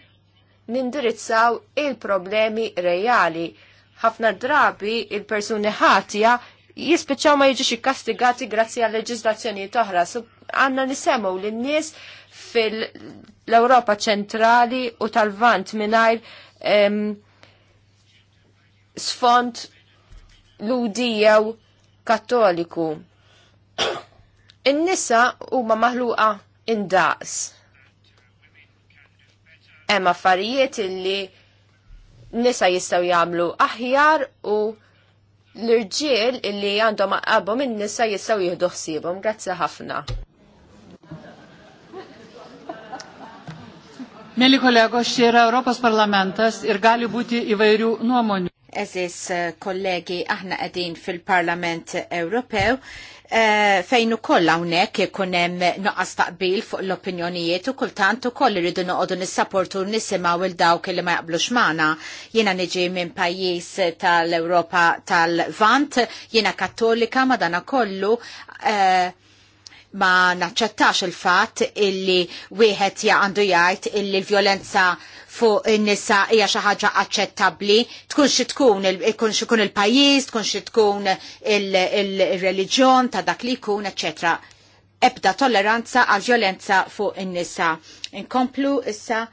nindirizzaw il-problemi reali. ħafna drabi il-persuni ħatja jispiċaw ma jiġix ikkastigati grazzi għal leġizlazzjoni toħra. So, għanna nisemgħu l-nies fil-Europa ċentrali u tal-Vant minnajr sfond ludijew kattoliku. In-nisa huma maħluqa indaqs hemm affarijiet illi nisa jistaw jagħmlu aħjar u l-irġiel illi għandhom qabhom in-nisa jistaw jieħdu ħsiebhom. Grazzi ħafna. Mieli kolegos, čia yra Europos parlamentas ir gali būti įvairių nuomonių eżis eh, kollegi aħna għedin fil-Parlament Ewropew eh, fejn ukoll hawnhekk ikun hemm noqas taqbil fuq l-opinjonijiet u kultant ukoll irridu noqogħdu nissapportu nisimgħu il dawk li ma jaqblux xmana. Jiena niġi minn pajjiż tal-Ewropa tal-Vant, jiena Kattolika madana kollu eh, ma naċċettax il-fatt illi wieħed ja għandu jgħid illi l-vjolenza fuq in-nisa hija xi ħaġa aċċettabbli, tkun xi tkun ikun xi tkun il-pajjiż, tkun xi tkun il-reliġjon ta' dak li jkun, eċċetera. Ebda tolleranza għal violenza fuq in-nisa. Inkomplu issa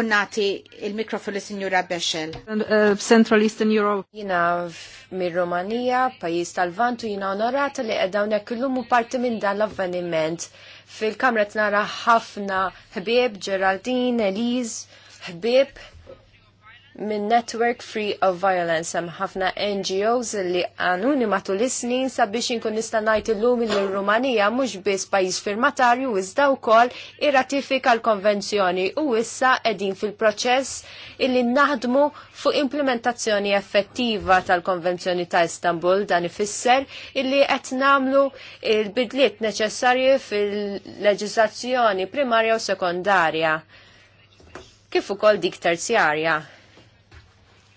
unnati il-mikrofon l-Sinjura Bexel. Uh, Central Eastern Europe. Jina mir romania pajis tal-Vantu, jina onorata li għedawna kullum u parti minn dan l-avveniment. Fil-kamra t-nara ħafna ħbib, Geraldine, Elise, ħbib minn Network Free of Violence hemm ħafna NGOs li għanuni matul is-snin sabiex inkun nista' ngħid illum li rumanija mhux biss pajjiż firmatarju iżda wkoll irratifika l-konvenzjoni u issa qegħdin fil-proċess illi naħdmu fuq implementazzjoni effettiva tal-Konvenzjoni ta' Istanbul dan ifisser illi qed nagħmlu l-bidliet neċessarji fil-leġiżlazzjoni primarja u sekondarja kif ukoll dik terzjarja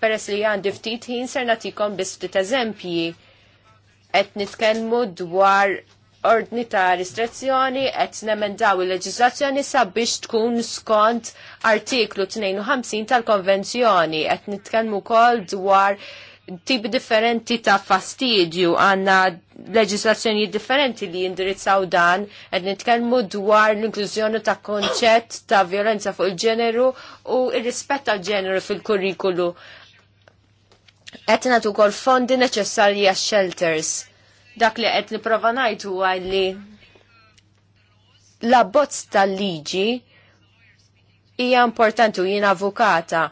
Peress li għandi ftit ħin ser natikom biss ftit eżempji qed nitkellmu dwar ordni ta' restrizzjoni qed nemendaw il-leġiżlazzjoni sabiex tkun skont artiklu 52 tal-konvenzjoni qed nitkellmu wkoll dwar tip differenti ta' fastidju għanna leġislazzjoni differenti li jindirizzaw dan qed nitkellmu dwar l-inklużjoni ta' konċett ta' violenza fuq il-ġeneru u il rispett tal-ġeneru fil-kurrikulu qed nagħtu wkoll fondi neċessarji għax-shelters. Dak li qed nipprova ngħidu għalli l bozz tal-liġi hija importanti u jien avukata.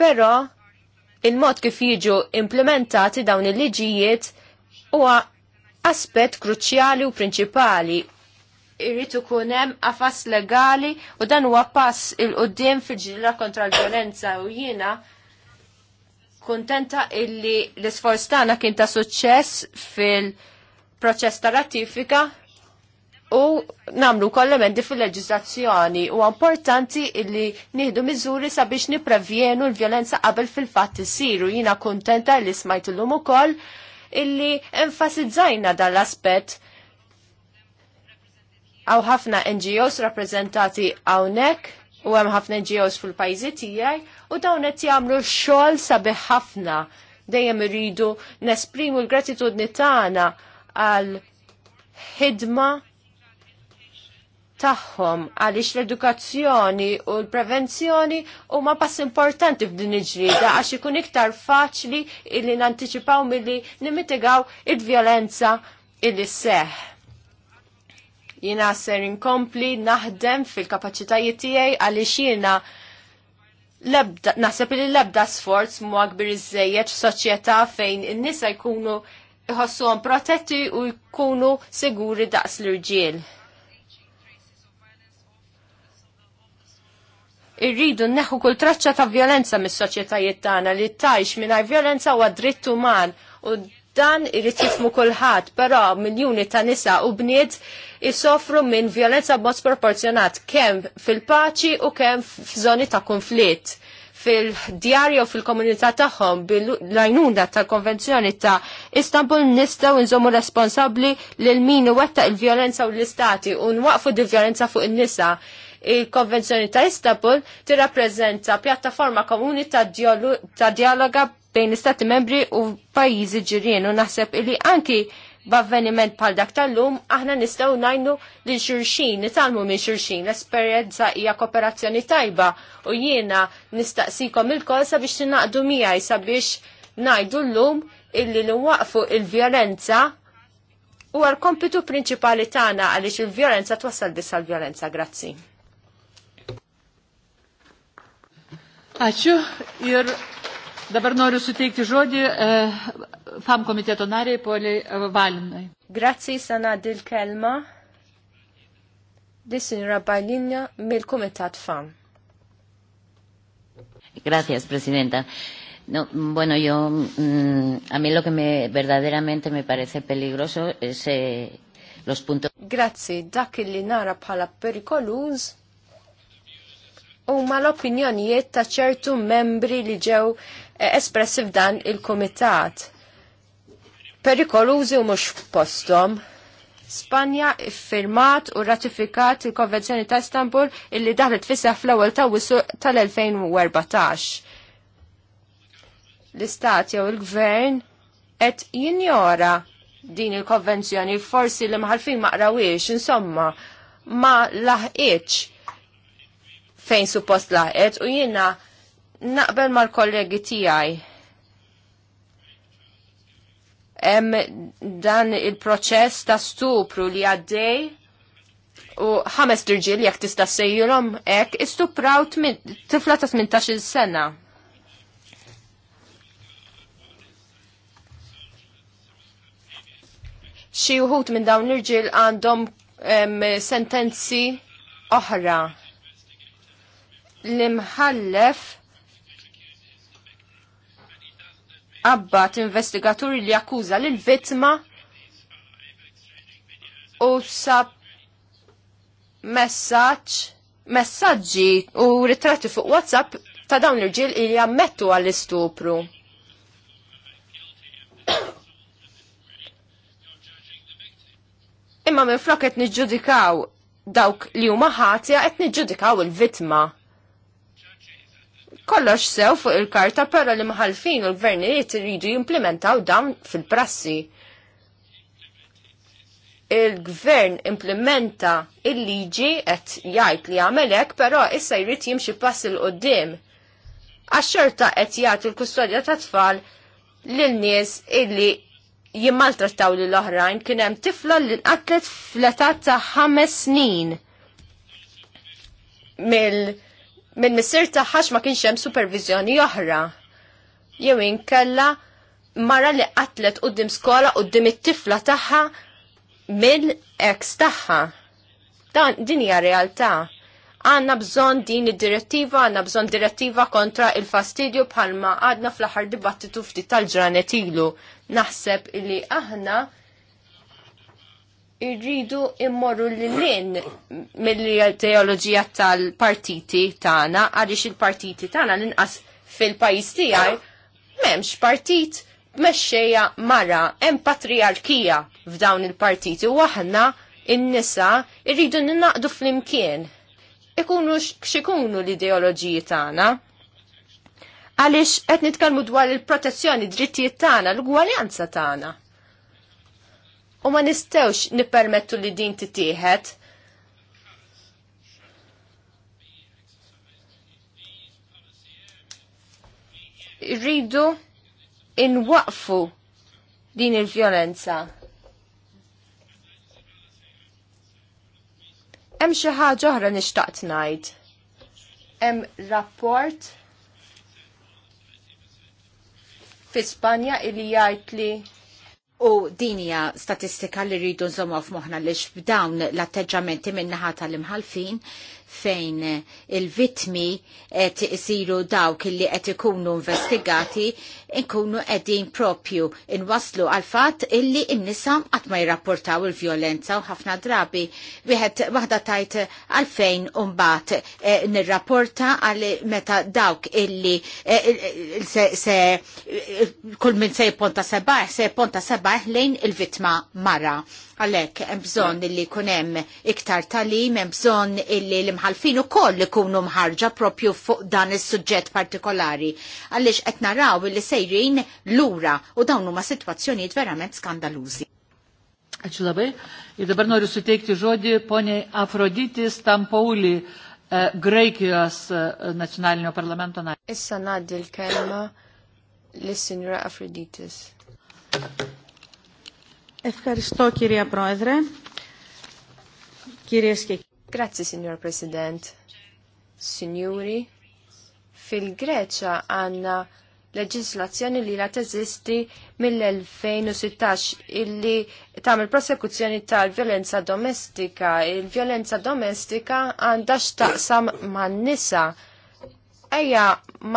Però il-mod kif jiġu implementati dawn il-liġijiet huwa aspett kruċjali u prinċipali irrid ikun hemm legali u dan huwa pass il qudiem fil ġilla kontra l-violenza u jiena Kuntenta illi l-isforz tagħna kien ta' suċċess fil-proċess ta' ratifika u namlu kollemendi fil-leġizzazzjoni u importanti illi nieħdu miżuri sabiex niprevjenu l-vjolenza qabel fil-fatt isiru. Jina kontenta li smajtilhom ukoll illi enfasizzajna dan l-aspett għaw ħafna NGOs rappresentati hawnhekk u hemm ħafna NGOs fil-pajjiżi tiegħi u dawn qed jagħmlu xogħol sabi ħafna dejjem irridu nesprimu l-gratitudni tagħna għal ħidma tagħhom għaliex l-edukazzjoni u l-prevenzjoni huma pass importanti f'din iġrida għax ikun iktar faċli illi nantiċipaw milli nimitigaw il-vjolenza illi seħ. Jina ser inkompli naħdem fil-kapacitajiet tiegħi għaliex jiena lebda, naħseb li lebda sforz mwa kbir iż soċjetà fejn in-nisa jkunu iħossuhom protetti u jkunu siguri daqs l-irġiel. irridu neħu kull traċċa ta' violenza mis soċjetajiet tagħna li tajx mingħajr violenza huwa dritt uman u dan irrit jifmu kulħadd, però miljuni ta' nisa u bniet jisofru minn violenza mod sproporzjonat kemm fil-paċi u kemm f'żoni ta' konflitt fil djarju fil-komunità tagħhom bil-lajnuna tal-Konvenzjoni ta' Istanbul nistgħu nżommu responsabbli lil min wetta il-vjolenza u l-istati u nwaqfu di vjolenza fuq in-nisa. Il-Konvenzjoni ta' Istanbul tirrappreżenta pjattaforma komuni ta' dialoga bejn istati membri u pajjiżi ġirien u naħseb illi anki b'avveniment bħal dak tal-lum aħna nistgħu ngħidu li xurxin, nitalmu minn xurxin, l-esperjenza hija kooperazzjoni tajba u jiena nistaqsikom il-kol sabiex tinaqdu miegħi sabiex ngħidu llum illi li waqfu il-vjolenza u għal-kompitu prinċipali tagħna għaliex il-vjolenza twassal biss l vjolenza Grazzi. Aċċu, jir Dabar noriu suteikti žodį e, FAM komiteto nariai Poliai e, Valinai. Grazie, sana Dilkelma. kelma di mil komitat FAM. Grazie, Presidenta. No, bueno, yo, mmm, a mí lo que me, verdaderamente me parece peligroso es eh, los puntos. Grazie, dak li nara pala perikoluż huma l-opinjonijiet ta' ċertu membri li ġew eh, espressi f'dan il-Kumitat. Perikolużi u mhux postom. Spanja firmat u ratifikat il-Konvenzjoni ta' Istanbul illi daħlet fissa fl-ewwel ta' wisu tal-2014. L-Istat jew il-Gvern qed jinjora din il-konvenzjoni forsi li maħalfin maqrawiex, insomma, ma laħqitx fejn suppost laħet u jiena naqbel mal-kollegi tiegħi. Hemm dan il-proċess ta' stupru li għaddej u ħames dirġiel jekk tista' sejjilhom hekk istupraw tifla ta' 18-il sena. Xi wħud minn dawn l għandhom sentenzi oħra l-imħallef abbat investigatur li jakkuża l vittma u sab messaċ messaġġi u ritratti fuq WhatsApp ta' dawn l-irġiel li jammettu għall-istupru. Imma minn flok qed niġġudikaw dawk li huma ħatja qed niġġudikaw il-vittma kollox sew fuq il-karta però li maħalfin u l-gvernijiet iridu jimplementaw dawn fil-prassi. Il-gvern implementa il-liġi qed jgħid li għamelek, pero però issa jrid jimxi pass il qoddim Għax-xorta qed jagħtu l-kustodja ta' tfal l nies illi jimmaltrattaw l oħrajn kien hemm tifla li nqatlet fl-età ta' ħames snin mill- minn missir taħħax ma kienx hemm supervizjoni oħra. Jew inkella mara li qatlet qudiem skola qudiem it-tifla tagħha minn ex tagħha. Dan din hija realtà. Għanna bżon din id-direttiva, għanna bżon direttiva kontra il-fastidju bħalma għadna fl-aħħar dibattitu ftit tal-ġranet ilu. Naħseb li aħna irridu immorru l-lin mill-teologija tal-partiti tagħna għaliex il-partiti tagħna l-inqas fil-pajis tiegħi m'hemmx partit mexxejja mara hemm patriarkija f'dawn il-partiti u għahna in-nisa irridu fl flimkien. Ikunu x'ikunu l-ideoloġiji tagħna. Għaliex qed nitkellmu dwar il-protezzjoni drittijiet tagħna, l-ugwaljanza tagħna. U ma nistewx nippermettu li din titieħed. Rridu inwaqfu din il-vjolenza. Hemm xi ħaġa oħra nixtaqt ngħid. Hemm rapport fi Spanja li jgħid li U dinija statistika li rridu nżomma f'moħna li x'dawn l-atteġġamenti minnaħa tal-imħalfin fejn il-vitmi qed isiru dawk li qed ikunu investigati nkunu qegħdin propju inwaslu għal fatt illi n-nisa qatt ma jirrapportaw il-vjolenza u ħafna drabi wieħed waħda tajt għalfejn mbagħad eh, nirrapporta għal meta dawk illi eh, se, kull min se jponta sebaħ se jponta sebaħ lejn il-vitma mara għalek bżon illi kunem iktar talim, bżon illi l mħalfin u koll li kunu mħarġa propju fuq dan is-suġġett partikolari għaliex qed naraw li sejrin lura u dawn huma sitwazzjonijiet verament skandalużi. Ačiū labai. Ir dabar noriu suteikti žodį poniai Afroditis Tampouli, e, Graikijos e, nacionalinio parlamento narė. Issa naddi l-kelma l Afroditis. Efkaristo, kirie proedre, kirie και Grazzi, Signor President. Signori, fil-Greċa għanna leġislazzjoni li la teżisti mill-2016 illi tagħmel prosekuzzjoni tal-violenza domestika. Il-violenza domestika għandha x'taqsam man-nisa. Ejja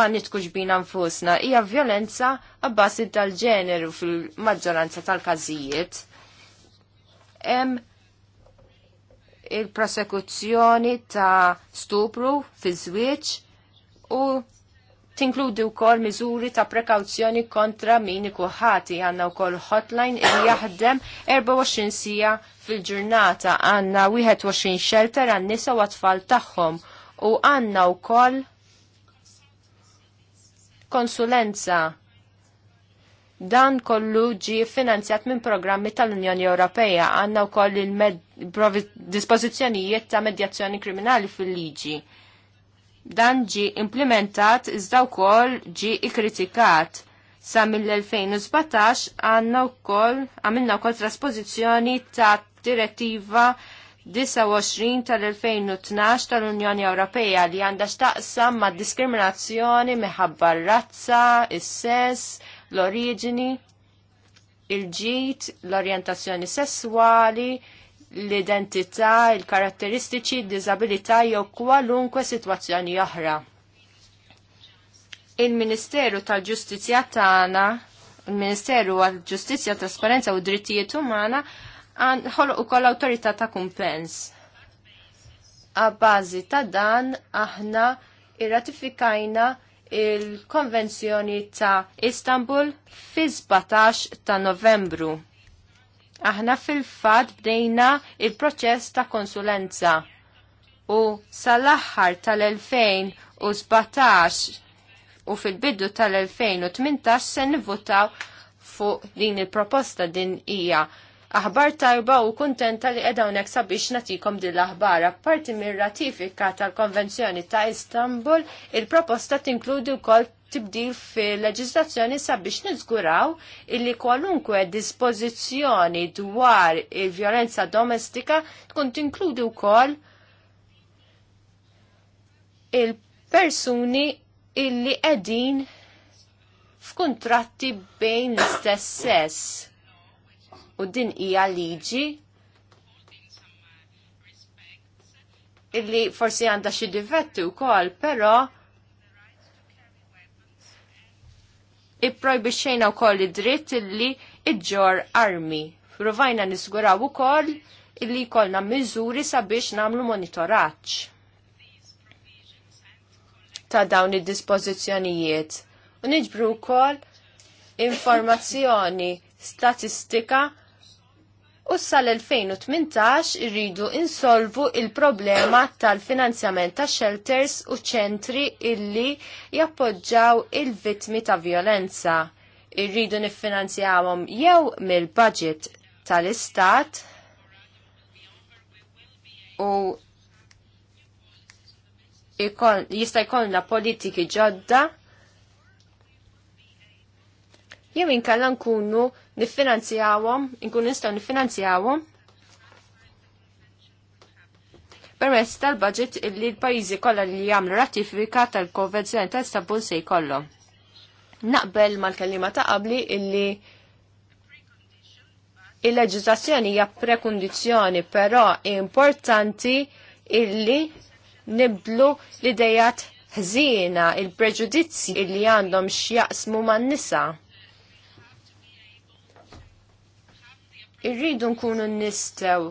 ma nitkux bina nfusna, hija violenza għabbasi tal-ġeneru fil-maġġoranza tal-każijiet il-prosekuzzjoni ta' stupru fi żwieġ u tinkludi wkoll miżuri ta' prekawzjoni kontra min ikuħati għandna wkoll hotline li jaħdem 24 sija fil-ġurnata għandna 21 shelter għan-nisa u għat-tfal tagħhom u għandna wkoll konsulenza Dan kollu ġi finanzjat minn programmi tal-Unjoni Ewropea għanna u koll il-dispozizjonijiet ta' medjazzjoni kriminali fil-liġi. Dan ġi implementat iżda u koll ġi ikritikat. Sa mill-2017 għanna u koll għamilna u koll trasposizjoni ta' direttiva 29 tal-2012 tal-Unjoni Ewropea li għandha xtaqsam ma' diskriminazzjoni meħabba razza, is-sess, l-oriġini, il-ġit, l orientazzjoni sessuali, l-identità, il-karatteristiċi, d-disabilità jew kwalunkwe sitwazzjoni oħra. Il-Ministeru tal-Ġustizzja tagħna, il-Ministeru għall-Ġustizzja, Trasparenza u Drittijiet Umana ħoloq ukoll awtorità ta' kumpens. A bażi ta' dan aħna irratifikajna il-Konvenzjoni ta' Istanbul fi 17 ta' Novembru. Aħna fil fad bdejna il-proċess ta' konsulenza u sal-aħħar tal-2017 u fil-biddu tal-2018 se nivvotaw fuq din il-proposta din hija aħbar tajba u kuntenta li edha unek sabiex natikom din l-aħbar. Apparti mir ratifika tal-Konvenzjoni ta' Istanbul, il-proposta tinkludi wkoll tibdil fil-leġislazzjoni sabiex nizguraw illi kwalunkwe dispozizjoni dwar il-vjolenza domestika tkun tinkludi wkoll il-persuni illi edin f'kuntratti bejn l-istess u din hija liġi illi forsi għandha xi difetti wkoll, però ipprojbixxejna wkoll id-dritt illi iġġor armi. Provajna nisguraw ukoll illi jkollna miżuri sabiex nagħmlu monitoraġġ ta' dawn id-dispożizzjonijiet u niġbru wkoll informazzjoni statistika u sal-2018 irridu insolvu il-problema tal-finanzjament ta' shelters u ċentri illi jappoġġaw il-vitmi ta' violenza. Irridu niffinanzjawhom jew mill-budget tal-istat u jista jkollna politiki ġodda jew inkalla nkunu niffinanzjawhom, inkun nistgħu niffinanzjawhom permess tal-budget li l-pajjiżi kollha li jagħmlu ratifika tal-Konvenzjoni ta' Istanbul se jkollhom. Naqbel mal-kellima ta' qabli illi il-leġiżlazzjoni hija prekundizzjoni però importanti illi nibdlu l-idejat ħżiena il-preġudizzi illi għandhom x'jaqsmu man-nisa. irridu nkunu nistew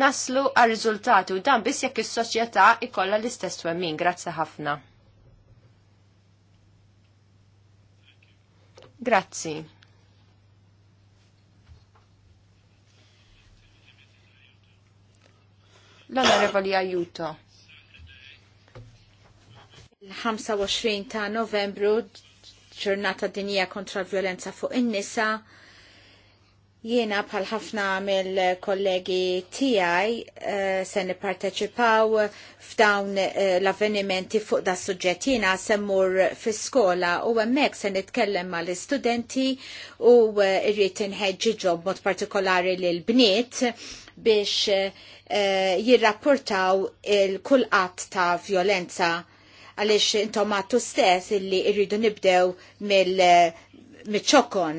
naslu għal riżultati u dan biss jekk is-soċjetà ikollha l-istess twemmin. Grazzi ħafna. Grazzi. L-Onorevoli Aiuto. Il-25 ta' novembru ġurnata dinija kontra l-violenza fuq in-nisa. Jiena bħal ħafna mill-kollegi tiegħi eh, se nipparteċipaw f'dawn eh, l-avvenimenti fuq da suġġett jiena se mmur fis-skola u hemmhekk se nitkellem mal-istudenti u eh, rrid inħeġġi ġob mod partikolari lil bniet biex jirrapportaw il-kulqat ta' violenza għaliex intom għattu stess illi irridu nibdew mill-ċokon.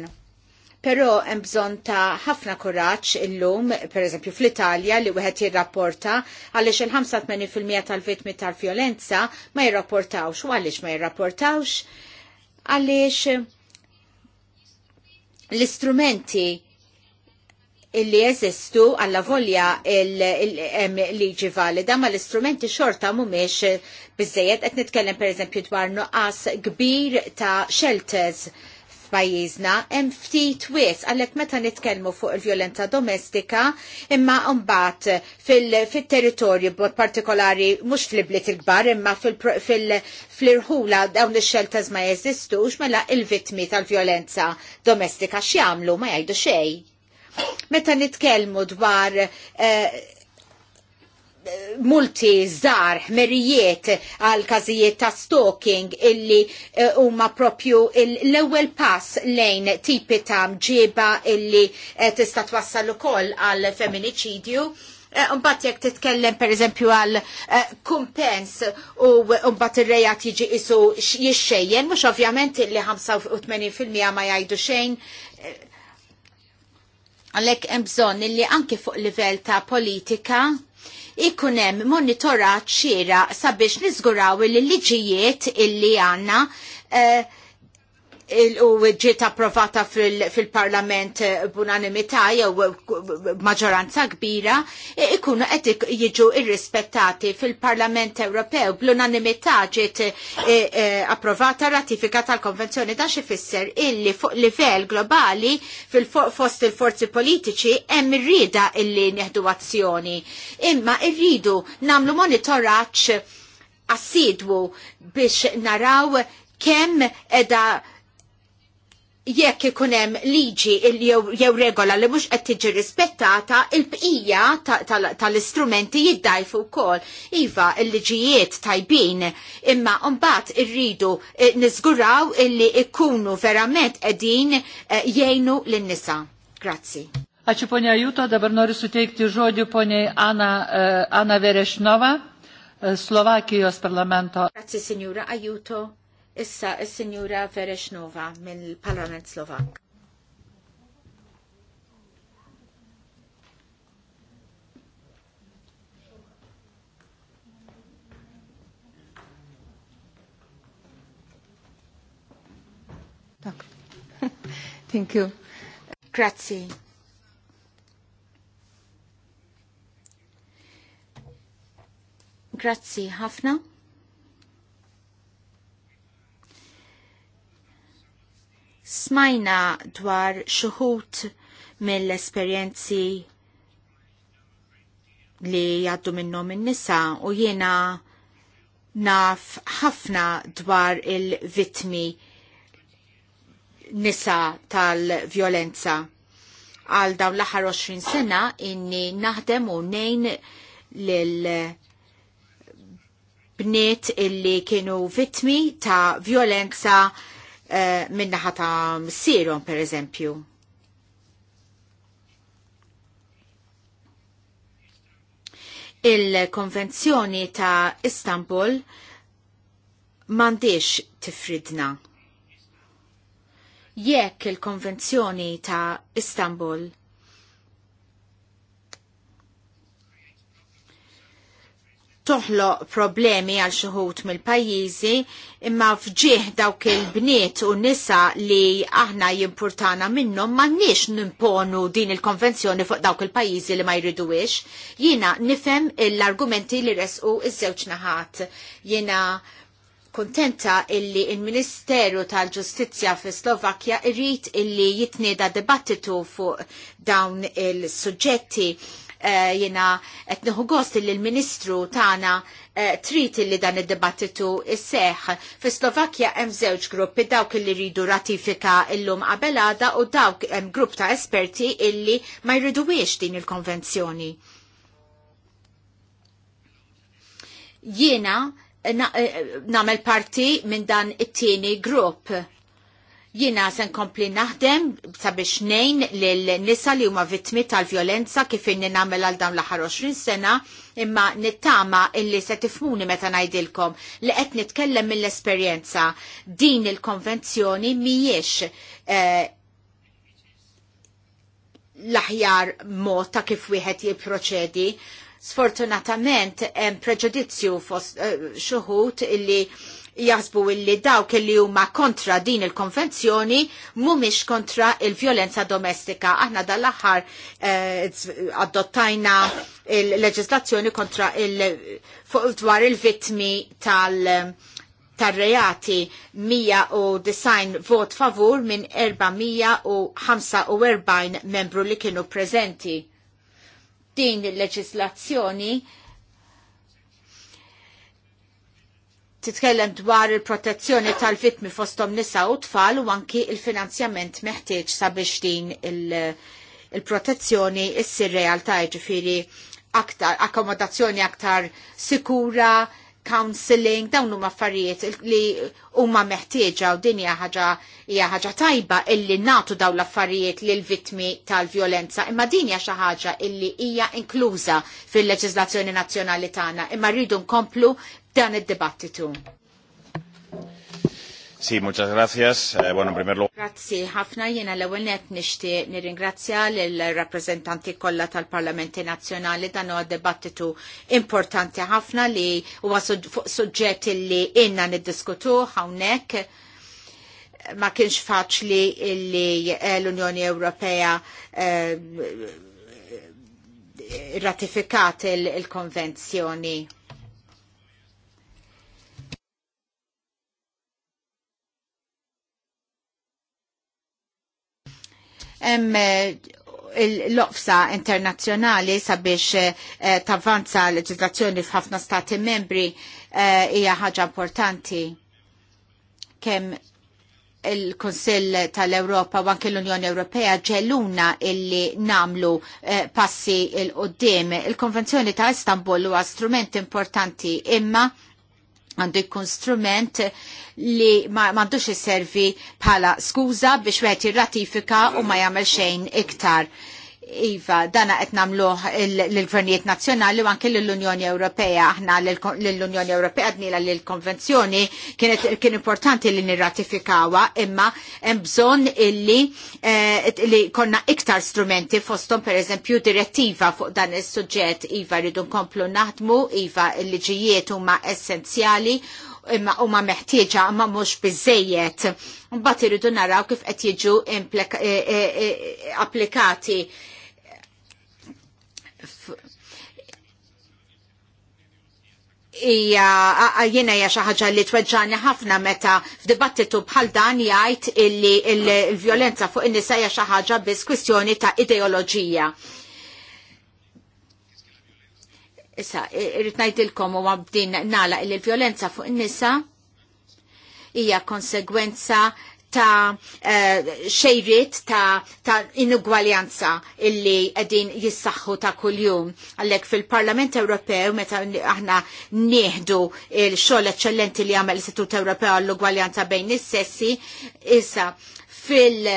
Pero hemm bżonn ta' ħafna kuraġġ illum, pereżempju fl-Italja li wieħed jirrapporta għaliex il-85% tal-vittmi tal-vjolenza ma jirrapportawx. U għaliex ma jirrapportawx? Għaliex l-istrumenti illi jeżistu għalla volja il-liġi valida ma l-istrumenti xorta mumiex bizzejed qed nitkellem per eżempju dwar nuqqas kbir ta' shelters f'pajjiżna hemm ftit wies għalhekk meta nitkellmu fuq il-vjolenza domestika imma mbagħad fit-territorju b'mod partikolari mhux fl-ibliet il-kbar imma fil-irħula dawn ix-shelters ma jeżistux mela il-vittmi tal-vjolenza domestika x'jagħmlu ma jgħidu xejn Meta nitkellmu dwar eh, multi żar ħmerijiet għal każijiet ta' stalking illi eh, huma uh, propju l-ewwel pass lejn tipi ta' mġiba illi eh, tista' twassal ukoll għal feminiċidju. Mbatt jek titkellem per eżempju għal kumpens u mbatt il-rejat jiġi isu jixxejjen, mux ovvjament li 85% ma jajdu xejn Għalek hemm bżonn li anke fuq livell ta' politika ikunem monitorat xira sabiex nizguraw li liġijiet illi għanna eh, u ġiet approvata fil-parlament eh, b'unanimità jew eh, maġġoranza kbira e-, ikunu qed jiġu irrispettati fil-Parlament Ewropew bl-unanimità ġiet eh, approvata ratifika tal-konvenzjoni dan xifisser illi fuq livell globali fost il-forzi politiċi hemm irrida illi neħdu azzjoni. Imma irridu namlu monitoraġġ assidwu biex naraw kemm edha jekk ikun hemm liġi jew regola li mhux qed tiġi rispettata, il-bqija tal-istrumenti jiddajfu wkoll. Iva, il-liġijiet tajbin, imma mbagħad irridu eh, niżguraw illi ikunu verament qegħdin eh, jgħinu lin-nisa. Grazzi. Ačiū poni ajuta, dabar noriu suteikti žodį žodju Ana, eh, Anna Verešnova, Slovakijos parlamento. Grazie signora Ajuto Issa is-Sinjura Vereshnova mill-Parlament Slovak. Tak. *laughs* Thank you. Grazie. Grazie, Hafna. Smajna dwar xuħut mill-esperjenzi li jaddu minnom minn nisa u jiena naf ħafna dwar il-vitmi nisa tal-violenza. Għal dawn l-aħħar 20 sena inni naħdem u nejn lil bniet illi kienu vitmi ta' violenza eh, minnaħa ta' per pereżempju. Il-konvenzjoni ta' Istanbul mandiex tifridna. Jekk il-konvenzjoni ta' Istanbul toħloq problemi għal xuħut mill-pajjiżi imma fġieħ dawk il-bniet u nisa li aħna jimpurtana minnhom m'għandniex nimponu din il-konvenzjoni fuq dawk il-pajjiżi li ma jridux. Jiena nifhem l-argumenti li resqu iż-żewġ naħat. Jiena kontenta illi il-Ministeru tal-Ġustizzja fi Slovakkja irrit illi jitnieda dibattitu fuq dawn il-suġġetti Eh, jena qed nieħu gost li l-Ministru tagħna eh, trid li dan id-dibattitu seħ Fi Slovakkja hemm żewġ gruppi dawk li jridu ratifika llum qabelada u dawk hemm grupp ta' esperti illi ma jriduwiex din il-konvenzjoni. Jiena eh, namel parti minn dan it-tieni grupp Jiena se nkompli naħdem sabiex nejn l nisa li huma vittmi tal-vjolenza kif inni nagħmel għal dawn l-aħħar 20 sena imma nittama illi se tifmuni meta ngħidilkom li qed nitkellem mill-esperjenza din il-konvenzjoni mhijiex eh, l-aħjar mod ta' kif wieħed jipproċedi Sfortunatament hemm preġudizzju fost uh, xuħut illi jasbu illi dawk illi huma kontra din il-konvenzjoni mhumiex kontra il-vjolenza domestika. Aħna dal-aħħar eh, adottajna il-leġislazzjoni kontra il- dwar il-vittmi tal- tar-reati 190 vot favur minn 445 membru li kienu prezenti din il-leġislazzjoni titkellem dwar il-protezzjoni tal-vittmi fostom nisa u tfal u anki il-finanzjament meħtieġ sabiex din il-protezzjoni il issir realtà ġifiri aktar akkomodazzjoni aktar sikura, counseling, dawn huma affarijiet li huma meħtieġa u din hija ħaġa tajba illi nagħtu dawn l-affarijiet lil vittmi tal-vjolenza, imma din hija xi ħaġa illi hija inkluża fil-leġiżlazzjoni nazzjonali tagħna, imma rridu nkomplu dan id-dibattitu. Sì, muchas gracias. Eh, bueno, in primer lugar. Grazie, ħafna jena l-ewel net nishti nirringrazzja l-rappresentanti kollha tal-Parlamenti Nazzjonali dan huwa dibattitu importanti ħafna li huwa fuq suġġett li inna niddiskutu hawnhekk ma kienx faċli li eh, l-Unjoni Ewropea eh, ratifikat il-konvenzjoni. il konvenzjoni il hemm eh, l-loqsa internazzjonali sabiex eh, tavvanza leġislazzjoni f'ħafna stati membri eh, hija ħaġa importanti kemm il-Konsill tal-Europa u anke l-Unjoni Ewropea ġeluna illi namlu passi il-qoddim. Il-Konvenzjoni ta' Istanbul huwa strument importanti imma għandu jkun strument li m'għandux isservi bħala skuża biex wieħed jirratifika u ma jagħmel xejn iktar. Iva, dana qed nagħmluh lill-Gvernijiet Nazzjonali u anke lill-Unjoni Ewropea. Aħna lill-Unjoni Ewropea dnila lill-Konvenzjoni kienet kien importanti li nirratifikawha, imma hemm bżonn illi eh, li konna iktar strumenti fosthom pereżempju direttiva fuq dan is-suġġett iva rridu nkomplu naħdmu, iva l-liġijiet huma essenzjali imma huma meħtieġa imma mhux biżejjed. Mbagħad iridu naraw kif qed jiġu eh, eh, applikati ija jiena hija xi ħaġa li tweġġani ħafna meta f'dibattitu bħal dan jgħid illi l-vjolenza fuq in-nisa hija xi ħaġa biss kwistjoni ta' ideoloġija. Issa, irrid ngħidilkom huwa bdin nagħlaq li l-vjolenza fuq in-nisa hija konsegwenza ta' eh, xejrit ta', ta inugwaljanza illi għedin jissaxħu ta' kuljum. Għallek fil-Parlament Ewropew, meta aħna nieħdu il-xol eccellenti li għamel l-Istitut Ewropew għall-ugwaljanza bejn is-sessi, issa fil-,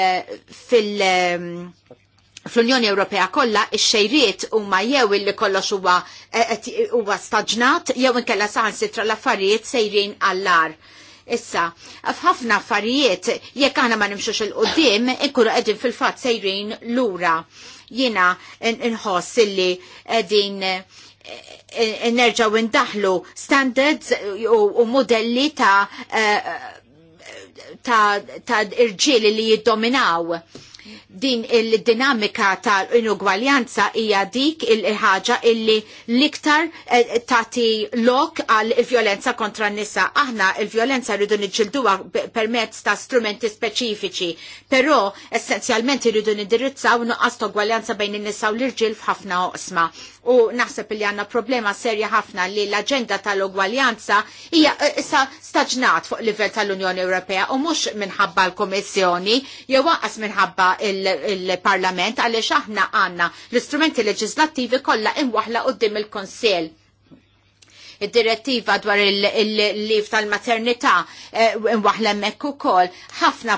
fil fl-Unjoni Ewropea kollha ix-xejriet huma jew illi kollox huwa eh, huwa staġnat jew inkella saħansitra l-affarijiet sejrin għall-ar. Issa, f'ħafna affarijiet, jekk aħna ma nimxux il-qoddim, ikkunu qegħdin fil-fatt sejrin lura. Jiena nħoss illi qegħdin eh, eh, nerġaw indaħlu standards u modelli ta' eh, ta' irġieli li jiddominaw din il-dinamika tal-inugwaljanza hija dik il-ħaġa illi l-iktar eh, tati lok għal violenza kontra n-nisa. Aħna il-violenza rridu nġilduwa permezz ta' strumenti speċifiċi, però essenzjalment rridu u nuqqas ta' gwaljanza bejn in-nisa u l-irġil f'ħafna oqsma. U naħseb li għanna problema serja ħafna li l-agenda tal-ugwaljanza hija eh, issa staġnat fuq livell tal-Unjoni Ewropea u mhux minħabba l-Komissjoni jew waqas minħabba il- il-Parlament għaliex aħna għandna l-istrumenti leġislattivi kollha imwaħla għoddim il konsil Id-direttiva dwar il-lif tal-maternità eh, imwaħla mekku ukoll ħafna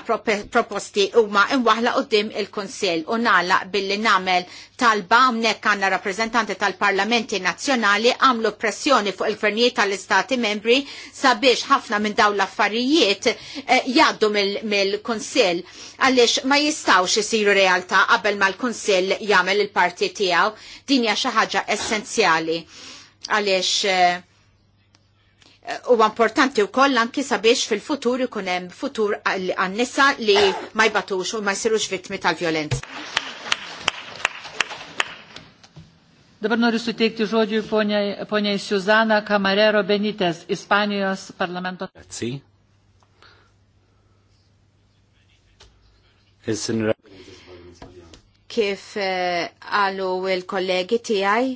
proposti huma imwaħla qudiem il-Kunsill u nagħlaq billi nagħmel talba hawnhekk għandna rappreżentanti tal-Parlamenti Nazzjonali għamlu pressjoni fuq il-gvernijiet tal-Istati membri sabiex ħafna minn dawn l-affarijiet eh, jgħaddu mill-Kunsill għaliex ma jistawx isiru realtà qabel ma l-Kunsill jagħmel il-parti tiegħu din hija xi ħaġa essenzjali għaliex eh, Eh, u importanti u koll anki sabiex fil-futur ikun hemm futur għan-nisa li ma jbatux u ma jsirux vittmi tal-vjolenza. Dabar noriu suteikti žodžiu poniai, poniai Suzana Camarero Benitez, Ispanijos parlamento. E Kif eh, għalu il-kollegi tijaj,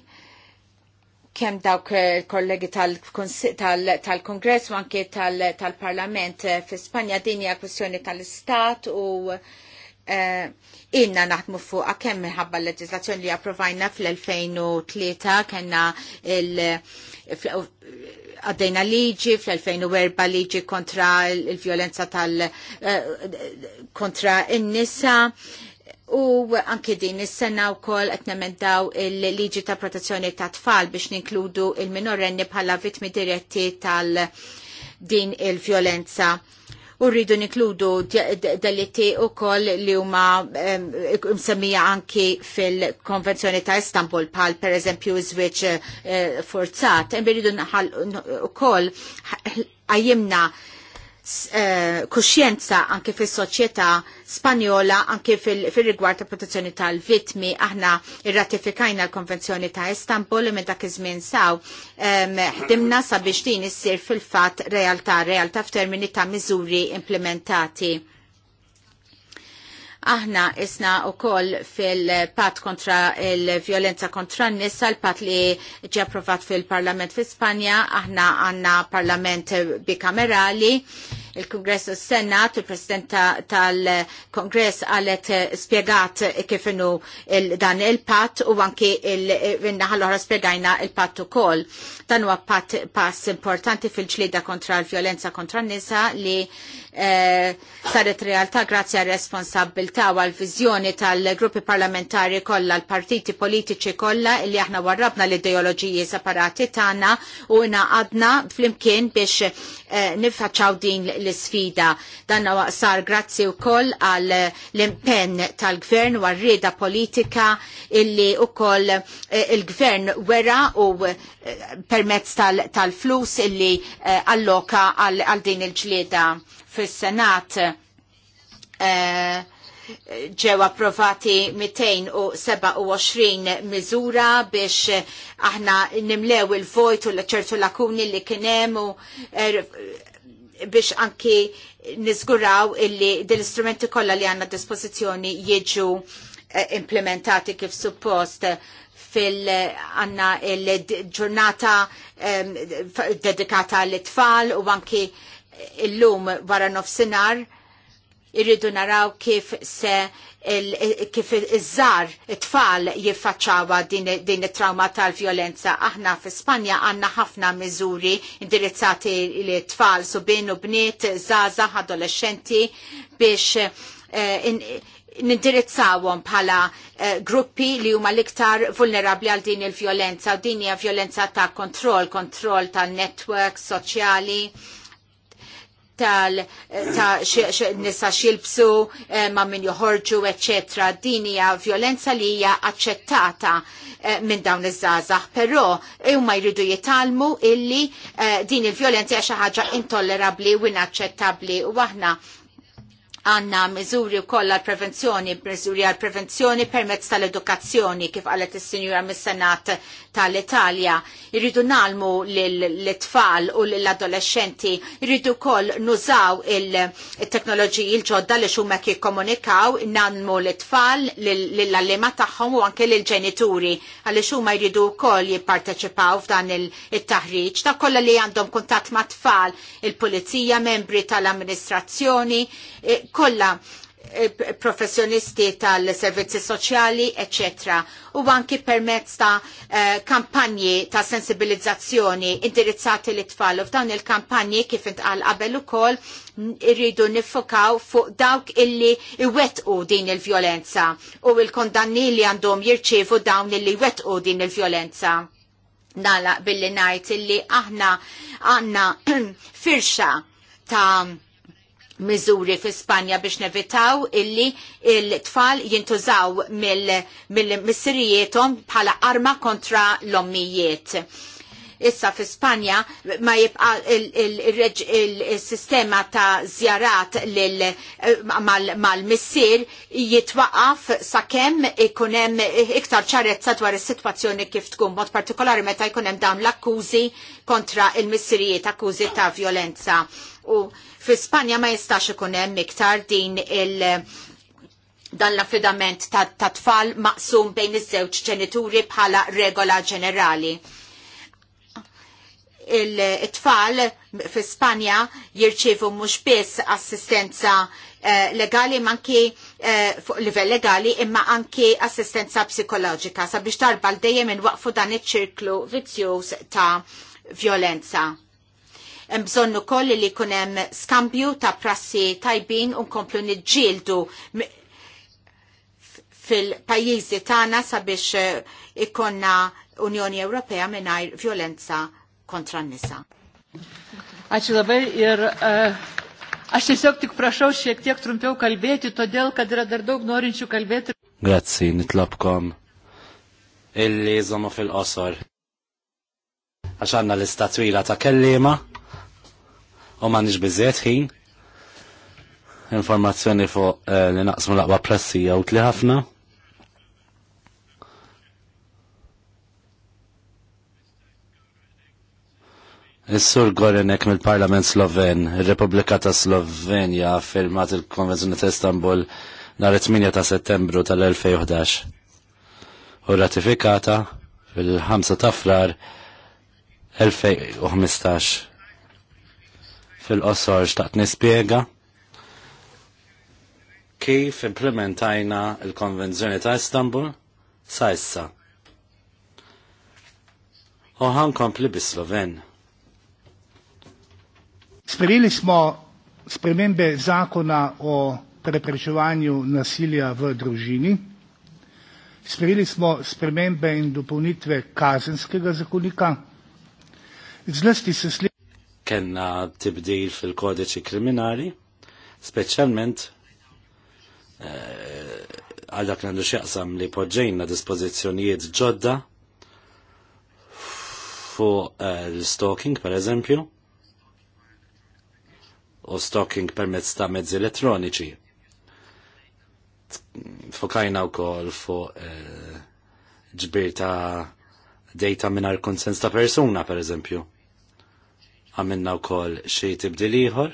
kem dawk eh, kollegi tal-Kongress u anke tal-Parlament eh, fi Spanja din hija kwestjoni tal-Istat u eh, inna naħdmu fuq kemm minħabba l-leġislazzjoni li approvajna fl-2003 kena il għaddejna liġi fl-2004 liġi kontra il-violenza tal kontra in-nisa. Il U anke din is-sena wkoll qed nemendaw il-liġi ta' protezzjoni ta' tfal biex ninkludu il-minorenni bħala vittmi diretti tal din il-vjolenza. U rridu ninkludu delitti wkoll li huma msemmija anki fil-Konvenzjoni ta' Istanbul bħal pereżempju żwieġ eh, forzat. Imbi rridu ukoll għajjimna Eh, kuxjenza anke fis soċjetà Spanjola anke fil-rigward ta' protezzjoni tal-vitmi aħna irratifikajna l-Konvenzjoni ta' Istanbul minn dak iż-żmien saw ħdimna sabiex din issir fil-fatt realtà realtà f'termini ta' miżuri implementati Aħna isna u koll fil-pat kontra il-violenza kontra n-nisa, l-pat li ġeprovat fil-parlament fil-Spanja, aħna għanna parlament bikamerali il-Kongress u s-Senat, il-President tal-Kongress għalet eh, spiegat eh, kif innu dan il-pat u għanki il-naħa eh, l-oħra spiegajna il-pat u kol. Dan huwa pass importanti fil-ġlida kontra l-violenza kontra n-nisa li saret realtà grazzi għal responsabilta u għal viżjoni tal-gruppi parlamentari kollha l-partiti politiċi kollha li aħna warrabna l ideologiji separati tagħna u fl flimkien biex nifħaċaw din l-sfida. Dan waqsar grazzi u koll għal l-impenn tal-gvern u għal politika illi u koll eh, il-gvern wera u eh, permezz tal-flus tal illi eh, alloka għal din il-ġlieda fis-senat ġew approvati 227 miżura biex aħna nimlew il-vojt u l-ċertu lakuni li kienem u er, biex anki nizguraw illi dil-istrumenti kollha li għanna dispożizzjoni jiġu eh, implementati kif suppost fil-għanna il-ġurnata dedikata l-tfal u anki il-lum wara nofsinar irridu naraw kif se kif iż-żar it-tfal jiffaċċawa din, din it-trauma tal-vjolenza. Aħna fi Spanja għandna ħafna miżuri indirizzati li tfal su bejn u bniet, zaza, adolescenti biex eh, nindirizzawhom bħala eh, gruppi li huma l-iktar vulnerabli għal din il-vjolenza u din hija vjolenza ta' kontroll, kontroll ta' network soċjali tal ta' nisa xilbsu eh, ma' min joħorġu, eccetera. Din hija violenza li hija aċċettata eh, minn dawn iż-żgħażagħ, però eh, huma jridu jitalmu illi din il-violenza hija xi ħaġa intollerabbli u inaċċettabbli u aħna Għanna miżuri u kolla prevenzjoni, miżuri għal prevenzjoni permezz tal-edukazzjoni kif għalet il-Sinjura mis-Senat tal-Italja. Irridu nalmu l-tfal u l-adolescenti, irridu koll nużaw il teknologi il-ġodda li xumma komunikaw, nalmu l-tfal, l-allima taħħom u anke l-ġenituri għal xumma jridu koll jipparteċipaw f'dan il-taħriċ. Ta' kolla li għandhom kuntat ma' tfal, il-polizija, membri tal-amministrazzjoni, e, kollha eh, professjonisti tal-servizzi soċjali, etc. U anki permezz ta' eh, kampanji ta' sensibilizzazzjoni indirizzati li tfal u f'dawn il-kampanji kif intqal qabel ukoll irridu nifokaw fuq dawk illi iwetqu din il-vjolenza u il-kondanni li għandhom jirċievu dawn illi iwetqu din il-vjolenza nalaq billi najt illi aħna għanna *clears throat* firxa ta' miżuri fi Spanja biex nevitaw illi il-tfal jintużaw mill-missirietom bħala arma kontra l-ommijiet. Issa fi Spanja ma jibqa il-sistema ta' zjarat mal-missir jitwaqaf sakemm ikunem iktar ċarezza dwar is-sitwazzjoni kif tkun mod partikolari meta jkunem dawn l-akkużi kontra il-missirijiet akkużi ta' violenza u fi Spanja ma jistax ikun hemm iktar din il- dan l-affidament ta' tfal maqsum bejn iż-żewġ ġenituri bħala regola ġenerali. Il-tfal fi Spanja jirċievu mhux biss assistenza eh, legali manki eh, fuq livell legali imma anki assistenza psikoloġika sabiex darba l-dejjem inwaqfu dan iċ-ċirklu vizzjuż ta' violenza. Mbżonnu koll li kunem skambju ta' prassi tajbin un komplu nġildu fil-pajizi tana sabiex eh, ikonna Unjoni Ewropea minnajr violenza kontra n-nisa. Ačiū labai ir eh, aš tiesiog tik prašau šiek tiek trumpiau kalbėti, todėl kad yra dar daug norinčių kalbėti. Grazie, nitlapkom. Ili zomu fil-qosor. Għax għanna l ta' kellima u nix bizzet ħin informazzjoni fuq eh, li naqsmu laqwa pressi jew tli ħafna. Is-sur Gorenek mill-Parlament Sloven, ir-Repubblika ta' Slovenja firmat il-Konvenzjoni ta' Istanbul nhar 8 ta' Settembru tal-2011 u ratifikata fil-5 ta' frar 2015 fil-qosor xtaqt nispiega kif implementajna il-Konvenzjoni ta' Istanbul sa' issa. Oħan kompli bis-Sloven. Sprejeli smo spremembe zakona o preprečevanju nasilja v družini. Sprejeli smo spremembe in dopolnitve kazenskega zakonika. Zlasti se sledi kena tibdil fil-kodiċi kriminali, speċjalment eh, għal dak nandu xieqsam li poġġejna dispożizzjonijiet ġodda fuq eh, l-stalking, per eżempju, u stalking permezz ta' mezzi elettroniċi. Fokajna u kol fuq eh, ġbir ta' data minar konsens ta' persuna, per eżempju għamilna wkoll xi tibdil ieħor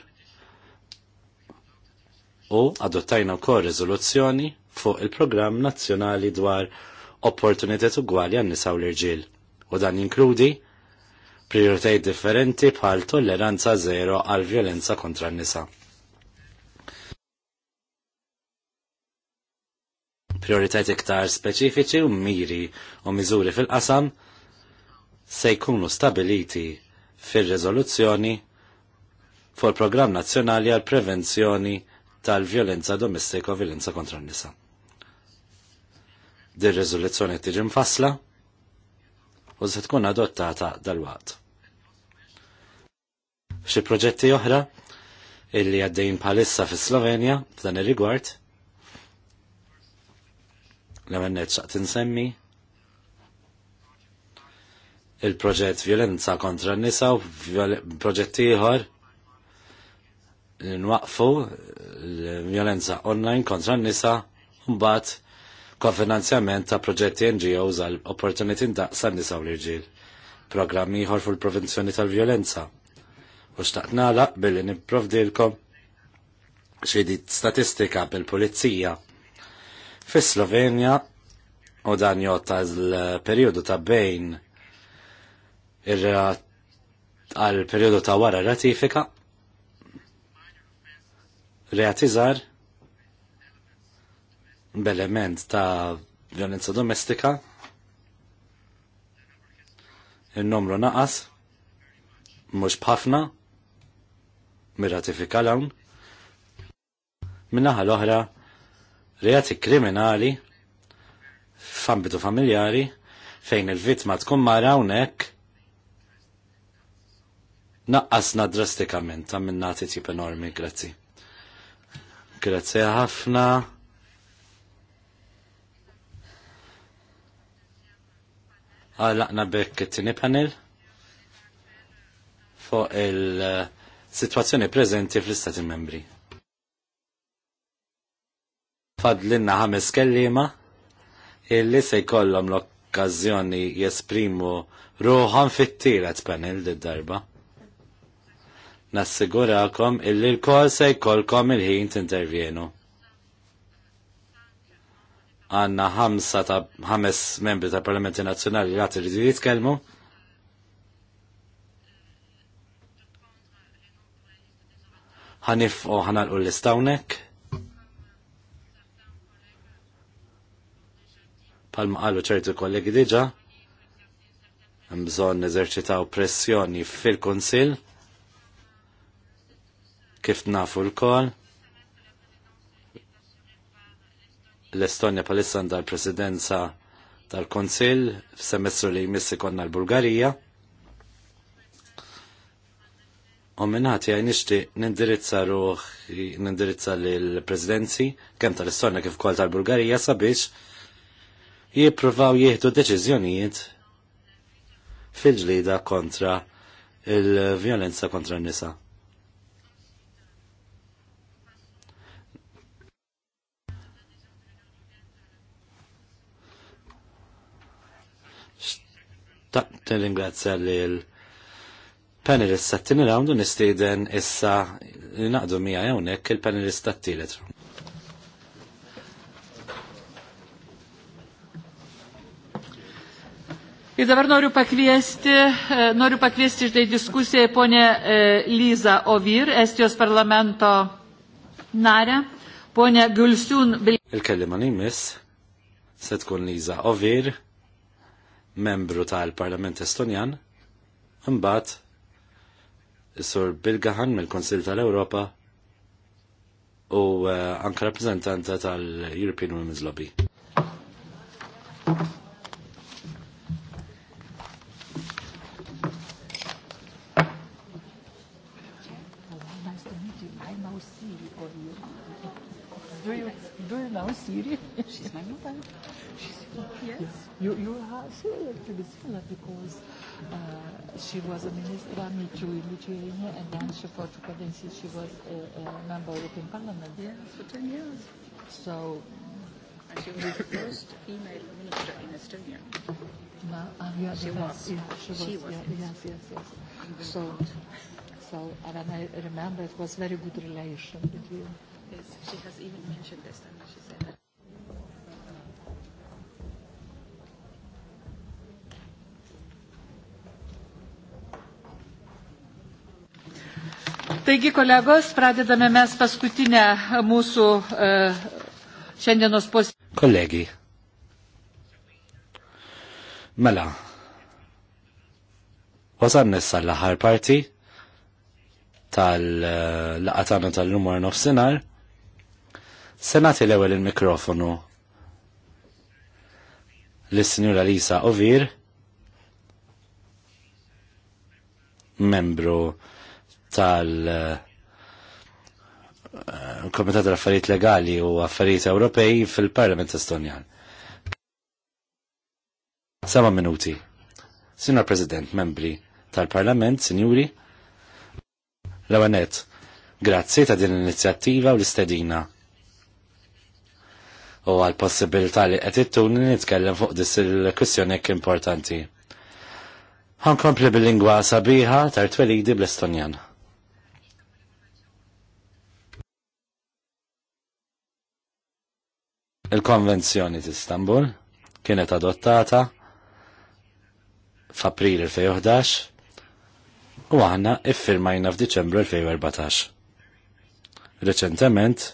u adottajna wkoll riżoluzzjoni fuq il-programm nazzjonali dwar opportunitet ugwali għan nisa l irġil u dan jinkludi prioritajt differenti bħal tolleranza zero għal violenza kontra n-nisa. Prioritajt iktar speċifiċi u miri u miżuri fil-qasam se jkunu stabiliti fir rezoluzzjoni fuq il-Programm Nazzjonali għal Prevenzjoni tal-Vjolenza Domestika u Violenza kontra n-nisa. Din riżoluzzjoni tiġi mfassla u se tkun adottata dal-waqt. Xi proġetti oħra illi għaddejn bħalissa fis slovenja f'dan ir-rigward l-għamennet xaqt insemmi il-proġett violenza kontra n-nisa u proġett ieħor nwaqfu l-violenza online kontra n-nisa mbagħad kofinanzjament ta' proġetti NGOs għal opportunity daqsa n-nisa u l-irġiel. Programm ieħor fuq il-prevenzjoni tal-violenza. U xtaqt nagħlaq billi nipprovdilkom xi statistika bil-pulizija. Fis-Slovenja u dan jotta l-perjodu ta' bejn għal periodu ta' wara ratifika reatizar b'element ta' violenza domestika il-numru naqas mhux b'ħafna mir-ratifika l-hawn minnaħa l-oħra reati kriminali f'ambitu familjari fejn il-vittma tkun mara hawnhekk naqqasna drastikament ta' minnati tip enormi, grazzi. Grazzi ħafna. Għalaqna bekk it-tini panel fuq il-situazzjoni preżenti fl-Istati membri. Fadlinna ħames kellima illi se jkollhom l-okkażjoni jesprimu ruħan fit-tielet panel d-darba nassigurakom illi l-kol se jkollkom il-ħin t-intervjenu. Għanna ħamsa ta' ħames membri ta' Parlamenti Nazzjonali li għati rridu jitkellmu. ħanif u ħanalqu l-istawnek. Palma qalu ċertu kollegi diġa, mbżon eżerċitaw pressjoni fil-Konsil Kif nafu l-kol, l-Estonja palissa għandha l-presidenza tal-Konsil f'semestru li jmissi konna l-Bulgarija. U minnati għaj nishti nindirizza ruħ, nindirizza l presidenzi kem tal-Estonja kif kol tal-Bulgarija sabiex jipruvaw jieħdu deċiżjonijiet fil-ġlida kontra il-violenza kontra n-nisa. Ta' li l-panelist sattini rawndu nistiden issa li naqdu mija jawnek il-panelist tat-tielet Ir dabar noriu pakviesti, eh, noriu pakviesti štai diskusiją ponę eh, Lizą Ovir, Estijos parlamento narę, ponę Gulsiun. Il-kellimani mis, se tkun Liza Ovir, membru tal-Parlament Estonjan, imbagħad is-Sur Bilgahan mill-Konsil tal-Ewropa u eh, anke rappreżentanta tal-European Women's Lobby. Do you know Siri? *laughs* She's my mother. Yes. You, you are so elected because uh, she was a minister in Lithuania and then she, for two cadences she was a, a member of the European Parliament. Yes, for 10 years. So and she was the first female minister in Estonia. No, uh, ah, yeah, she, was. Yeah, she was. She was. Yeah, yes, yes, yes. yes. So, so, and I remember it was very good relation between. Yes, she has even mentioned this time. She said that Taigi, kolegos, pradedame mes paskutinę mūsų uh, šiandienos posėdį. Kolegi. Mela. Wasan nissa l-ħar parti tal-laqatana tal-numar nofsinar. Senati l-ewel il-mikrofonu l-Sinjura Lisa Ovir, membru tal eh, Komitat tal-Affarijiet Legali u Affarijiet Ewropej fil-Parlament Estonjan. Sama minuti. Sinna President, membri tal-Parlament, sinjuri, l-għanet, grazzi ta' din l-inizjattiva u l-istedina u għal possibilità li qed ittuni nitkellem fuq dis il kwistjonek importanti. Ħankompli bil-lingwa sabiħa tar-twelidi bl-Estonjan. Il-Konvenzjoni t-Istanbul kienet adottata f'April 2011 u aħna iffirmajna f'Diċembru 2014. Reċentement,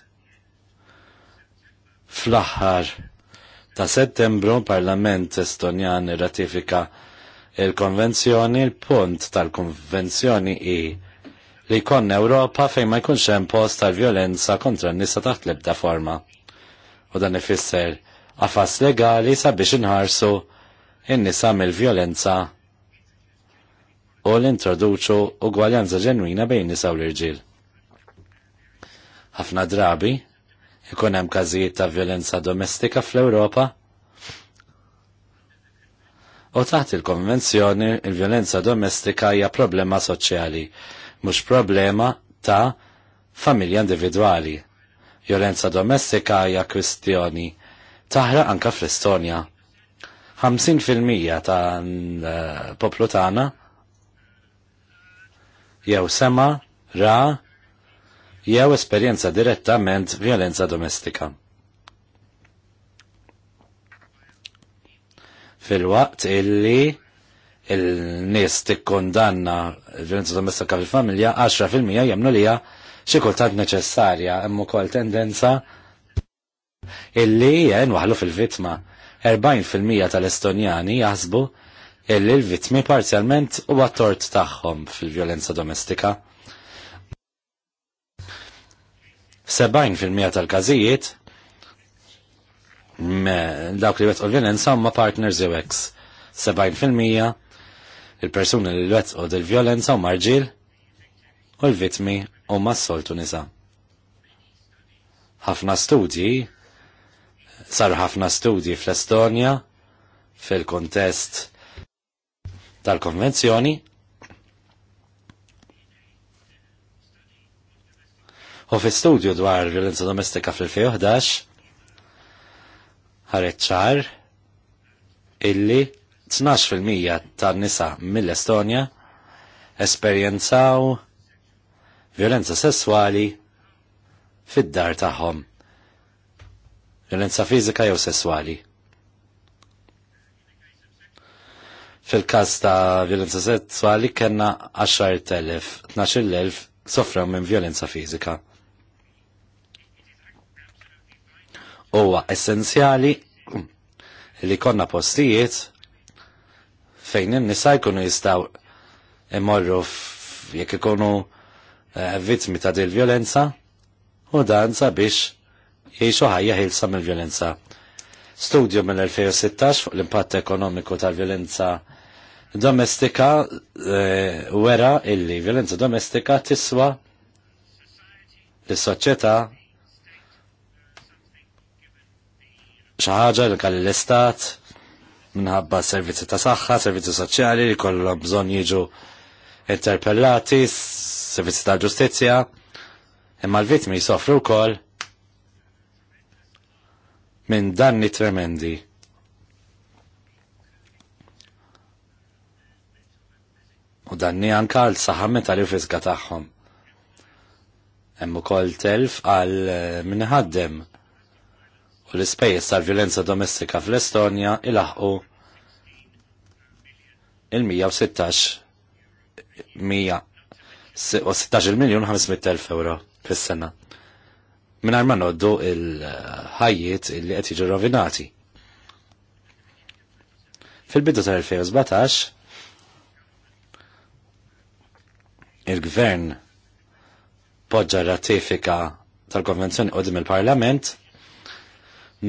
fl-aħħar ta' settembru Parlament Estonjan ratifika il-konvenzjoni, il-punt tal-konvenzjoni i li jkollna Ewropa fejn ma jkunx hemm post tal-vjolenza kontra n-nisa taħt l-ebda forma u dan ifisser għafas legali sabiex inħarsu in-nisa mill-vjolenza u l-introduċu gwaljanza ġenwina bejn nisa u l-irġiel. Ħafna drabi ikun hemm każijiet ta' vjolenza domestika fl-Ewropa u taħt il-konvenzjoni il-vjolenza domestika hija problema soċjali, mhux problema ta' familja individwali Violenza domestika hija kwistjoni taħra anka fl-Estonja. 50% ta' poplu tagħna jew sema ra jew esperjenza direttament violenza domestika. Fil-waqt illi il-nies tikkondanna il-violenza domestika fil-familja, 10% jemnu li xi kultant neċessarja hemm ukoll tendenza illi jenwaħlu fil-vitma. 40% tal-Estonjani jaħsbu illi l-vitmi parzjalment huwa tort tagħhom fil-vjolenza domestika. 70% tal-każijiet dawk li wetqu l-vjolenza huma partners jew ex. 70% il-persuni li wetqu il-vjolenza huma marġil u l-vitmi u ma s-soltu nisa. ħafna studji, sar ħafna studji fl-Estonja, fil-kontest tal-konvenzjoni, U fi studju dwar violenza domestika fil-2011 ħareċ ċar illi 12% tan nisa mill-Estonja esperjenzaw violenza sessuali fid-dar tagħhom. Violenza fiżika jew sessuali. Fil-każ ta' violenza sessuali kellna 10,000, 12,000 sofrew minn violenza fiżika. Huwa essenzjali li konna postijiet fejn in-nisa jkunu jistgħu imorru jekk ikunu Eh, vittmi ta' dil violenza u dan sabiex jiexu ħajja ħilsa mill-violenza. Studju mill-2016 fuq l-impatt ekonomiku tal-violenza domestika eh, wera illi violenza domestika tiswa l-soċjetà xaħġa li kalli l-istat minħabba servizzi ta' saħħa, servizzi soċjali li kollu bżonn jiġu interpellati, servizzi tal-ġustizzja, imma l-vittmi jsofru wkoll minn danni tremendi. U danni anka l-saħam tal fiżga tagħhom. Hemm ukoll telf għal eh, minħaddem u l-ispejjeż tal vjolenza domestika fl-Estonja ilaħqu il-116 mija 16 miljon 500.000 euro fis-sena. Minar ma noddu il-ħajjiet illi qed jiġu rovinati. Fil-bidu tal-2017 il-gvern poġġa ratifika tal-konvenzjoni qudiem il-Parlament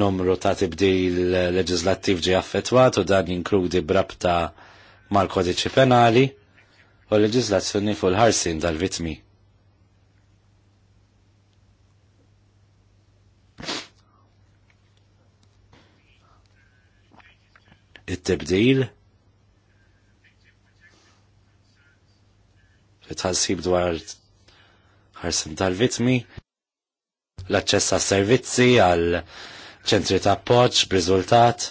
numru ta' tibdil leġislattiv ġi affettwat u dan jinkludi brabta mal-kodiċi penali u leġislazzjoni fuq l-ħarsin tal-vitmi. It-tibdil fit-ħassib dwar ħarsin tal-vitmi, l-aċċess għas servizzi għal ċentri ta' poċ b'riżultat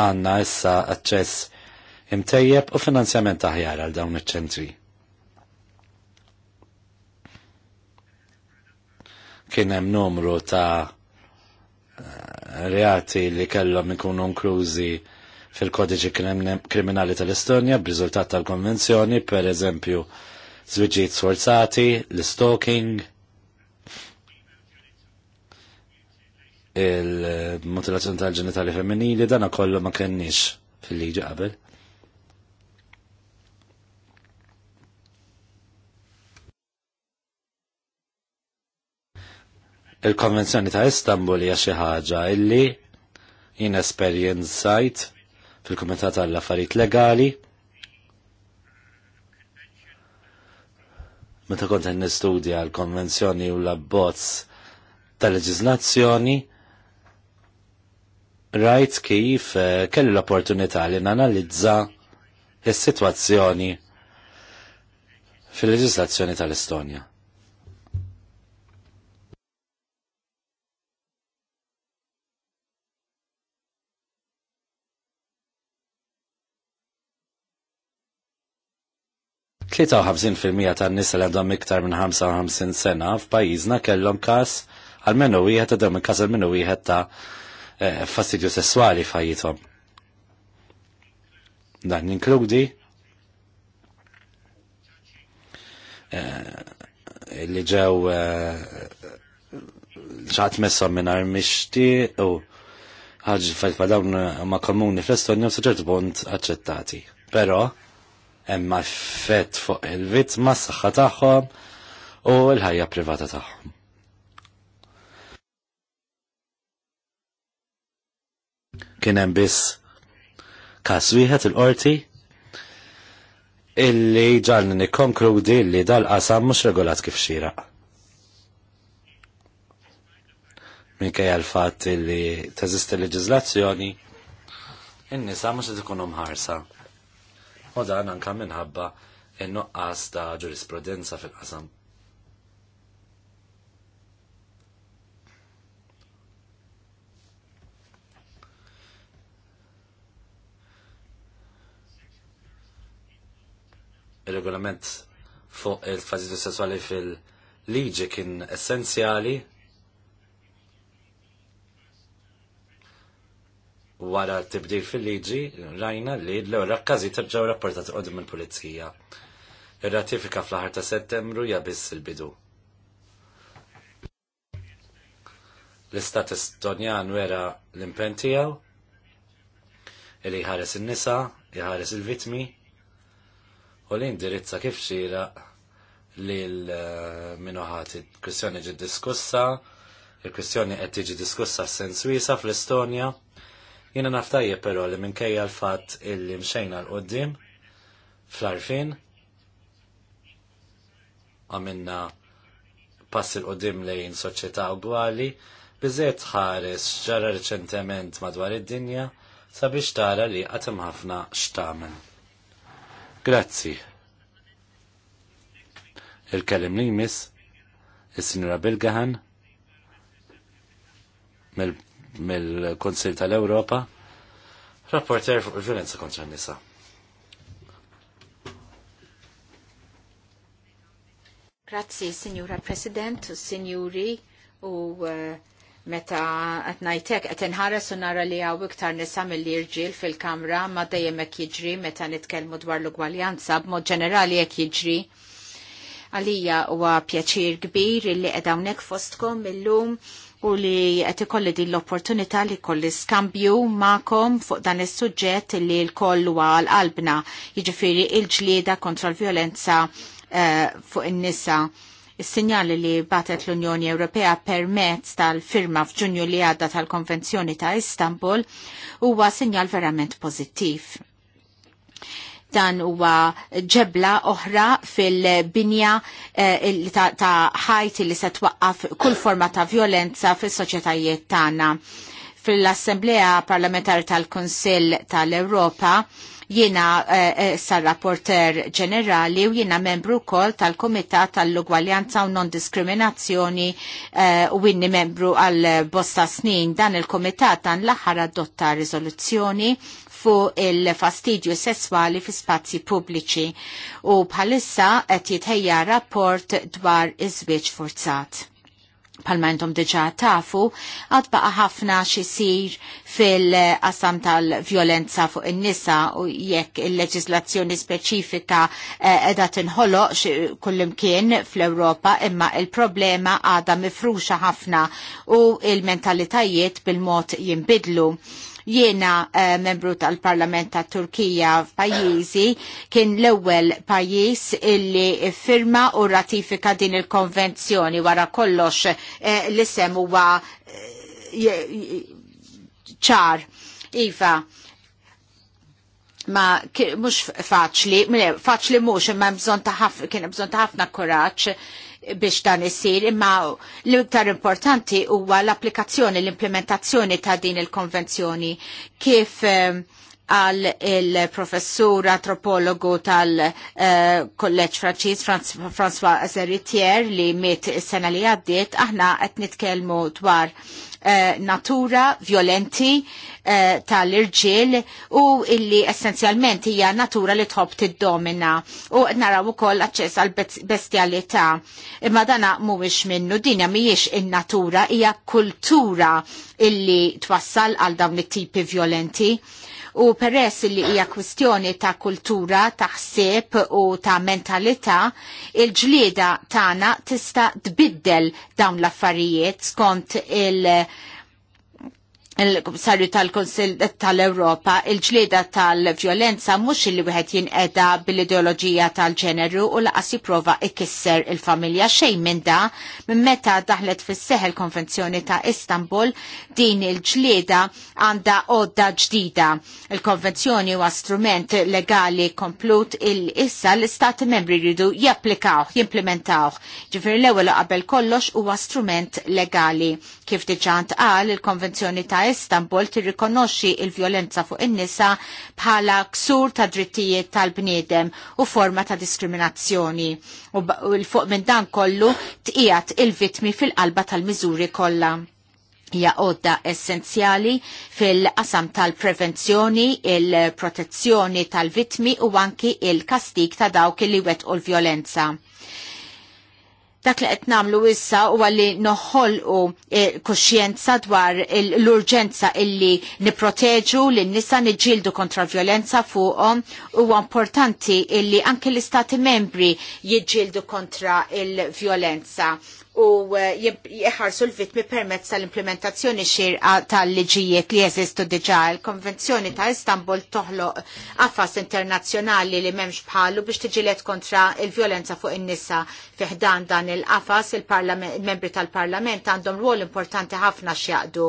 għandna issa aċċess imtejjeb u finanzjament aħjar għal dawn iċ-ċentri. Kien hemm numru ta' reati li kellhom ikunu inklużi fil-kodiċi kriminali tal-Estonja b'riżultat tal-konvenzjoni, per eżempju, zwiġijiet sforzati, l-stalking, il-mutilazzjoni tal-ġenitali femminili, dan kollu ma kenniex fil-liġi qabel. Il-Konvenzjoni ta' Istanbul hija xi ħaġa illi jien esperjenzajt fil-Kumitat tal affarijiet Legali meta kont nistudja l-konvenzjoni u l-abbozz tal leġiżlazzjoni rajt kif eh, kelli l-opportunità li nanalizza is-sitwazzjoni fil leġiżlazzjoni tal-Estonja. 53% tan nies li għandhom iktar minn 55 sena f'pajjiżna kellhom każ għal menu wieħed għadhom każ għal menu wieħed ta' fastidju sessuali f'ħajjithom. Dan jinkludi li ġew ċat messom minn armixti u ħagġi fil dawn ma komuni fl-Estonja u ċertu punt però Pero, emma fett fuq il-vittma, s-saxħa tagħhom u l-ħajja privata tagħhom. Kien hemm biss każ wieħed il-qorti illi ġalni nikkonkludi li dal-qasam mhux regolat kif xieraq. Minkej l-fatt illi teżisti leġiżlazzjoni, in-nisa mhux qed ikunu mħarsa u dan anka minħabba in-nuqqas ta' ġurisprudenza fil-qasam. Il-regolament fuq il-fazzitu sessuali fil-liġi kien essenzjali wara t-tibdil fil-liġi rajna li l-ewra kkażi terġgħu rapportat qoddim il-pulizija. Ir-ratifika fl-aħħar ta' Settembru jabiss biss il-bidu. L-istat Estonjan wera l impentijaw tiegħu li jħares in-nisa, jħares il-vitmi u li indirizza kif xira li l-minuħat eh, il-kwistjoni ġid diskussa, il-kwistjoni qed tiġi diskussa sens wiesa fl-Estonja Jina naftajje però li minkejja l-fat illi mxejna l-qoddim fl-arfin għamilna pass l qoddim lejn soċjetà ugwali biżiet ħares ġara reċentement madwar id-dinja sabiex tara li għatem ħafna xtamen. Grazzi. Il-kellim li jmiss, il-Sinjora Bilgahan, mill mill-Konsil tal-Ewropa, rapporter fuq il-violenza kontra n-nisa. Grazzi, Signora President, Signori, u uh, meta għatnajtek għet nħares u nara li għaw iktar nisa mill-irġil fil-kamra ma dejjem ek jiġri meta nitkellmu dwar l-ugwaljanza b'mod ġenerali ek jiġri. Għalija huwa pjaċir kbir li qed hawnhekk fostkom illum lum u li qed ikolli din l-opportunità li kolli skambju ma'kom fuq dan is-suġġett li l-koll huwa l qalbna jiġifieri l ġlieda kontra l-vjolenza eh, fuq in-nisa. Is-sinjali li batet l-Unjoni Ewropea permezz tal-firma f'Ġunju li għadda tal-Konvenzjoni ta' Istanbul huwa sinjal verament pożittiv dan huwa ġebla oħra fil-binja eh, ta' ħajti li se twaqqaf kull forma ta' violenza fis-soċjetajiet tagħna. Fil-Assemblea Parlamentari tal-Kunsill tal-Ewropa jiena eh, eh, sar rapporter ġenerali u jiena membru kol tal-Komitat tal-Ugwaljanza u Non-Diskriminazzjoni u inni membru għal bosta snin dan il-Komitat dan l-aħħar adotta rizoluzzjoni fuq il-fastidju sessuali fi spazji pubbliċi u bħalissa qed jitħejja rapport dwar iż-żwieġ forzat. Palma intom diġa tafu, għad baqa ħafna xisir fil-qasam tal-violenza fuq in-nisa u jekk il-leġislazzjoni speċifika eh, edha tinħoloq kullimkien fl-Ewropa imma il-problema għada mifruxa ħafna u il-mentalitajiet bil-mod jimbidlu Jiena eh, membru tal-Parlament ta' Turkija f'pajjiżi kien l-ewwel pajjiż illi firma u ratifika din il-konvenzjoni wara kollox eh, l-isem huwa eh, ċar. Iva, ma mux faċli, faċli mux, imma bżon ta' ħafna, kien bżon ta' ħafna kuraġġ biex dan isir, imma l-iktar importanti huwa l-applikazzjoni, l-implementazzjoni ta' din il-konvenzjoni kif ehm, għal il-professur antropologu tal kolleġġ eh, Franċiż François Zeritier li miet is-sena li għaddiet, aħna qed nitkellmu dwar Eh, natura violenti eh, tal-irġiel u illi essenzjalment hija natura li tħobb tiddomina u naraw ukoll aċċess għal bestjalità. Imma dana mhuwiex minnu dinja mhijiex in-natura hija kultura illi twassal għal dawn it-tipi violenti. U peress li hija kwistjoni ta' kultura, ta' ħsieb u ta' mentalità, il-ġlieda tagħna tista' tbiddel dawn l-affarijiet skont il- il-Komissarju tal-Konsil tal-Europa il-ġlieda tal-vjolenza mhux li wieħed jinqeda bil-ideoloġija tal-ġeneru u laqas jipprova ikisser il-familja xejn minn da minn meta daħlet fis-seħ il-Konvenzjoni ta' Istanbul din il-ġlieda għandha għodda ġdida. Il-Konvenzjoni huwa strument legali komplut il-issa l-Istati membri jridu japplikawh, jimplementawh. Ġifier l-ewwel qabel kollox huwa strument legali. Kif diġà ntqal il-Konvenzjoni ta' Istanbul tirrikonoxxi il-vjolenza fuq in-nisa bħala ksur ta' drittijiet tal-bniedem u forma ta' diskriminazzjoni. U fuq minn dan kollu tqiegħed il-vitmi fil-qalba tal-miżuri kollha hija għodda essenzjali fil-qasam tal-prevenzjoni, il-protezzjoni tal-vitmi u anki il-kastik ta' dawk li wet u l-violenza dak li qed nagħmlu issa huwa li noħolqu eh, kuxjenza dwar l-urġenza illi nipproteġu lin nisa niġġieldu kontra violenza fuqhom huwa importanti illi anke l-istati membri jiġġieldu kontra il-violenza u eh, jieħarsu l-vitmi permezz tal-implementazzjoni xirqa tal-liġijiet li jeżistu diġa il-Konvenzjoni ta' Istanbul toħloq affas internazzjonali li memx bħallu biex tiġilet kontra il-violenza fuq in-nisa fiħdan dan il-qafas il-membri tal-Parlament għandhom rwol importanti ħafna x'jaqdu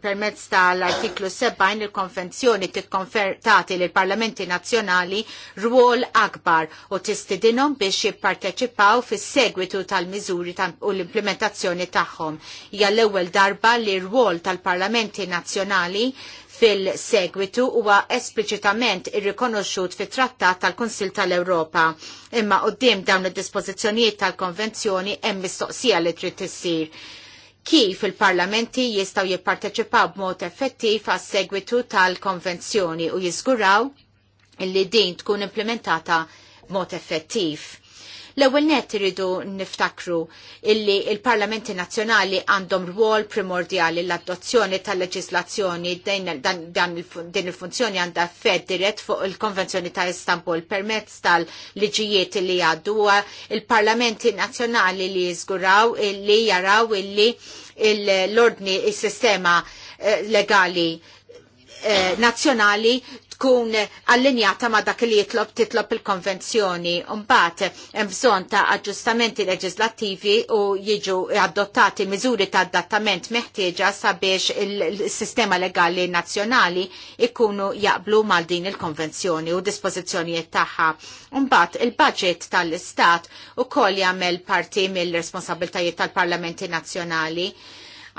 permezz tal-artiklu 7 il-konvenzjoni titkonfertati l parlamenti nazzjonali rwol akbar u tistidinhom biex jipparteċipaw fis segwitu tal-miżuri u l-implementazzjoni tagħhom. Hija l-ewwel darba li rwol tal-parlamenti nazzjonali fil-segwitu huwa espliċitament irrikonoxxut fit-Trattat tal-Kunsil tal-Ewropa. Imma qudiem dawn id-dispożizzjonijiet tal-Konvenzjoni hemm mistoqsija li trid tissir kif il-parlamenti jistaw jipparteċipaw b'mod effettiv għas segwitu tal-konvenzjoni u jizguraw li din tkun implementata b'mod effettiv. L-ewwel net iridu niftakru illi il-Parlamenti Nazzjonali għandhom rwol primordjali l-adozzjoni tal-leġislazzjoni din il-funzjoni għandha fed dirett fuq il-Konvenzjoni ta' Istanbul permezz tal-liġijiet li għaddu il-Parlamenti Nazzjonali li jiżguraw illi jaraw illi l-ordni il-sistema eh, legali eh, nazzjonali tkun allinjata ma dak li jitlob titlob il-konvenzjoni. Umbat, bżonn ta' aġġustamenti leġislattivi u jiġu adottati miżuri ta' adattament meħtieġa sabiex il-sistema legali nazzjonali ikunu jaqblu mal din il-konvenzjoni u dispożizzjonijiet tagħha. Umbat, il-budget tal-istat u jagħmel parti mill-responsabiltajiet tal-parlamenti nazzjonali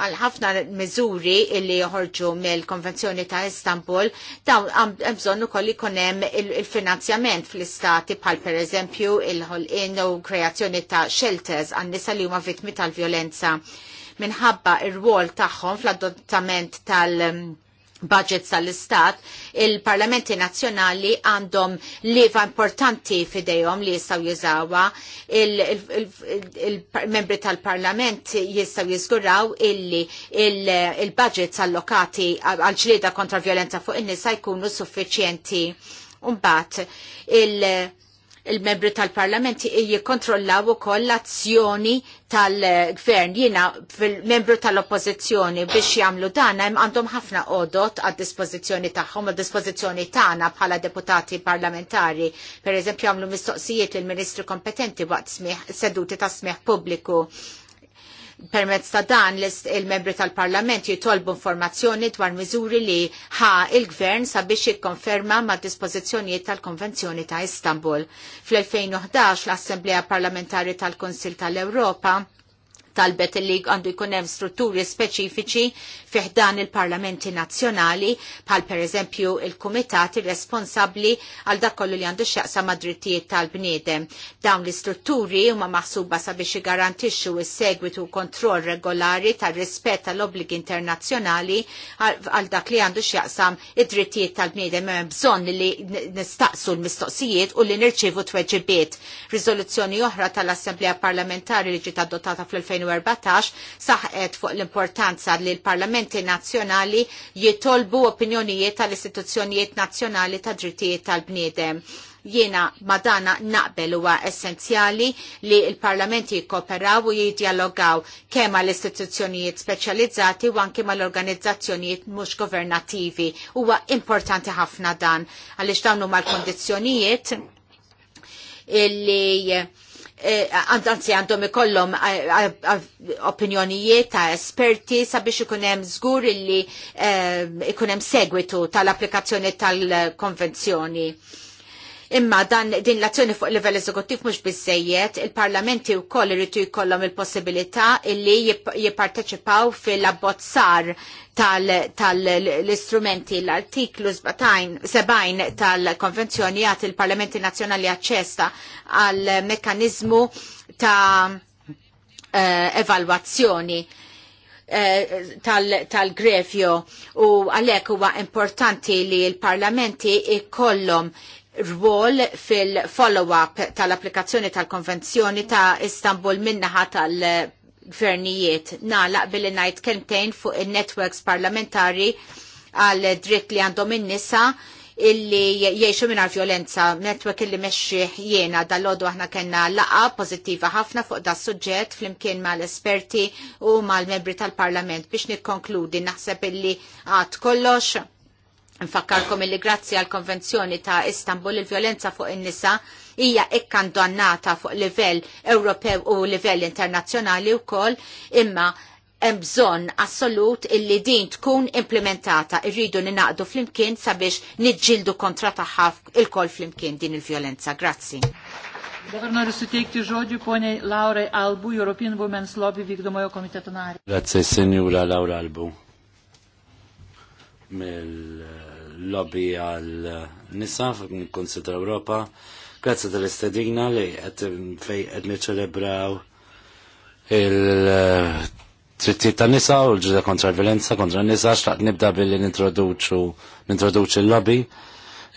għal ħafna miżuri illi joħorġu mill-Konvenzjoni ta' Istanbul dawn bżonn ukoll ikun hemm il-finanzjament fl-istati bħal pereżempju il-ħolqien u kreazzjoni ta' shelters għan-nisa li huma vittmi tal-vjolenza minħabba ir-rwol tagħhom fl-adottament tal- budget tal-istat, il-parlamenti nazjonali għandhom leva importanti fidejhom li jistaw jizawa, il-membri tal-parlament jistaw jizguraw illi il-budget tal-lokati għal-ġlida kontra violenza fuq in-nisa jkunu suffiċjenti. Umbat, il- il-membri tal-parlamenti e jikkontrollaw ukoll l-azzjoni tal-gvern jiena fil-membru tal-oppożizzjoni biex jagħmlu dan hemm għandhom ħafna qodot għad dispożizzjoni tagħhom u dispożizzjoni tagħna bħala deputati parlamentari. Per eżempju jagħmlu mistoqsijiet lill ministru kompetenti waqt seduti ta' smieħ pubbliku Permezz ta' dan il-membri tal-Parlament jitolbu informazzjoni dwar miżuri li ħa il-Gvern sabiex jikkonferma ma' dispożizzjonijiet tal-Konvenzjoni ta' Istanbul. Fl-2011 l-Assemblea Parlamentari tal-Konsil tal-Ewropa talbet li għandu jkun hemm strutturi speċifiċi fiħdan il-parlamenti nazzjonali bħal pereżempju il-kumitati responsabbli għal dak kollu li għandu xaqsa mad-drittijiet tal-bniedem. Dawn l-istrutturi huma maħsuba sabiex igarantixxu s-segwitu kontroll regolari tar-rispett tal-obbligi internazzjonali għal dak li għandu x'jaqsam id-drittijiet tal-bniedem hemm bżonn li nistaqsu l-mistoqsijiet u li nirċievu tweġibiet. Riżoluzzjoni oħra tal-Assemblea Parlamentari li ġiet adottata fl-2000 2014 saħqet fuq l-importanza li l-parlamenti nazzjonali jitolbu opinjonijiet tal-istituzzjonijiet nazzjonali ta' drittijiet tal-bniedem. Jiena madana naqbel huwa essenzjali li l-parlamenti jikkooperaw u jidjalogaw kemm mal istituzzjonijiet speċjalizzati u anke mal-organizzazzjonijiet mhux governattivi. Huwa importanti ħafna dan għaliex dawn huma l-kondizzjonijiet illi Eh, anzi għandhom ikollhom eh, eh, opinjonijiet ta' esperti sabiex ikun hemm żgur illi ikun hemm segwitu tal-applikazzjoni tal-konvenzjoni. tal applikazzjoni tal tal applikazzjoni tal konvenzjoni Imma dan din l-azzjoni fuq livell eżekuttiv mhux biżejjed, il-parlamenti wkoll iridu jkollhom il-possibilità illi jipparteċipaw fil-abbozzar tal-istrumenti tal, l-artiklu 70 tal-konvenzjoni għat il-Parlamenti Nazjonali għacċesta għal mekkanizmu ta' uh, evalwazzjoni tal-grefjo eh, tal u għalek huwa importanti li l-parlamenti ikollhom rwol fil-follow-up tal-applikazzjoni tal-Konvenzjoni ta' Istanbul minnaħa tal- gvernijiet nalaq billi najt kentejn fuq il-networks parlamentari għal dritt li għandhom in-nisa illi jiexu minna violenza, network illi meċi jiena dal-ħodu aħna kena laqa pozittiva ħafna fuq da suġġett flimkien ma l-esperti u ma l-membri tal-parlament biex nikkonkludi naħseb illi għad kollox Nfakkarkom illi grazzi għal konvenzjoni ta' Istanbul il-violenza fuq in-nisa hija ikkandannata fuq livell Ewropew u livell internazzjonali wkoll imma hemm bżonn assolut illi din tkun implementata irridu ninaqdu flimkien sabiex niġġieldu kontra tagħha il-kol flimkien din il-violenza. Grazzi. Dabar suteikti žodžių poniai Laurai Albu, European Women's Lobby vykdomojo komiteto narė. Grazie, senjura Laura Albu. Mill lobby għal nisa f'Kunsil tal Europa. Grazzi tal-istedina li għed fej qed niċċelebraw il-trittijiet ta' nisa u l-ġuda kontra l-violenza kontra nisa xtaqt nibda billi nintroduċu nintroduċi l-lobby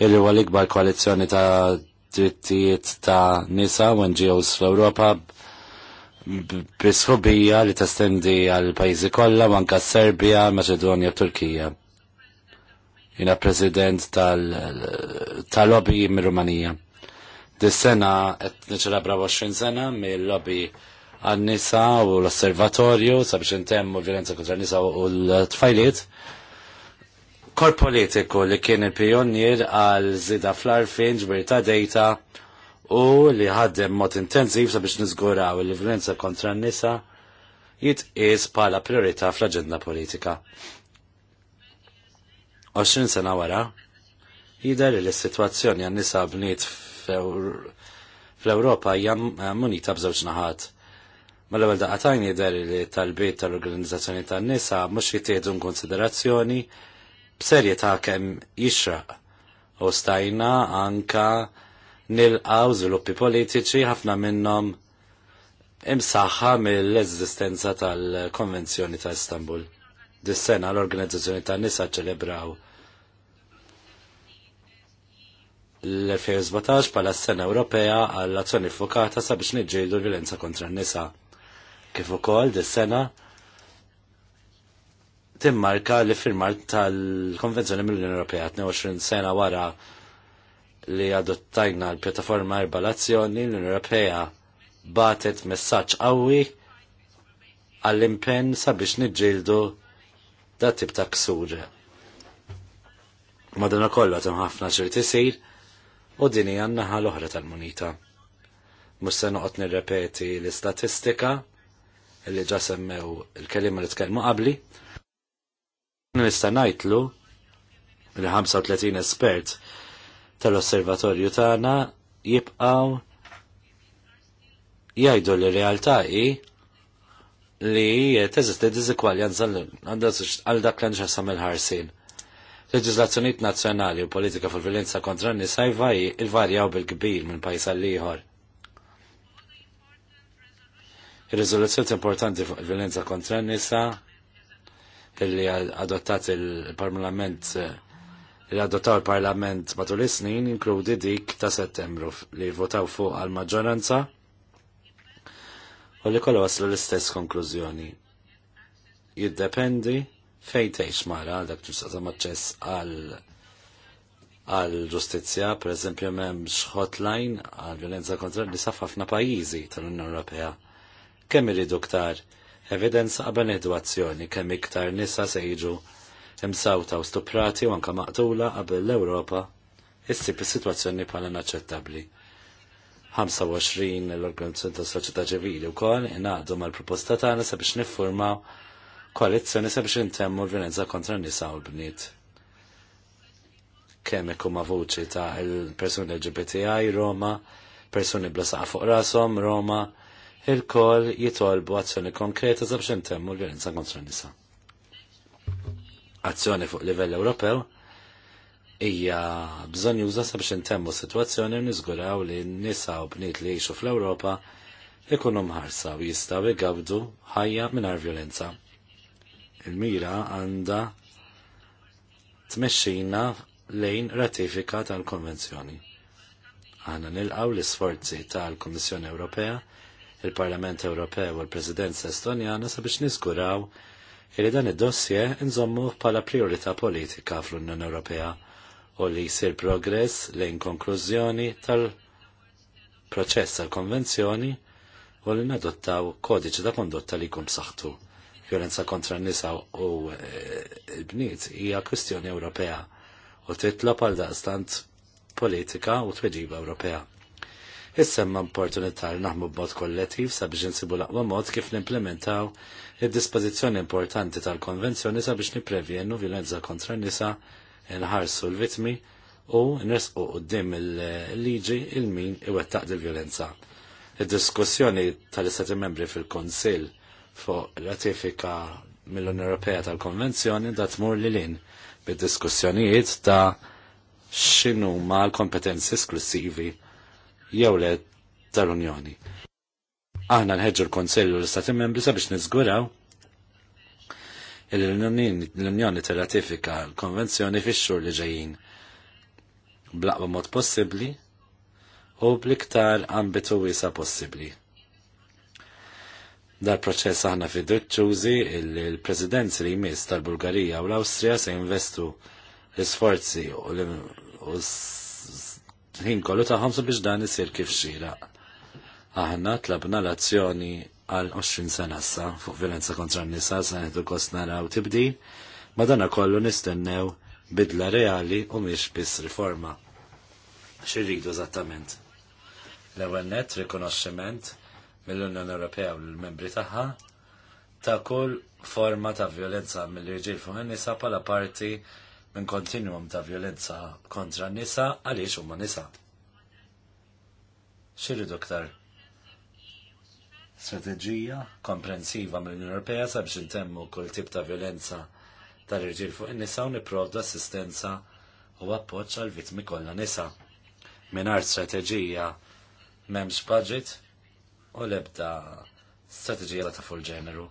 illi huwa l-ikbar koalizzjoni ta' drittijiet ta' nisa u NGOs fl-Ewropa bisħubija li testendi għal pajjiżi kollha manka Serbia, Maċedonja, Turkija jina president tal-lobby tal mir-Rumanija. Dis-sena qed bra 20 sena mill-lobby għan-nisa u l-osservatorju sabiex intemmu violenza kontra nisa u l-tfajliet. Kor politiku li kien il-pionier għal zida fl-arfin ġbirta dejta u li ħaddem mod intensiv sabiex nizguraw il-violenza kontra n-nisa jitqis bħala priorità fl-aġenda politika. 20 sena wara, jider li s-situazzjoni għan nisa bniet fl-Europa hija eh, munita b'żewġ naħat. Mal-ewwel daqatajn jidher li talbiet tal-organizzazzjoni tan-nisa mhux jittieħdu konsiderazzjoni ta' kem jixraq. U stajna anka nil-għaw żviluppi politiċi ħafna minnhom imsaħħa mill-eżistenza tal-Konvenzjoni ta' Istanbul. Dis-sena l-organizzazzjoni ta' nisa ċelebraw l-2017 pala s-sena Ewropea għall-azzjoni fokata sabiex niġġieldu l-violenza kontra n-nisa. Kif ukoll dis-sena timmarka li firmar tal-Konvenzjoni mill-Unjoni Ewropea 22 sena wara li adottajna l-pjattaforma erba l-azzjoni l-Unjoni Ewropea batet messaġġ qawwi għall-impenn sabiex niġġieldu dat tip ta' ksur. Madonna kollha hemm ħafna ċert isir u din hija n-naħa l-oħra tal-munita. Mhux se noqgħod nirrepeti l-istatistika li ġa semmew il-kelima li tkellmu qabli. Nista' ngħidlu li 35 espert tal-osservatorju tagħna jibqgħu jgħidu li realtà hi li teżisti diżikwaljanza għal dak l-anġa samil ħarsin. Leġizlazzjoniet nazzjonali u politika fil-violenza kontra n-nisa il-varjaw bil-kbir minn pajsa li jħor. Ir-riżoluzzjoni importanti fuq il-violenza kontra n-nisa illi adottat il-Parlament li adottaw il-Parlament matul is-snin inkludi dik ta' Settembru li votaw fuq għal-maġġoranza u li kollu waslu l-istess konklużjoni. Jiddependi fejn tgħix mara dak ġustaqsam aċċess għal għal ġustizzja, per eżempju m'hemmx hotline għal violenza kontra li safafna ħafna pajjiżi tal-Unjoni Ewropea. Kemm iridu ktar evidenza qabel nieħdu kemm iktar nisa se jiġu imsawta u stuprati u anka maqtula qabel l-Ewropa issib is-sitwazzjoni bħala naċċettabbli. 25 l-organizzazzjoni ta' soċjetà ċivili wkoll ingħaqdu mal-proposta tagħna sabiex niffurmaw koalizzjoni sabiex intemmu l-violenza kontra n-nisa u l-bniet. Kemm ikun ma' vuċi ta' il-persuni LGBTI Roma, persuni bla saqa fuq rashom Roma, il koll jitolbu azzjoni konkreta sabiex intemmu l-violenza kontra n-nisa. Azzjoni fuq livell Ewropew hija bżonn juża sabiex intemmu sitwazzjoni nizguraw niżguraw li n-nisa u bniet li jgħixu fl-Ewropa ikunu mħarsa u jistgħu jgawdu ħajja mingħajr violenza. Il-mira għandha tmexxina lejn ratifika tal-Konvenzjoni. Għanna nilqaw l-isforzi tal-Komissjoni Ewropea, il-Parlament Ewropew u l-Presidenza Estonjana sabiex niskuraw li dan id-dossier nżommu bħala priorità politika fl-Unjoni Ewropea u li jisir progress lejn konklużjoni tal-proċess tal-konvenzjoni u li nadottaw kodiċi ta' kondotta li jkun b'saħħtu. Violenza kontra n-nisa u l-bniet eh, hija kwistjoni Ewropea u titlob għal daqstant politika u tweġiba Ewropea. Issemma opportunità li naħmu b'mod kollettiv sabiex insibu l-aqwa mod kif nimplementaw id-dispożizzjoni importanti tal-konvenzjoni sabiex niprevjenu violenza kontra n-nisa nħarsu l-vitmi u nresqu qoddim il-liġi il-min iwettaq il-violenza. Id-diskussjoni tal-Istati membri fil-Konsil fuq ratifika mill-Unjoni Ewropea tal-Konvenzjoni da tmur li lin bid-diskussjonijiet ta' xinu ma l-kompetenzi esklusivi jew le tal-Unjoni. Aħna nħeġġu l u l istati Membri sabiex niżguraw l-Unjoni tirratifika l-Konvenzjoni fix-xhur li ġejjin blaqwa mod possibbli u bliktar ambitu wiesa possibbli. Dar proċess aħna fi ċużi il-Presidenzi li jmiss tal-Bulgarija u l-Awstrija se jinvestu l-isforzi u ħin kollu taħħom biex dan isir kif xira. Aħna tlabna l-azzjoni għal 20 sena issa fuq violenza kontra n-nisa sa neħdu kost naraw tibdi, madana kollu nistennew bidla reali u miex biss riforma. Xirridu eżattament. L-ewwel net rikonoxximent mill-Unjoni Ewropea u l-membri tagħha ta' kull forma ta' violenza mill-irġiel fuq in-nisa bħala parti minn kontinuum ta' violenza kontra n-nisa għaliex huma nisa. Xirridu aktar strateġija komprensiva mill-Unjoni Ewropea sabiex intemmu kull tip ta' violenza tal-irġiel fuq in-nisa u nipprovdu assistenza u appoġġ għal vittmi kollha nisa. Mingħajr strateġija m'hemmx budget u l-ebda strateġija ta' full ġeneru.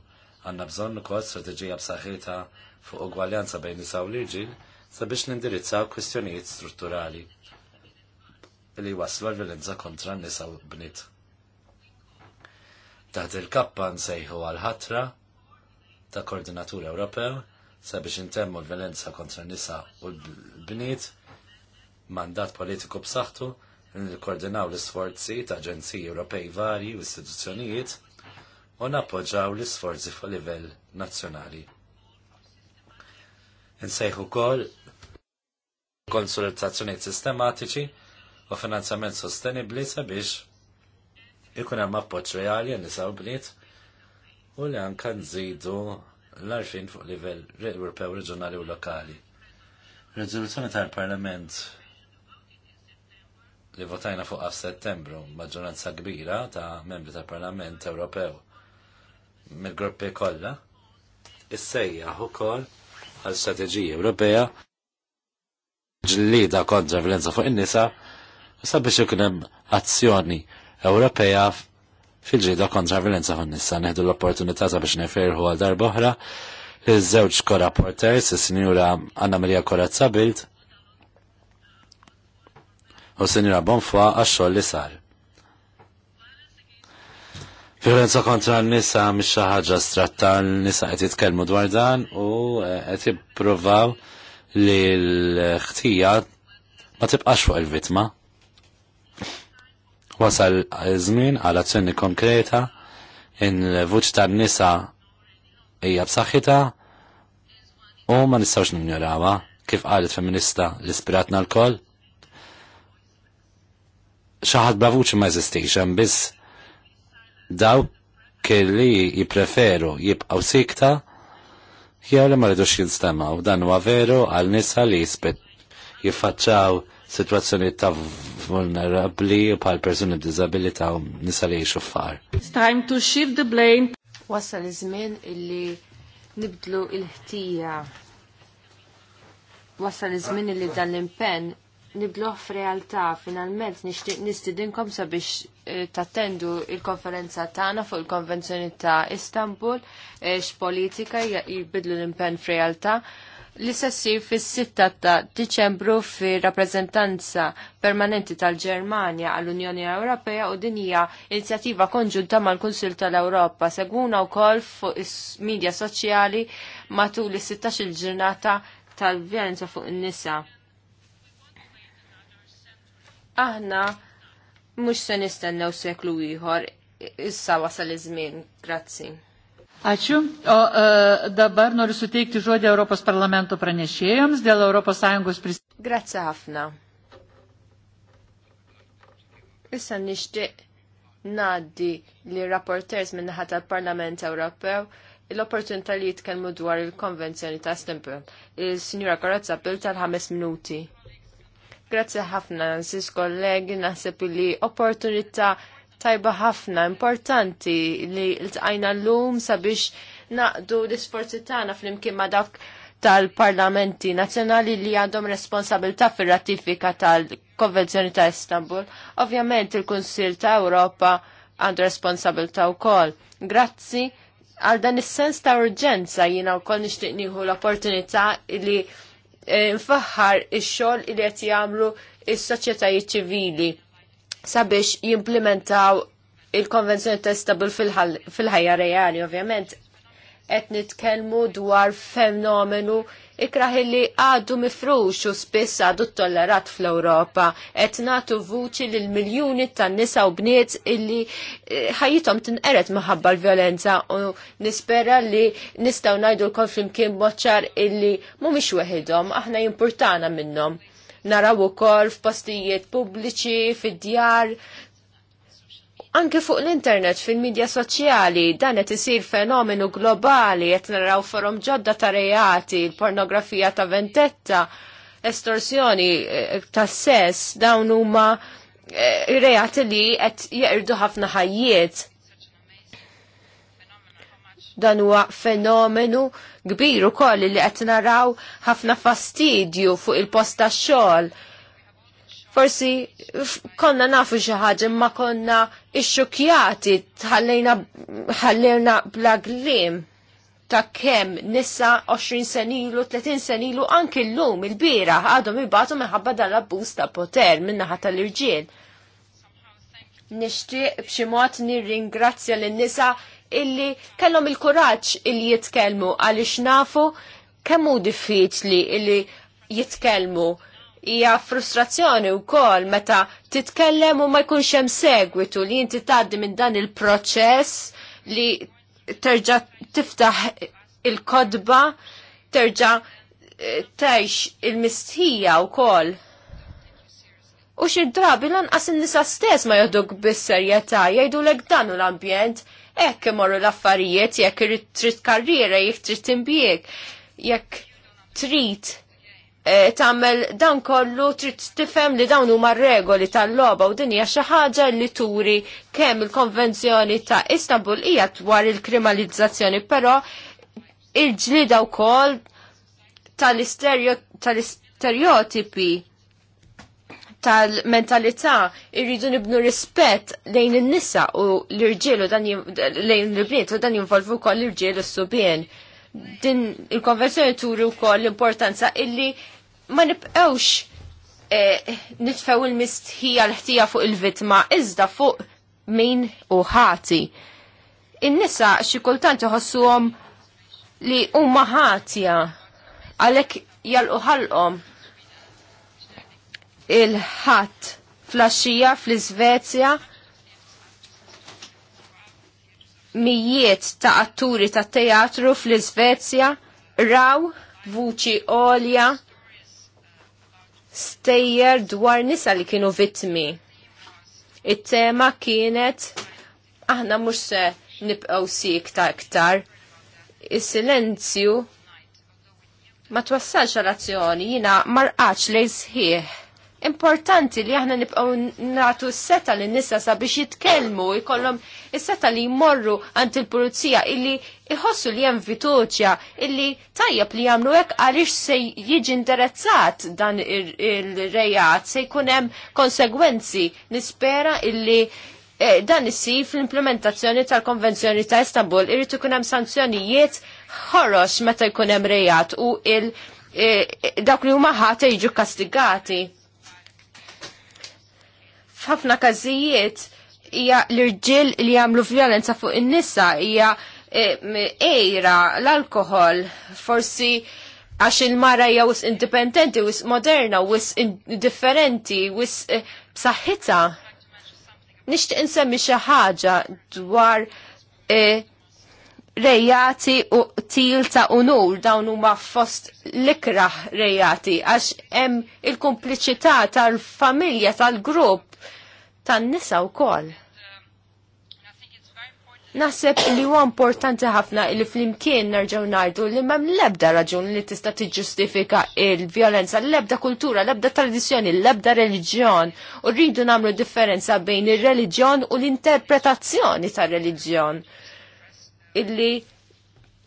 Għandna bżonn ukoll strateġija b'saħħitha fuq ugwaljanza bejn nisa u l-irġiel sabiex nindirizzaw kwistjonijiet strutturali li waslu għal violenza kontra n-nisa u bnit Taħt il-kappa nsejħu għal-ħatra ta' koordinatur Ewropew sabiex intemmu l-violenza kontra nisa u l-bniet, mandat politiku b'saħħtu nkoordinaw l-isforzi ta' aġenziji Ewropej varji u istituzzjonijiet u nappoġġaw l-isforzi fuq livell nazzjonali. Insejħu wkoll konsultazzjonijiet sistematiċi u finanzjament sostenibbli sabiex ikun hemm appoġġ reali għan nisa bniet u li anka nżidu l-arfin fuq livell Ewropew reġjonali u lokali. Reġoluzzjoni tal-Parlament li votajna fuq settembru maġġoranza kbira ta' membri tal-Parlament Ewropew mill-gruppi kollha issejjaħ ukoll għal strateġija Ewropea ġlida kontra violenza fuq in-nisa sabiex ikun hemm azzjoni Ewropeja fil-ġida kontra violenza għon nissa neħdu l-opportunità ta' biex neferħu għal darboħra il-żewġ korraporter, s sinjura Anna Maria Korazza u u sinjura Bonfwa għaxxol li sar. Violenza kontra n-nisa mhix ħaġa stratta n-nisa qed jitkellmu dwar dan u eh, qed jippruvaw li l-ħtija ma tibqax fuq il-vittma. Wasal żmien għal azzjoni konkreta in vuċ tan-nisa hija b'saħħitha u ma nistgħux ninjorawha kif qalet feminista li spiratna l-koll. Xaħat bavuċ ma jeżistix hemm biss daw kelli jipreferu jibqgħu sikta jew li ma rridux jinstema' u dan huwa veru għal nisa li jispet jiffaċċaw situazzjoni ta' Vulnerabbli u pal persuni b'dizabilità u nisa li jiexu far. It's time to shift the blame. Wasal iż-żmien illi nibdlu il-ħtija. Wasal iż-żmien illi dan l-impenn nibdlu f'realtà finalment nixtieq nistidinkom sabiex eh, tattendu il-konferenza tagħna fuq il-Konvenzjoni ta' Istanbul eh, x-politika jibdlu l-impenn f'realtà. realtà li se ssir fis sitta ta' Diċembru fir-Rappreżentanza Permanenti tal-Ġermanja għall-Unjoni Ewropea u din hija inizjattiva konġunta mal-Kunsil tal-Ewropa seguna wkoll fuq is-medja soċjali matul is-16 il-ġurnata tal vjenza fuq in-nisa. Aħna mhux se nistennew seklu ieħor, issa wasal iż-żmien, grazzi. Ačiū. O e, dabar noriu suteikti žodį Europos parlamento pranešėjams dėl ES pris... Grazie, Afna. Issa nishtiq naddi li rapporters minnaħat tal-Parlament Ewropew l-opportunità li jitkellmu dwar il-konvenzjoni ta' stempel. Il-Sinjura Karazza bil tal-5 minuti. Grazie ħafna, sis kollegi, naħseb li opportunità tajba ħafna, importanti li l-tqajna l-lum sabiex naqdu l-isforzi tagħna fl-imkien ma' dak tal-parlamenti nazzjonali li għandhom responsabilità fir-ratifika tal-Konvenzjoni ta' Istanbul. Ovvjament il-Kunsil ta' Ewropa għandu responsabilta u kol. Grazzi għal dan is-sens ta' urġenza jina u kol nishtiqniħu nieħu l-opportunità li eh, nfaħħar ix-xogħol li qed jagħmlu is-soċjetajiet ċivili sabiex jimplementaw il-konvenzjoni testabil fil-ħajja reali, ovvjament, qed nitkellmu dwar fenomenu ikraħi li għadu mifrux u spiss għadu tollerat fl-Ewropa. Et nagħtu vuċi lil miljuni ta' nisa u bniet illi eh, ħajjithom tinqeret maħabba l-violenza u nispera li nistgħu ngħidu l konflim flimkien boċċar illi mhumiex weħidhom, aħna jimpurtana minnhom naraw ukoll f'postijiet pubbliċi, fid-djar, anke fuq l-internet fil-medja soċjali dan qed isir fenomenu globali qed naraw forom ġodda ta' reati, pornografija ta' vendetta, estorsjoni eh, ta' sess, dawn huma eh, reati li qed jeqirdu ħafna ħajjiet. Dan huwa fenomenu kbir ukoll li qed naraw ħafna fastidju fuq il-post tax-xogħol. Forsi konna nafu xi ħaġa imma konna ixxukjati ħallejna ħallejna bla glim ta' kem nissa 20 senilu, 30 senilu, anki l-lum, il-bira, għadhom ibatu minħabba dan l-abbuż ta' poter min-naħa tal-irġiel. Nishtiq b'xi mod nirringrazzja lin nisa illi kellhom il-kuraġġ illi jitkellmu għaliex nafu kemm hu diffiċli illi jitkellmu hija frustrazzjoni wkoll meta titkellem u ma jkunx hemm segwitu li inti tgħaddi minn dan il-proċess li terġa' tiftaħ il-kodba, terġa' tgħix il-mistħija wkoll. U xi drabi lanqas in-nisa stess ma jogħduk bis-serjetà jgħidulek dan u l-ambjent Ekk imorru l-affarijiet jekk irid trid karriera, jekk trid timbjek, jekk trid e, tagħmel dan kollu trid tifhem li dawn huma regoli tal-logħba u din hija xi ħaġa li turi kemm il-Konvenzjoni ta' Istanbul hija dwar il-kriminalizzazzjoni, però il-ġlida wkoll tal-istereotipi tal-mentalità irridu nibnu rispett lejn in-nisa u l-irġiel u dan lejn l-bniet u dan jinvolvu wkoll l-irġiel u s-subien. Din il-konvenzjoni turi wkoll l-importanza illi ma nibqgħux eh, nitfew il-mistħija l-ħtija fuq il-vitma iżda fuq min u ħati. In-nisa xi kultant iħossuhom li huma ħatja għalhekk jalqu ħalqhom il-ħadd flasġija fl-Iżvezja mijiet ta' atturi ta' teatru fl-Iżvezja raw vuċi olja stejjer dwar nisa li kienu vittmi. It-tema kienet aħna mhux se nibqgħu sik ta' iktar. Is-silenzju ma twassalx għal azzjoni, jina marqax lejn sħiħ importanti li aħna nibqgħu nagħtu s-seta lin nisa sabiex jitkellmu jkollhom is-seta li jmorru għand il-pulizija illi iħossu li hemm vituċja illi tajjeb li jagħmlu hekk għaliex se jiġi interessat dan ir-rejat se jkun hemm konsegwenzi nispera illi eh, dan issi fl-implementazzjoni tal-Konvenzjoni ta' Istanbul irrid ikun hemm sanzjonijiet ħorox meta jkun hemm rejat u il eh, dawk li huma ħate jiġu kastigati f'ħafna każijiet hija l-irġiel li jagħmlu violenza fuq in-nisa hija eh, ejra l-alkohol forsi għax il-mara hija wis indipendenti, wis moderna, wis differenti, wis eh, b'saħħitha. Nixtieq insemmi xi ħaġa dwar eh, rejati u til ta' unur dawn huma fost l rejati għax hemm il-kompliċità tal-familja tal-grupp tan-nisa wkoll. Naħseb li huwa importanti ħafna li flimkien nerġgħu ngħidu li m'hemm l-ebda raġun li tista' tiġġustifika il-vjolenza, l-ebda kultura, l-ebda tradizzjoni, l-ebda reliġjon. U rridu nagħmlu differenza bejn ir-reliġjon u l-interpretazzjoni tar-reliġjon illi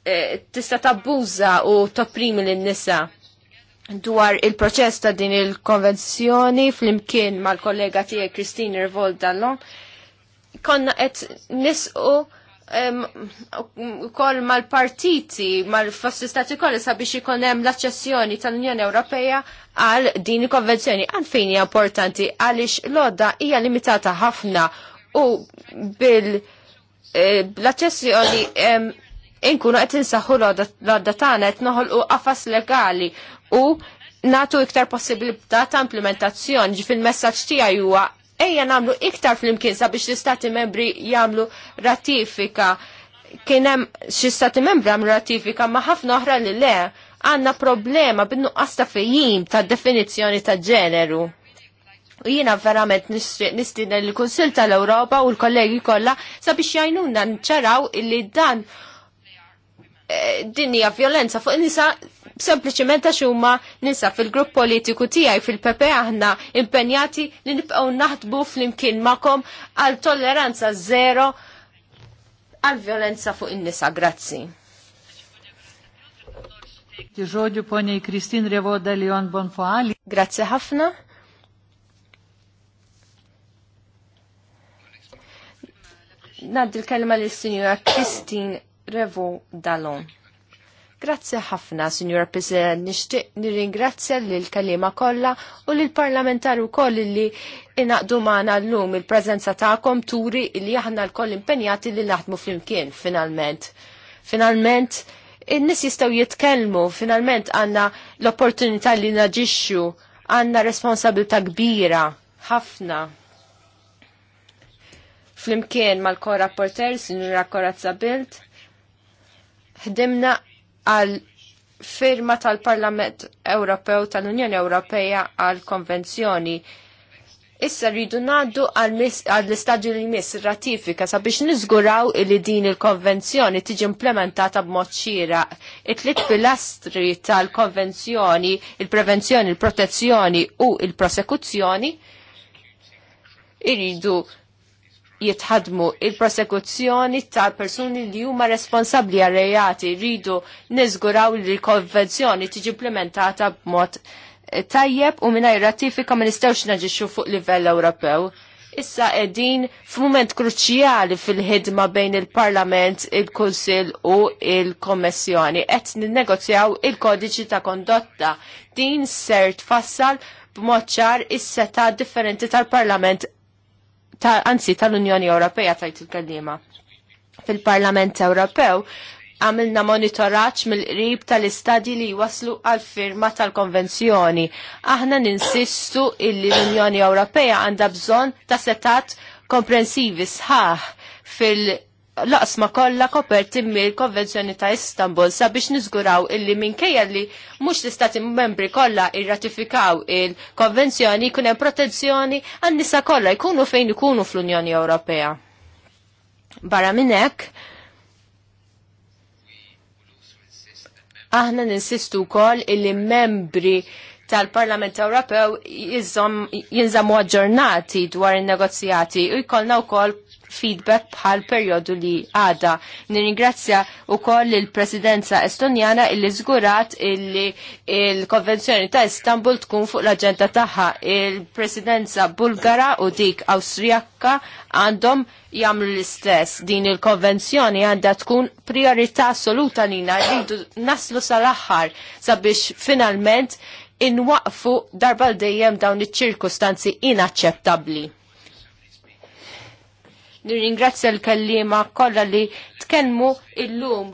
eh, tista' tabbuża u topprimi lin-nisa dwar il-proċess ta' din il-konvenzjoni fl-imkien mal-kollega tiegħi Christine Revolt dallon. Konna qed nisqu ukoll mal-partiti, mal-fossi stati kollha sabiex ikun hemm l-aċċessjoni tal-Unjoni Ewropea għal din il-konvenzjoni għal fejn hija importanti għaliex l-odda hija limitata ħafna u bil- Eh, l-aċċessjoni inkunu qed insaħħu l-għodda tagħna qed noħolqu għafas legali u natu iktar possibilità ta' implementazzjoni ġi fil-messaġġ tiegħi huwa ejja nagħmlu iktar flimkien sabiex l-istati membri jagħmlu ratifika kien hemm xi stati membri għamlu ratifika ma' ħafna oħra li le għandna problema bin-nuqqas ta' fejjim ta' definizzjoni ta' ġeneru. U jiena verament nistin l-Kunsil tal-Europa u l-kollegi kollha sabiex jajnuna nċaraw illi dan eh, dinja violenza fuq nisa sempliciment għax huma nisa fil-grupp politiku tiegħi fil-PP aħna impenjati li nibqgħu naħdbu flimkien magħkom għal tolleranza zero għal violenza fuq in-nisa. Grazzi. Grazzi ħafna. Naddi l-kelma l-Sinjura Kristin Revo Dallon. Grazzi ħafna, Sinjura President, nixtieq nirringrazzja l kalima kollha u l-parlamentar parlamentari wkoll li inaqdu l llum il prezenza tagħkom turi li aħna lkoll impenjati li naħdmu flimkien finalment. Finalment in-nies jistgħu jitkellmu, finalment għandna l-opportunità li naġixxu, għandna responsabilità kbira ħafna flimkien mal porter, sinjura kora Bilt, ħdimna għal firma tal-Parlament Ewropew tal-Unjoni Ewropeja għal konvenzjoni. Issa rridu naddu għall-istadju li jmiss ratifika sabiex niżguraw li din il-konvenzjoni tiġi implementata b'mod xira. It-tliet pilastri tal-konvenzjoni, il-prevenzjoni, il-protezzjoni u il-prosekuzzjoni irridu jitħadmu il-prosekuzzjoni ta' persuni li huma responsabbli għal rejati rridu niżguraw li l-konvenzjoni tiġi implementata b'mod eh, tajjeb u mingħajr ratifika ma nistgħux naġixxu fuq livell Ewropew. Issa qegħdin f'mument kruċjali fil-ħidma bejn il-Parlament, il-Kunsill u il-Kommissjoni qed ninnegozjaw il-kodiċi ta' kondotta. Din ser tfassal b'mod ċar is-seta differenti tal-Parlament ta anzi tal-Unjoni Ewropea tajt il-kallima. Fil-Parlament Ewropew għamilna monitoraċ mill-qrib tal-istadji li waslu għal firma tal-konvenzjoni. Aħna ninsistu illi l-Unjoni Ewropea għandha bżonn ta' setat komprensivi sħaħ fil- laqsma kollha koperti mill-Konvenzjoni ta' Istanbul sabiex niżguraw illi minkejja li mhux l-istati membri kollha irratifikaw il-konvenzjoni jkun hemm protezzjoni għan-nisa kollha jkunu fejn ikunu fl-Unjoni Ewropea. Barra minn hekk aħna ninsistu wkoll illi membri tal-Parlament Ewropew jinżammu aġġornati dwar in-negozjati u jkollna wkoll feedback bħal periodu li għada. Nirringrazzja u koll il-presidenza estonjana illi zgurat illi il-konvenzjoni ta' Istanbul tkun fuq l-agenda taħħa. Il-presidenza bulgara u dik Awstrijakka għandhom jamlu l-istess. Din il-konvenzjoni għandha tkun priorità assoluta nina rridu naslu sal-aħħar sabiex finalment inwaqfu darba l-dejjem dawn iċ-ċirkustanzi inaċċettabbli. Nirringrazzja l-kallima kollha li tkellmu illum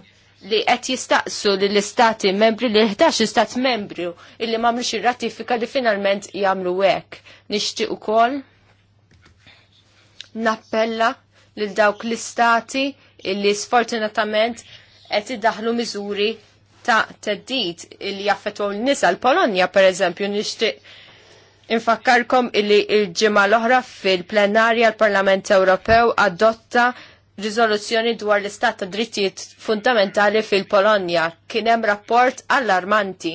li qed jistaqsu lill-istati membri li 11 istat membri illi m'għamlux ir-ratifika li finalment jagħmlu hekk. Nixtieq ukoll nappella lil dawk l-istati illi sfortunatament qed idaħlu miżuri ta' teddid illi jaffetwaw l-nisa l-Polonja pereżempju nixtieq Infakkarkom illi il-ġimgħa l-oħra fil-plenarja l-Parlament Ewropew adotta riżoluzzjoni dwar l-istat ta' drittijiet fundamentali fil-Polonja. Kien hemm rapport allarmanti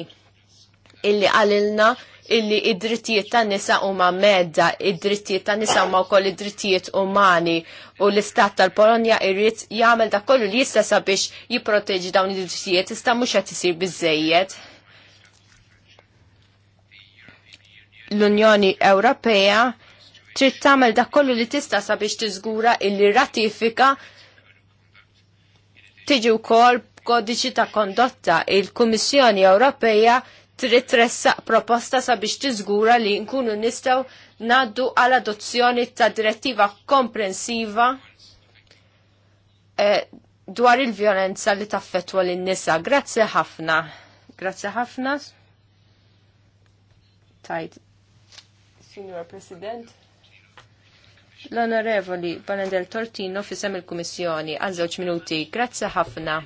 illi għalilna illi id-drittijiet tan nisa huma medda, id-drittijiet tan nisa huma wkoll id-drittijiet umani u l-istat tal-Polonja irrit jagħmel dak kollu li jista' sabiex jipproteġi dawn id-drittijiet iżda mhux qed isir l-Unjoni Ewropea trid tagħmel dak kollu li tista' sabiex tiżgura illi ratifika tiġi wkoll kodiċi ta' kondotta il-Kummissjoni Ewropea trid tressaq proposta sabiex tiżgura li nkunu nistgħu naddu għal adozzjoni ta' direttiva komprensiva eh, dwar il-vjolenza li taffetwa lin-nisa. Grazzi ħafna. Grazzi ħafna. Tajt Signor President. L-Onorevoli Panendel Tortino fisem il-Kummissjoni għal żewġ minuti. Grazzi ħafna.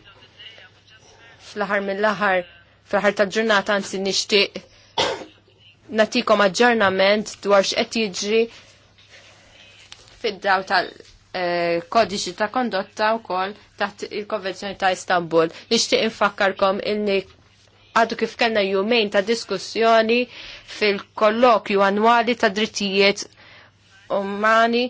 Fl-aħħar mill-aħħar, fl-aħħar tal-ġurnata anzi nixtieq natikom aġġornament dwar x'qed jiġri fid-daw tal-kodiċi ta' kondotta wkoll taħt il-Konvenzjoni ta' Istanbul. Nixtieq infakkarkom il illi għadu kif kellna jumejn ta' diskussjoni fil-kollokju annwali ta' drittijiet umani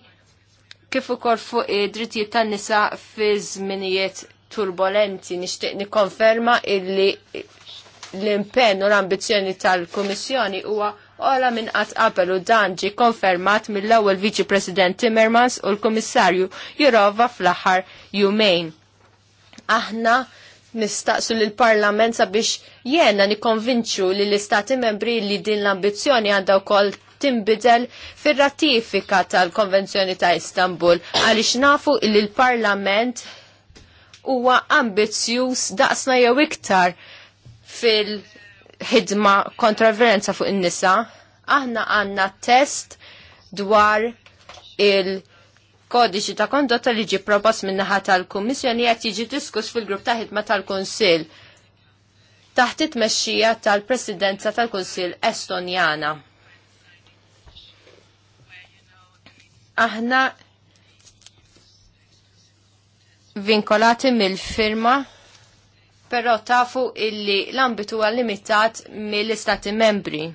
kif ukoll fuq id-drittijiet tan-nisa fi żminijiet turbolenti nixtieq nikkonferma illi l-impenn u l-ambizzjoni tal-Kummissjoni huwa ola minn qatt qabel u dan ġi konfermat mill-ewwel Viċi President Timmermans u l-Kummissarju Jirova fl-aħħar jumejn. Aħna nistaqsu l parlament sabiex jena nikonvinċu li l-istati membri li din l-ambizjoni għandaw wkoll timbidel fir-ratifika tal-Konvenzjoni ta' Istanbul għaliex nafu li l-Parlament huwa ambizjus daqsna jew iktar fil-ħidma kontra violenza fuq in-nisa. Aħna għandna test dwar il- kodiċi ta' kondotta li ġi propost minnaħa tal-Kummissjoni qed jiġi diskuss fil-grupp ta' ħidma tal-Kunsill taħt it tal-Presidenza tal-Kunsill Estonjana. Aħna vinkolati mill-firma però tafu illi l-ambitu għal limitat mill-istati membri.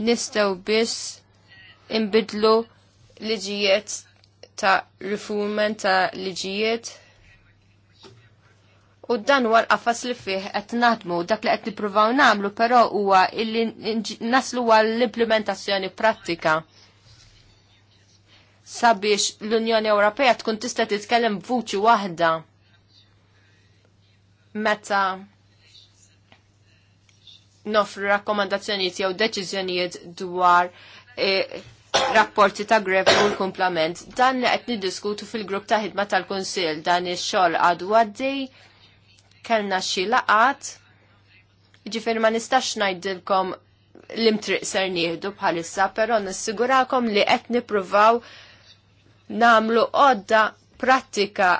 nistaw biss imbidlu liġijiet ta' rifument ta' liġijiet u dan war qafas li fih qed naħdmu dak li qed nippruvaw nagħmlu però huwa illi naslu għal l-implementazzjoni prattika sabiex l-Unjoni Ewropea tkun tista' titkellem b'vuċi waħda meta nofru rakkomandazzjonijiet jew deċiżjonijiet dwar e, rapporti ta' grev u l-komplament. Dan qed niddiskutu fil-grupp ta' ħidma tal-Kunsill dan ix-xogħol għadu għaddej kellna xi laqat. Ġifieri ma nistax ngħidilkom l-imtriq ser nieħdu bħalissa, però nissigurakom li qed nippruvaw nagħmlu għodda prattika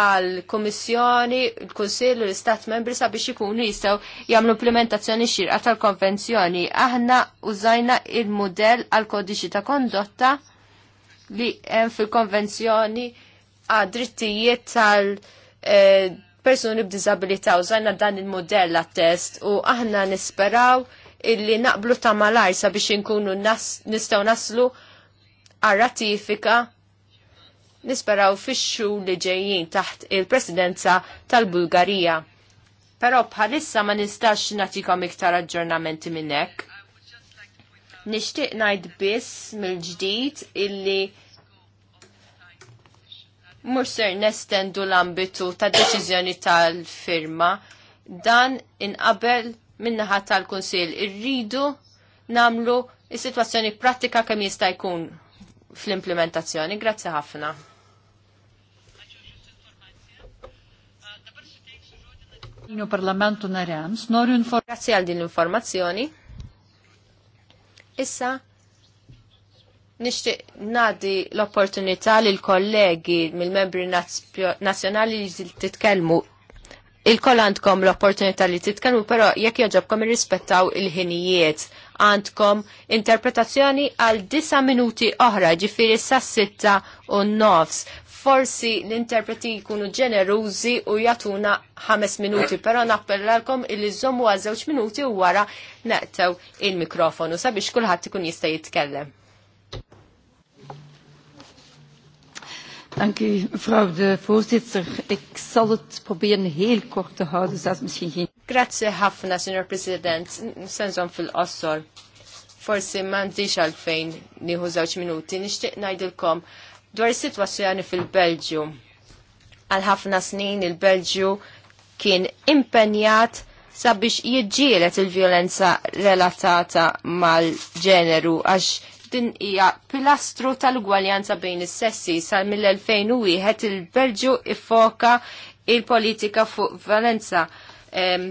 għal komissjoni l-Kunsill u l-Istat membri sabiex ikunu jistgħu jagħmlu implementazzjoni xirqa tal-konvenzjoni. Aħna użajna il-modell għal kodiċi ta' kondotta li hemm fil-konvenzjoni għad drittijiet tal- eh, persuni b'dizabilità użajna dan il-modell għat-test u aħna nisperaw illi naqblu ta' malajsa biex inkunu nistgħu nistaw naslu għal ratifika nisperaw fixxu li ġejjin taħt il-presidenza tal-Bulgarija. Però bħalissa ma nistax natikom iktar aġġornamenti minnek. Nishtiq najd biss mill-ġdid illi mur ser nestendu l-ambitu ta' deċiżjoni tal-firma dan inqabel minnaħa tal-Kunsil irridu namlu is-sitwazzjoni pratika kemm jista' jkun fl-implementazzjoni. Grazzi ħafna. Grazzi għal din l-informazzjoni. Issa, nishtiq nadi l-opportunità li l kollegi mil membri nazjonali li titkelmu. Il-koll għandkom l-opportunità li titkellmu, però jekk joġobkom irrispettaw il-ħinijiet, għandkom interpretazzjoni għal 9 minuti oħra, ġifiri sa' 6 u nofs forsi l-interpreti jkunu ġenerużi u jatuna ħames minuti, pero nappellalkom il-li zommu għazewċ minuti u wara naqtew il-mikrofonu sabiex kulħadd ikun jista' jitkellem. Dank Frau de voorzitter. Ik zal het heel kort te houden, dus misschien geen... Grazie ħafna, signor President. Senzon fil-qossor. Forsi mandiġ għalfejn nieħu żewġ minuti. Nixtieq ngħidilkom Dwar is-sitwazzjoni fil-Belġju. Għal ħafna snin il-Belġju kien impenjat sabiex jiġġielet il-violenza relatata mal-ġeneru għax din hija pilastru tal-gwaljanza bejn is-sessi sal mill-2001 il-Belġju ifoka il-politika fuq violenza eh,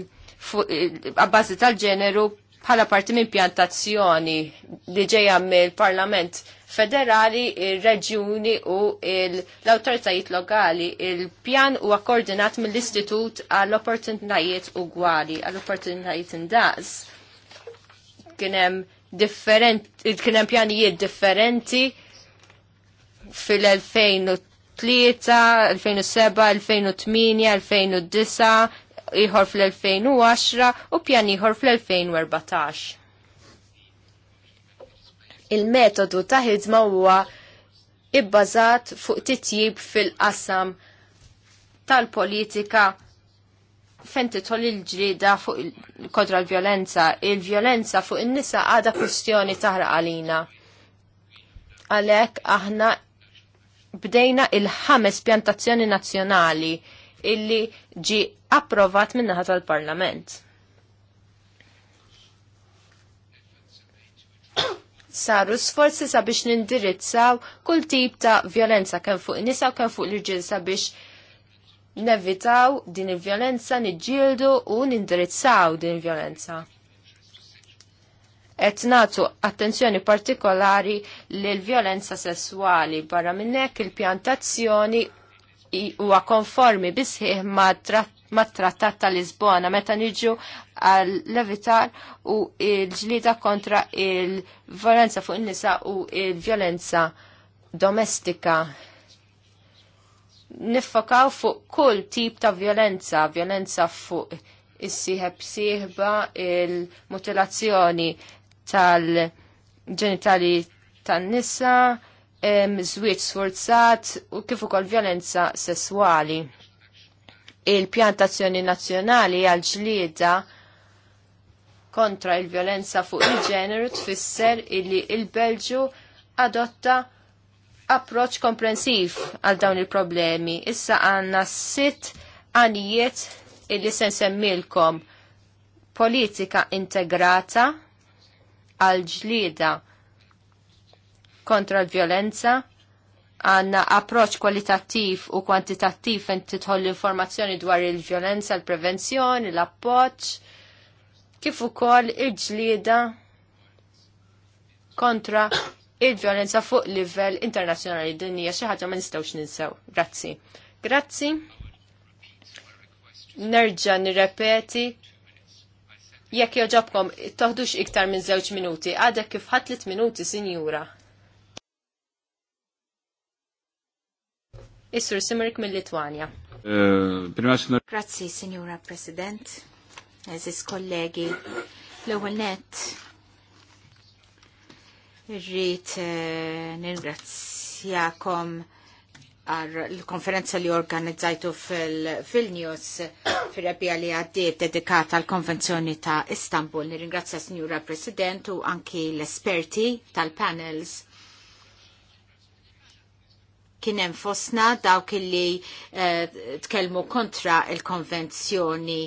għabbażi tal-ġeneru bħala parti minn pjantazzjoni li ġejja mill-Parlament federali, il-reġjuni u l-autoritajiet lokali. Il-pjan huwa koordinat mill-Istitut għall-opportunitajiet ugwali, għall-opportunitajiet indaqs. Kienem different, kienem pjanijiet differenti fil-2003, 2007, 2008, 2009, iħor fl-2010 u pjan iħor fl-2014 il-metodu ta' ħidma huwa ibbażat fuq titjib fil-qasam tal-politika fejn titħol il-ġrida fuq kontra l-vjolenza. Il-vjolenza fuq in-nisa għadha kwistjoni taħraq għalina. Għalhekk aħna bdejna il-ħames pjantazzjoni nazzjonali illi ġi approvat minnaħat tal-Parlament. saru sforzi sabiex nindirizzaw kull tip ta' violenza kemm fuq nisa u kemm fuq l-irġiel sabiex nevitaw din il-violenza, niġġieldu u nindirizzaw din il-violenza et natu attenzjoni partikolari l-violenza sessuali barra minnek il-pjantazzjoni huwa konformi bisħiħ ma' tratt mat-trattat tal-Lisbona meta niġu għal levitar u il-ġlida kontra il-violenza fuq in-nisa u il-violenza domestika. Niffokaw fuq kull tip ta' violenza, violenza fuq is-sieħeb sieħba, il-mutilazzjoni tal-ġenitali tan-nisa, żwieġ sforzat u kif ukoll violenza sesswali il-pjantazzjoni nazzjonali għal ġlieda kontra il-violenza fuq il-ġeneru tfisser illi il-Belġu adotta approċ komprensiv għal dawn il-problemi. Issa għanna sitt għanijiet illi sen semmilkom politika integrata għal ġlieda kontra l-violenza, għanna approċ kwalitattiv u kwantitattiv fejn titħol l-informazzjoni dwar il-vjolenza, l-prevenzjoni, l-appoċ, kif ukoll il-ġlieda kontra il-vjolenza fuq livell internazzjonali dinja xi ħaġa ma nistgħux ninsew. Grazzi. Grazzi. Nerġa' nirrepeti jekk joġobkom toħdux iktar minn żewġ minuti, għadek kif ħadd minuti, sinjura. Is-Sur Simmerk mill-Litwanja. Eh, Grazzi, Signora President, eżis kollegi, l-ewwel net irrid eh, għar l-konferenza li organizzajtu fil-Vilnius fil-rebja li għaddiet dedikata l konvenzjoni ta' Istanbul. Nirringrazzja Signora President u anki l-esperti tal-panels kienem fosna dawk li uh, eh, tkellmu kontra il-konvenzjoni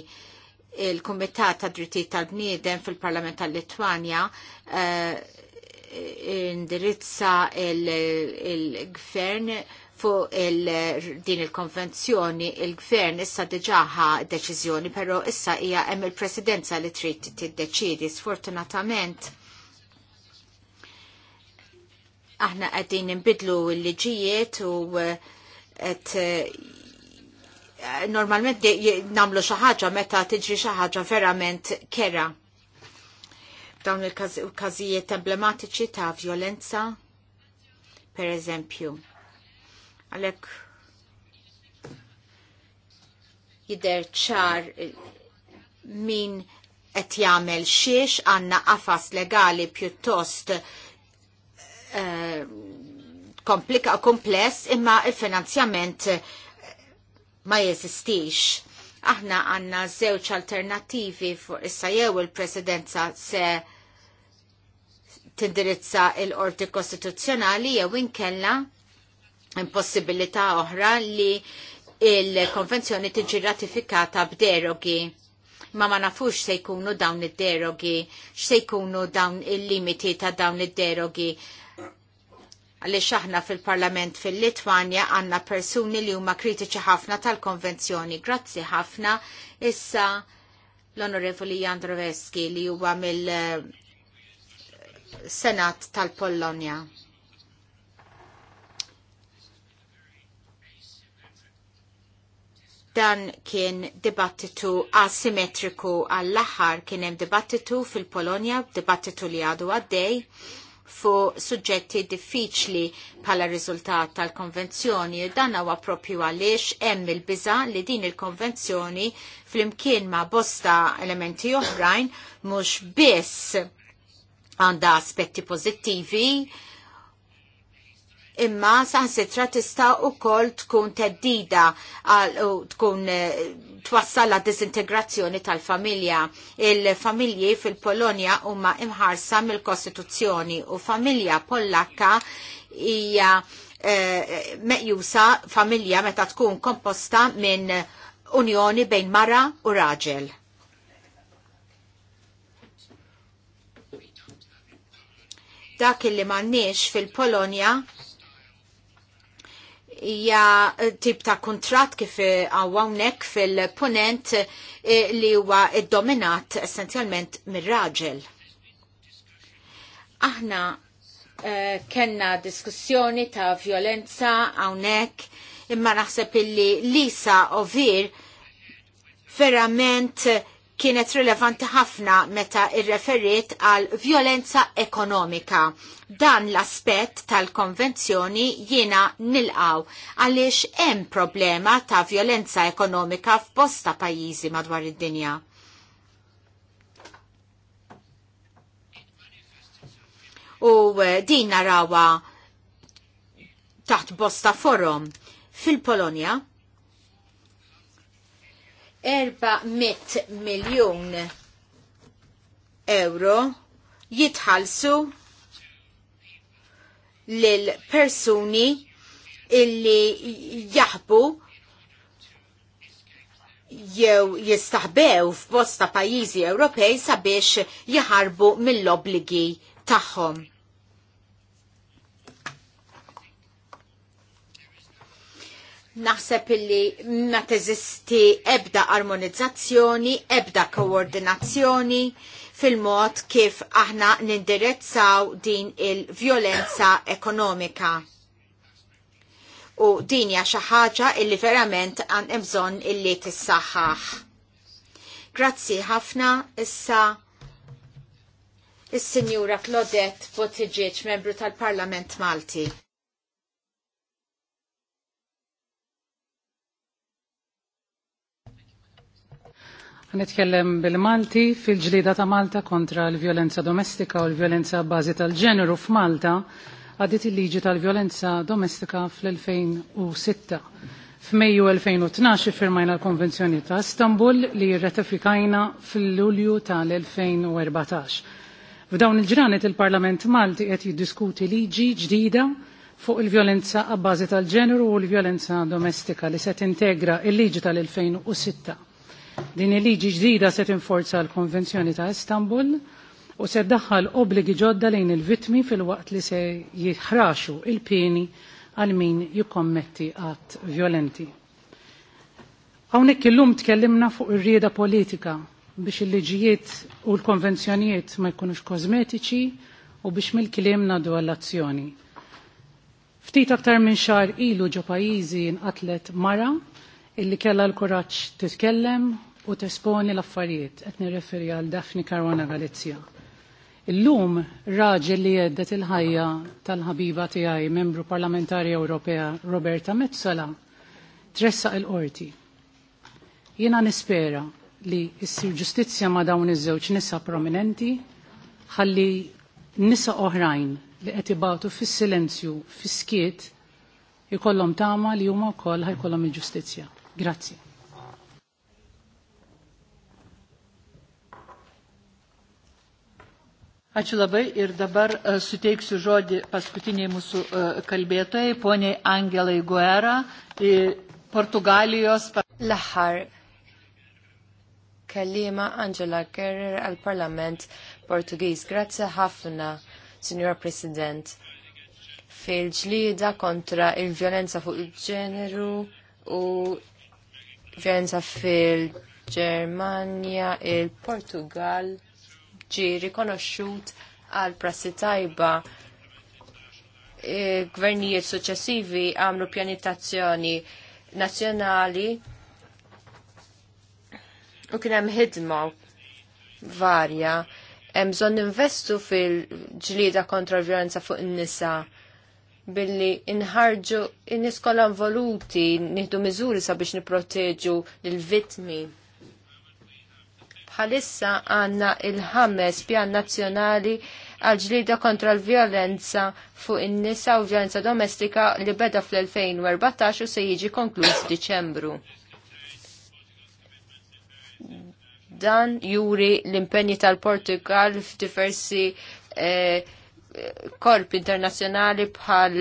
il-Kumitat ta' Drittijiet tal-Bniedem fil-Parlament tal-Litwanja eh, indirizza il-gvern fu fuq il din il-konvenzjoni il-gvern issa diġaħa deċiżjoni, pero issa hija hemm il-presidenza li trid tiddeċidi. Sfortunatament, aħna qegħdin nbidlu l-liġijiet u għed uh, uh, normalment namlu xi ħaġa meta tiġri xi ħaġa verament kera. Dawn il-każijiet emblematiċi ta' violenza, per eżempju. Għalhekk jidher ċar min qed jagħmel xiex għandna qafas legali pjuttost uh, Eh, komplika kompless imma il-finanzjament eh, ma jeżistix. Aħna għanna żewġ alternativi fuq issa jew il-presidenza se tindirizza il-qorti kostituzzjonali jew inkella impossibilità oħra li il-konvenzjoni tiġi ratifikata b'derogi ma ma nafux se jkunu dawn id-derogi, x'se jkunu dawn il-limiti ta' dawn id-derogi għaliex aħna fil-Parlament fil-Litwanja għandna persuni li huma kritiċi ħafna tal-konvenzjoni. Grazzi ħafna issa l-Onorevoli Jandroveski li huwa mill-Senat tal-Pollonja. dan kien dibattitu asimetriku għall-aħħar kien hemm dibattitu fil-Polonja, dibattitu li għadu għaddej, Fu suġġetti diffiċli bħala riżultat tal-konvenzjoni u dan huwa propju għaliex hemm il-biża li din il-konvenzjoni flimkien ma' bosta elementi oħrajn mhux biss għandha aspetti pożittivi imma saħsitra tista' ukoll tkun teddida u tkun eh, twassal għad disintegrazzjoni tal-familja. Il-familji fil-Polonja huma imħarsa mill-Kostituzzjoni u familja Pollakka hija eh, meqjusa familja meta tkun komposta minn unjoni bejn mara u raġel. dak illi manniex fil-Polonja hija eh, tip ta' kontrat kif eh, hawnhekk fil-punent eh, li huwa dominat essenzjalment mir-raġel. Aħna kenna diskussjoni ta' violenza hawnhekk imma naħseb illi Lisa Ovir verament kienet rilevanti ħafna meta irreferit għal violenza ekonomika. Dan l-aspett tal-konvenzjoni jiena nilqaw għaliex hemm problema ta' violenza ekonomika f'bosta pajjiżi madwar id-dinja. U eh, din narawa taħt bosta forum fil-Polonja 400 miljon euro jitħalsu lil persuni illi jaħbu jew jistaħbew f'bosta pajjiżi Ewropej sabiex jaħarbu mill-obligi tagħhom. Naħseb illi ma teżisti ebda armonizzazzjoni, ebda koordinazzjoni fil-mod kif aħna nindirezzaw din il-vjolenza ekonomika. U din hija xi ħaġa illi verament għan bżonn illi tissaħħaħ. Grazzi ħafna issa is-Sinjura Claudette Bottigieg, membru tal-Parlament Malti. Nitkellem bil-Malti fil-ġlida ta' Malta kontra l-violenza domestika u l-violenza bazi tal-ġeneru f'Malta għaddit il-liġi tal-violenza domestika fl-2006. F'Mejju 2012 firmajna l-Konvenzjoni ta' Istanbul li rratifikajna fil-Lulju tal-2014. F'dawn il-ġranet il-Parlament Malti qed jiddiskuti liġi ġdida fuq il-violenza għabbażi tal-ġeneru u l-violenza domestika li se tintegra il-liġi tal-2006 Din il-liġi ġdida se tinforza l-Konvenzjoni ta' Istanbul u se daħħal obbligi ġodda lejn il-vitmi fil-waqt li se jħraxu il-pieni għal min jikommetti għat violenti. Hawnhekk illum tkellimna fuq ir-rieda politika biex il-liġijiet u l-konvenzjonijiet ma jkunux kosmetiċi u biex mill kilim nadu għall-azzjoni. Ftit aktar minn xar ilu ġo pajizi nqatlet mara illi kella l-kuraġġ titkellem u tesponi l-affarijiet qed nirreferi għal Daphne Caruana Galizja. Illum raġel li jeddet il-ħajja tal-ħabiba tiegħi membru parlamentari Ewropea Roberta Mezzola tressaq il-qorti. Jiena nispera li jissir ġustizzja ma' dawn iż-żewġ nisa prominenti ħalli nisa oħrajn li qed ibatu fis-silenzju fis-skiet ikollhom tama li huma wkoll ħajkollhom il-ġustizzja. Grazie. Ačiū labai ir dabar e, suteiksiu žodį paskutiniai mūsų e, kalbėtojai, poniai Angelai Guerra, Portugalijos. Lahar kalima Angela Guerra al Parlament Portugis. Grazie hafna, Signor President. Fil-ġlida kontra il-violenza fuq il-ġeneru u violenza fil-Germania, il-Portugal ġi rikonoxxut għal prassi tajba. Gvernijiet suċċessivi għamlu pjanitazzjoni nazzjonali u kien hemm varja hemm bżonn investu fil-ġlieda kontra l-vjolenza fuq in-nisa billi inħarġu in-niskola involuti, nieħdu miżuri sabiex niproteġu l-vitmi. Bħalissa għanna il-ħames pjan nazzjonali għal ġlida kontra l-violenza fuq in-nisa u violenza domestika li beda fl-2014 u se jiġi konkluż f'Diċembru. Dan juri l-impenji tal-Portugal f'diversi eh, korp internazzjonali bħal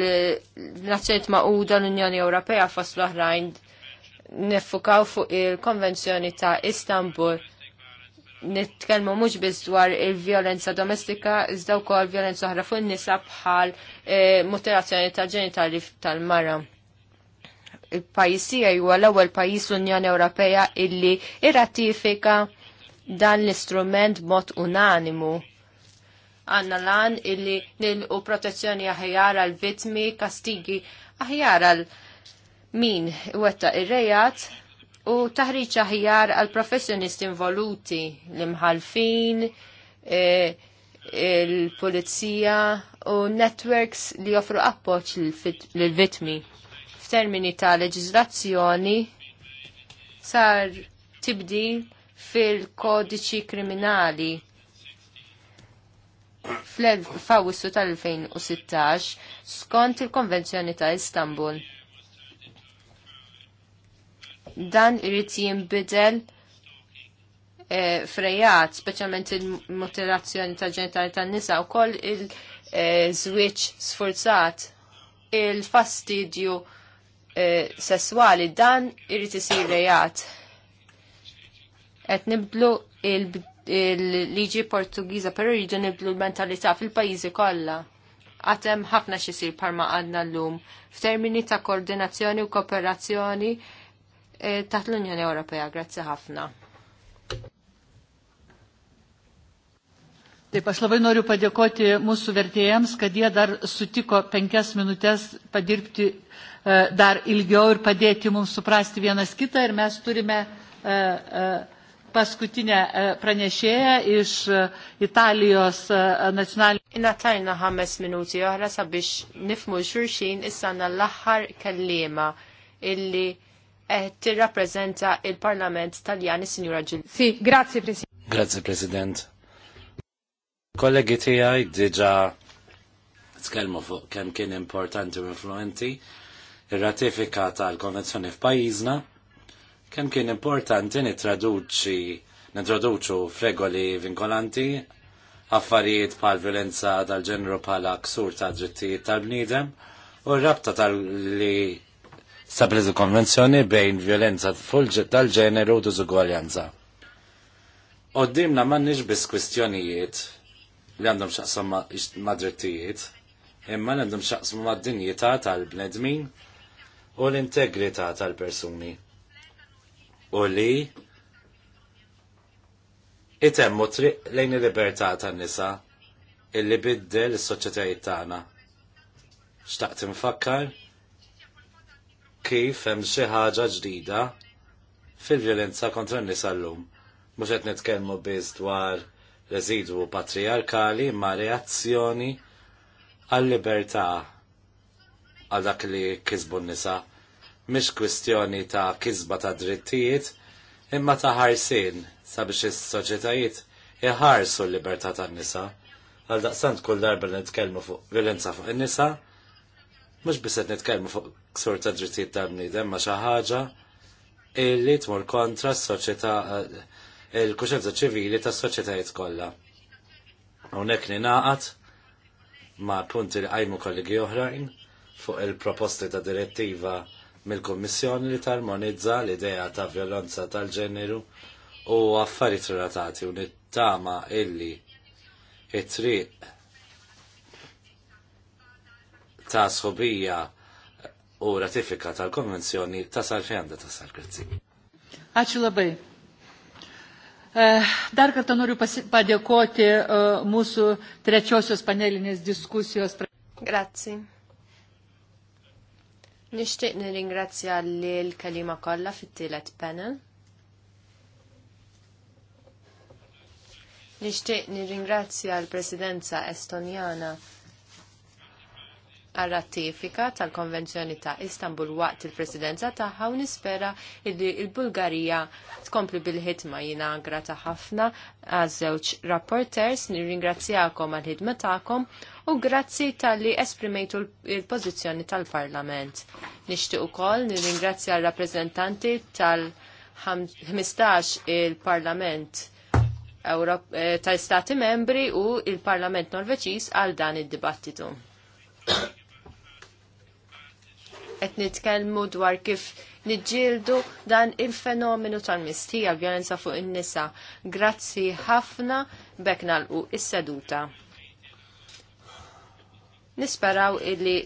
Nazzjonijiet Maquda l-Unjoni Ewropea fost l-oħrajn neffukaw fuq il-Konvenzjoni ta' Istanbul. Nitkellmu mhux biss dwar il-vjolenza domestika iżda wkoll violenza oħra fuq nisa bħal e, mutilazzjoni ta' ġenitali tal-mara. Il-pajjiż huwa l-ewwel pajjiżija l-Unjoni Ewropea illi irratifika dan l-istrument mod unanimu għanna lan illi nilqu protezzjoni aħjar għal vitmi, kastigi aħjar għal min wetta ir-rejat u taħriċ aħjar għal professjonisti involuti l-imħalfin, e, il-polizija u networks li joffru appoċ l-vitmi. F'termini ta' leġizlazzjoni sar tibdil fil-kodiċi kriminali fl tal-2016 skont il-Konvenzjoni ta' Istanbul. Dan irrid jinbidel e, frejat, speċjalment il-mutilazzjoni ta' ġenitali tan-nisa wkoll il-żwieġ eh, sforzat, il-fastidju e, eh, sesswali dan irrid isir rejat. Qed nibdlu il bidel il-liġi portugiza, pero jridu nibdlu l-mentalità fil pajizi kollha. Għatem ħafna xisir parma għadna l-lum f'termini ta' koordinazzjoni u kooperazzjoni eh, ta' l-Unjoni Ewropea. Grazzi ħafna. Taip, aš labai noriu padėkoti mūsų vertėjams, kad jie dar sutiko penkias minutės padirbti eh, dar ilgiau ir padėti mums suprasti vienas kitą ir mes turime uh, uh, paskutinę e, pranešėją iš e, Italijos e, nacionalinio. tajna ħames minuti oħra sabiex nifmu xurxin issanna l-aħħar kellima illi tirrappreżenta il-Parlament Taljani Signora Ġil. Si, grazie President. Grazie President. Kollegi tiegħi diġa tkellmu fuq kemm kien importanti u influenti il ratifika tal-konvenzjoni f'pajjiżna Kemm kien importanti nitraduċi nitraduċu fregoli vinkolanti affarijiet pal violenza tal-ġenru pala ksur ta' drittijiet tal-bniedem u r-rabta tal-li stablizu konvenzjoni bejn violenza tal-ġeneru u dużugwaljanza. Qoddimna mannix biss kwistjonijiet li għandhom xaqsam madrittijiet, imma li għandhom xaqsam mad-dinjità tal-bnedmin u l-integrità tal-persuni u li itemmu triq lejn il-libertà tan-nisa illi biddel is-soċjetajiet tagħna. Xtaqt infakkar kif hemm xi ħaġa ġdida fil-vjolenza kontra n-nisa llum. Mhux qed nitkellmu biss dwar residwu patriarkali ma reazzjoni għal libertà għal dak li kisbu n-nisa. Mish kwistjoni ta' kizba ta' drittijiet, imma ta' ħarsin sabiex is-soċjetajiet iħarsu l-libertà tan-nisa. Għal daqsant kull darba li nitkellmu fuq violenza fuq in-nisa, mhux biss qed nitkellmu fuq ksur ta' drittijiet tal-bniedem ma xi ħaġa illi tmur kontra s-soċjetà eh, il-kuxenza ċivili tas soċjetajiet kollha. Hawnhekk ninaqat ma' punti li qajmu kollegi oħrajn fuq il-proposti ta' direttiva mill-Kommissjoni li tarmonizza l-idea ta' violenza tal-ġeneru u affarijiet relatati u nittama illi it-triq ta' sħobija u ratifika tal-konvenzjoni ta' sal-fjanda ta' sal-grazzi. Ačiū labai. Eh, dar kartą noriu padėkoti eh, mūsų trečiosios panelinės diskusijos. Grazie. Nishtiq nir-ingrazzja li l-kalima kolla fit-tielet panel. Nishtiq nir-ingrazzja l-presidenza estonjana għal-ratifika tal-Konvenzjoni ta' Istanbul waqt il-presidenza tagħha u nispera li l-Bulgarija tkompli bil-ħidma jina grata ħafna għaż-żewġ rapporters, nirringrazzjakom għal-ħidma tagħkom u grazzi tal-li esprimejtu l-pożizzjoni tal-Parlament. Nixtieq ukoll nirringrazzja l-rappreżentanti tal-15 il-Parlament eh, tal-Stati membri u il-Parlament Norveċiż għal dan id-dibattitu qed nitkellmu dwar kif niġġieldu dan il-fenomenu tal-mistija vjolenza fuq in-nisa. Grazzi ħafna bekk nalqu is-seduta. Nisperaw illi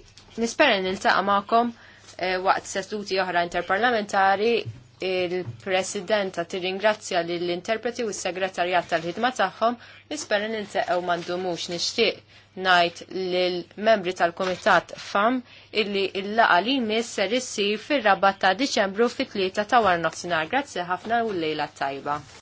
nispera niltaqa' magħkom eh, waqt seduti oħra interparlamentari il-Presidenta tirringrazzja lill interpreti u s-segretarjat tal-ħidma tagħhom nispera niltaqgħu m'għandumux nixtieq ngħid lill-membri tal-Kumitat FAM illi l-laqa li jmiss ser issir fir-rabat ta' Diċembru fit-tlieta ta' war nofsinhar. Grazzi ħafna u l-lejla tajba.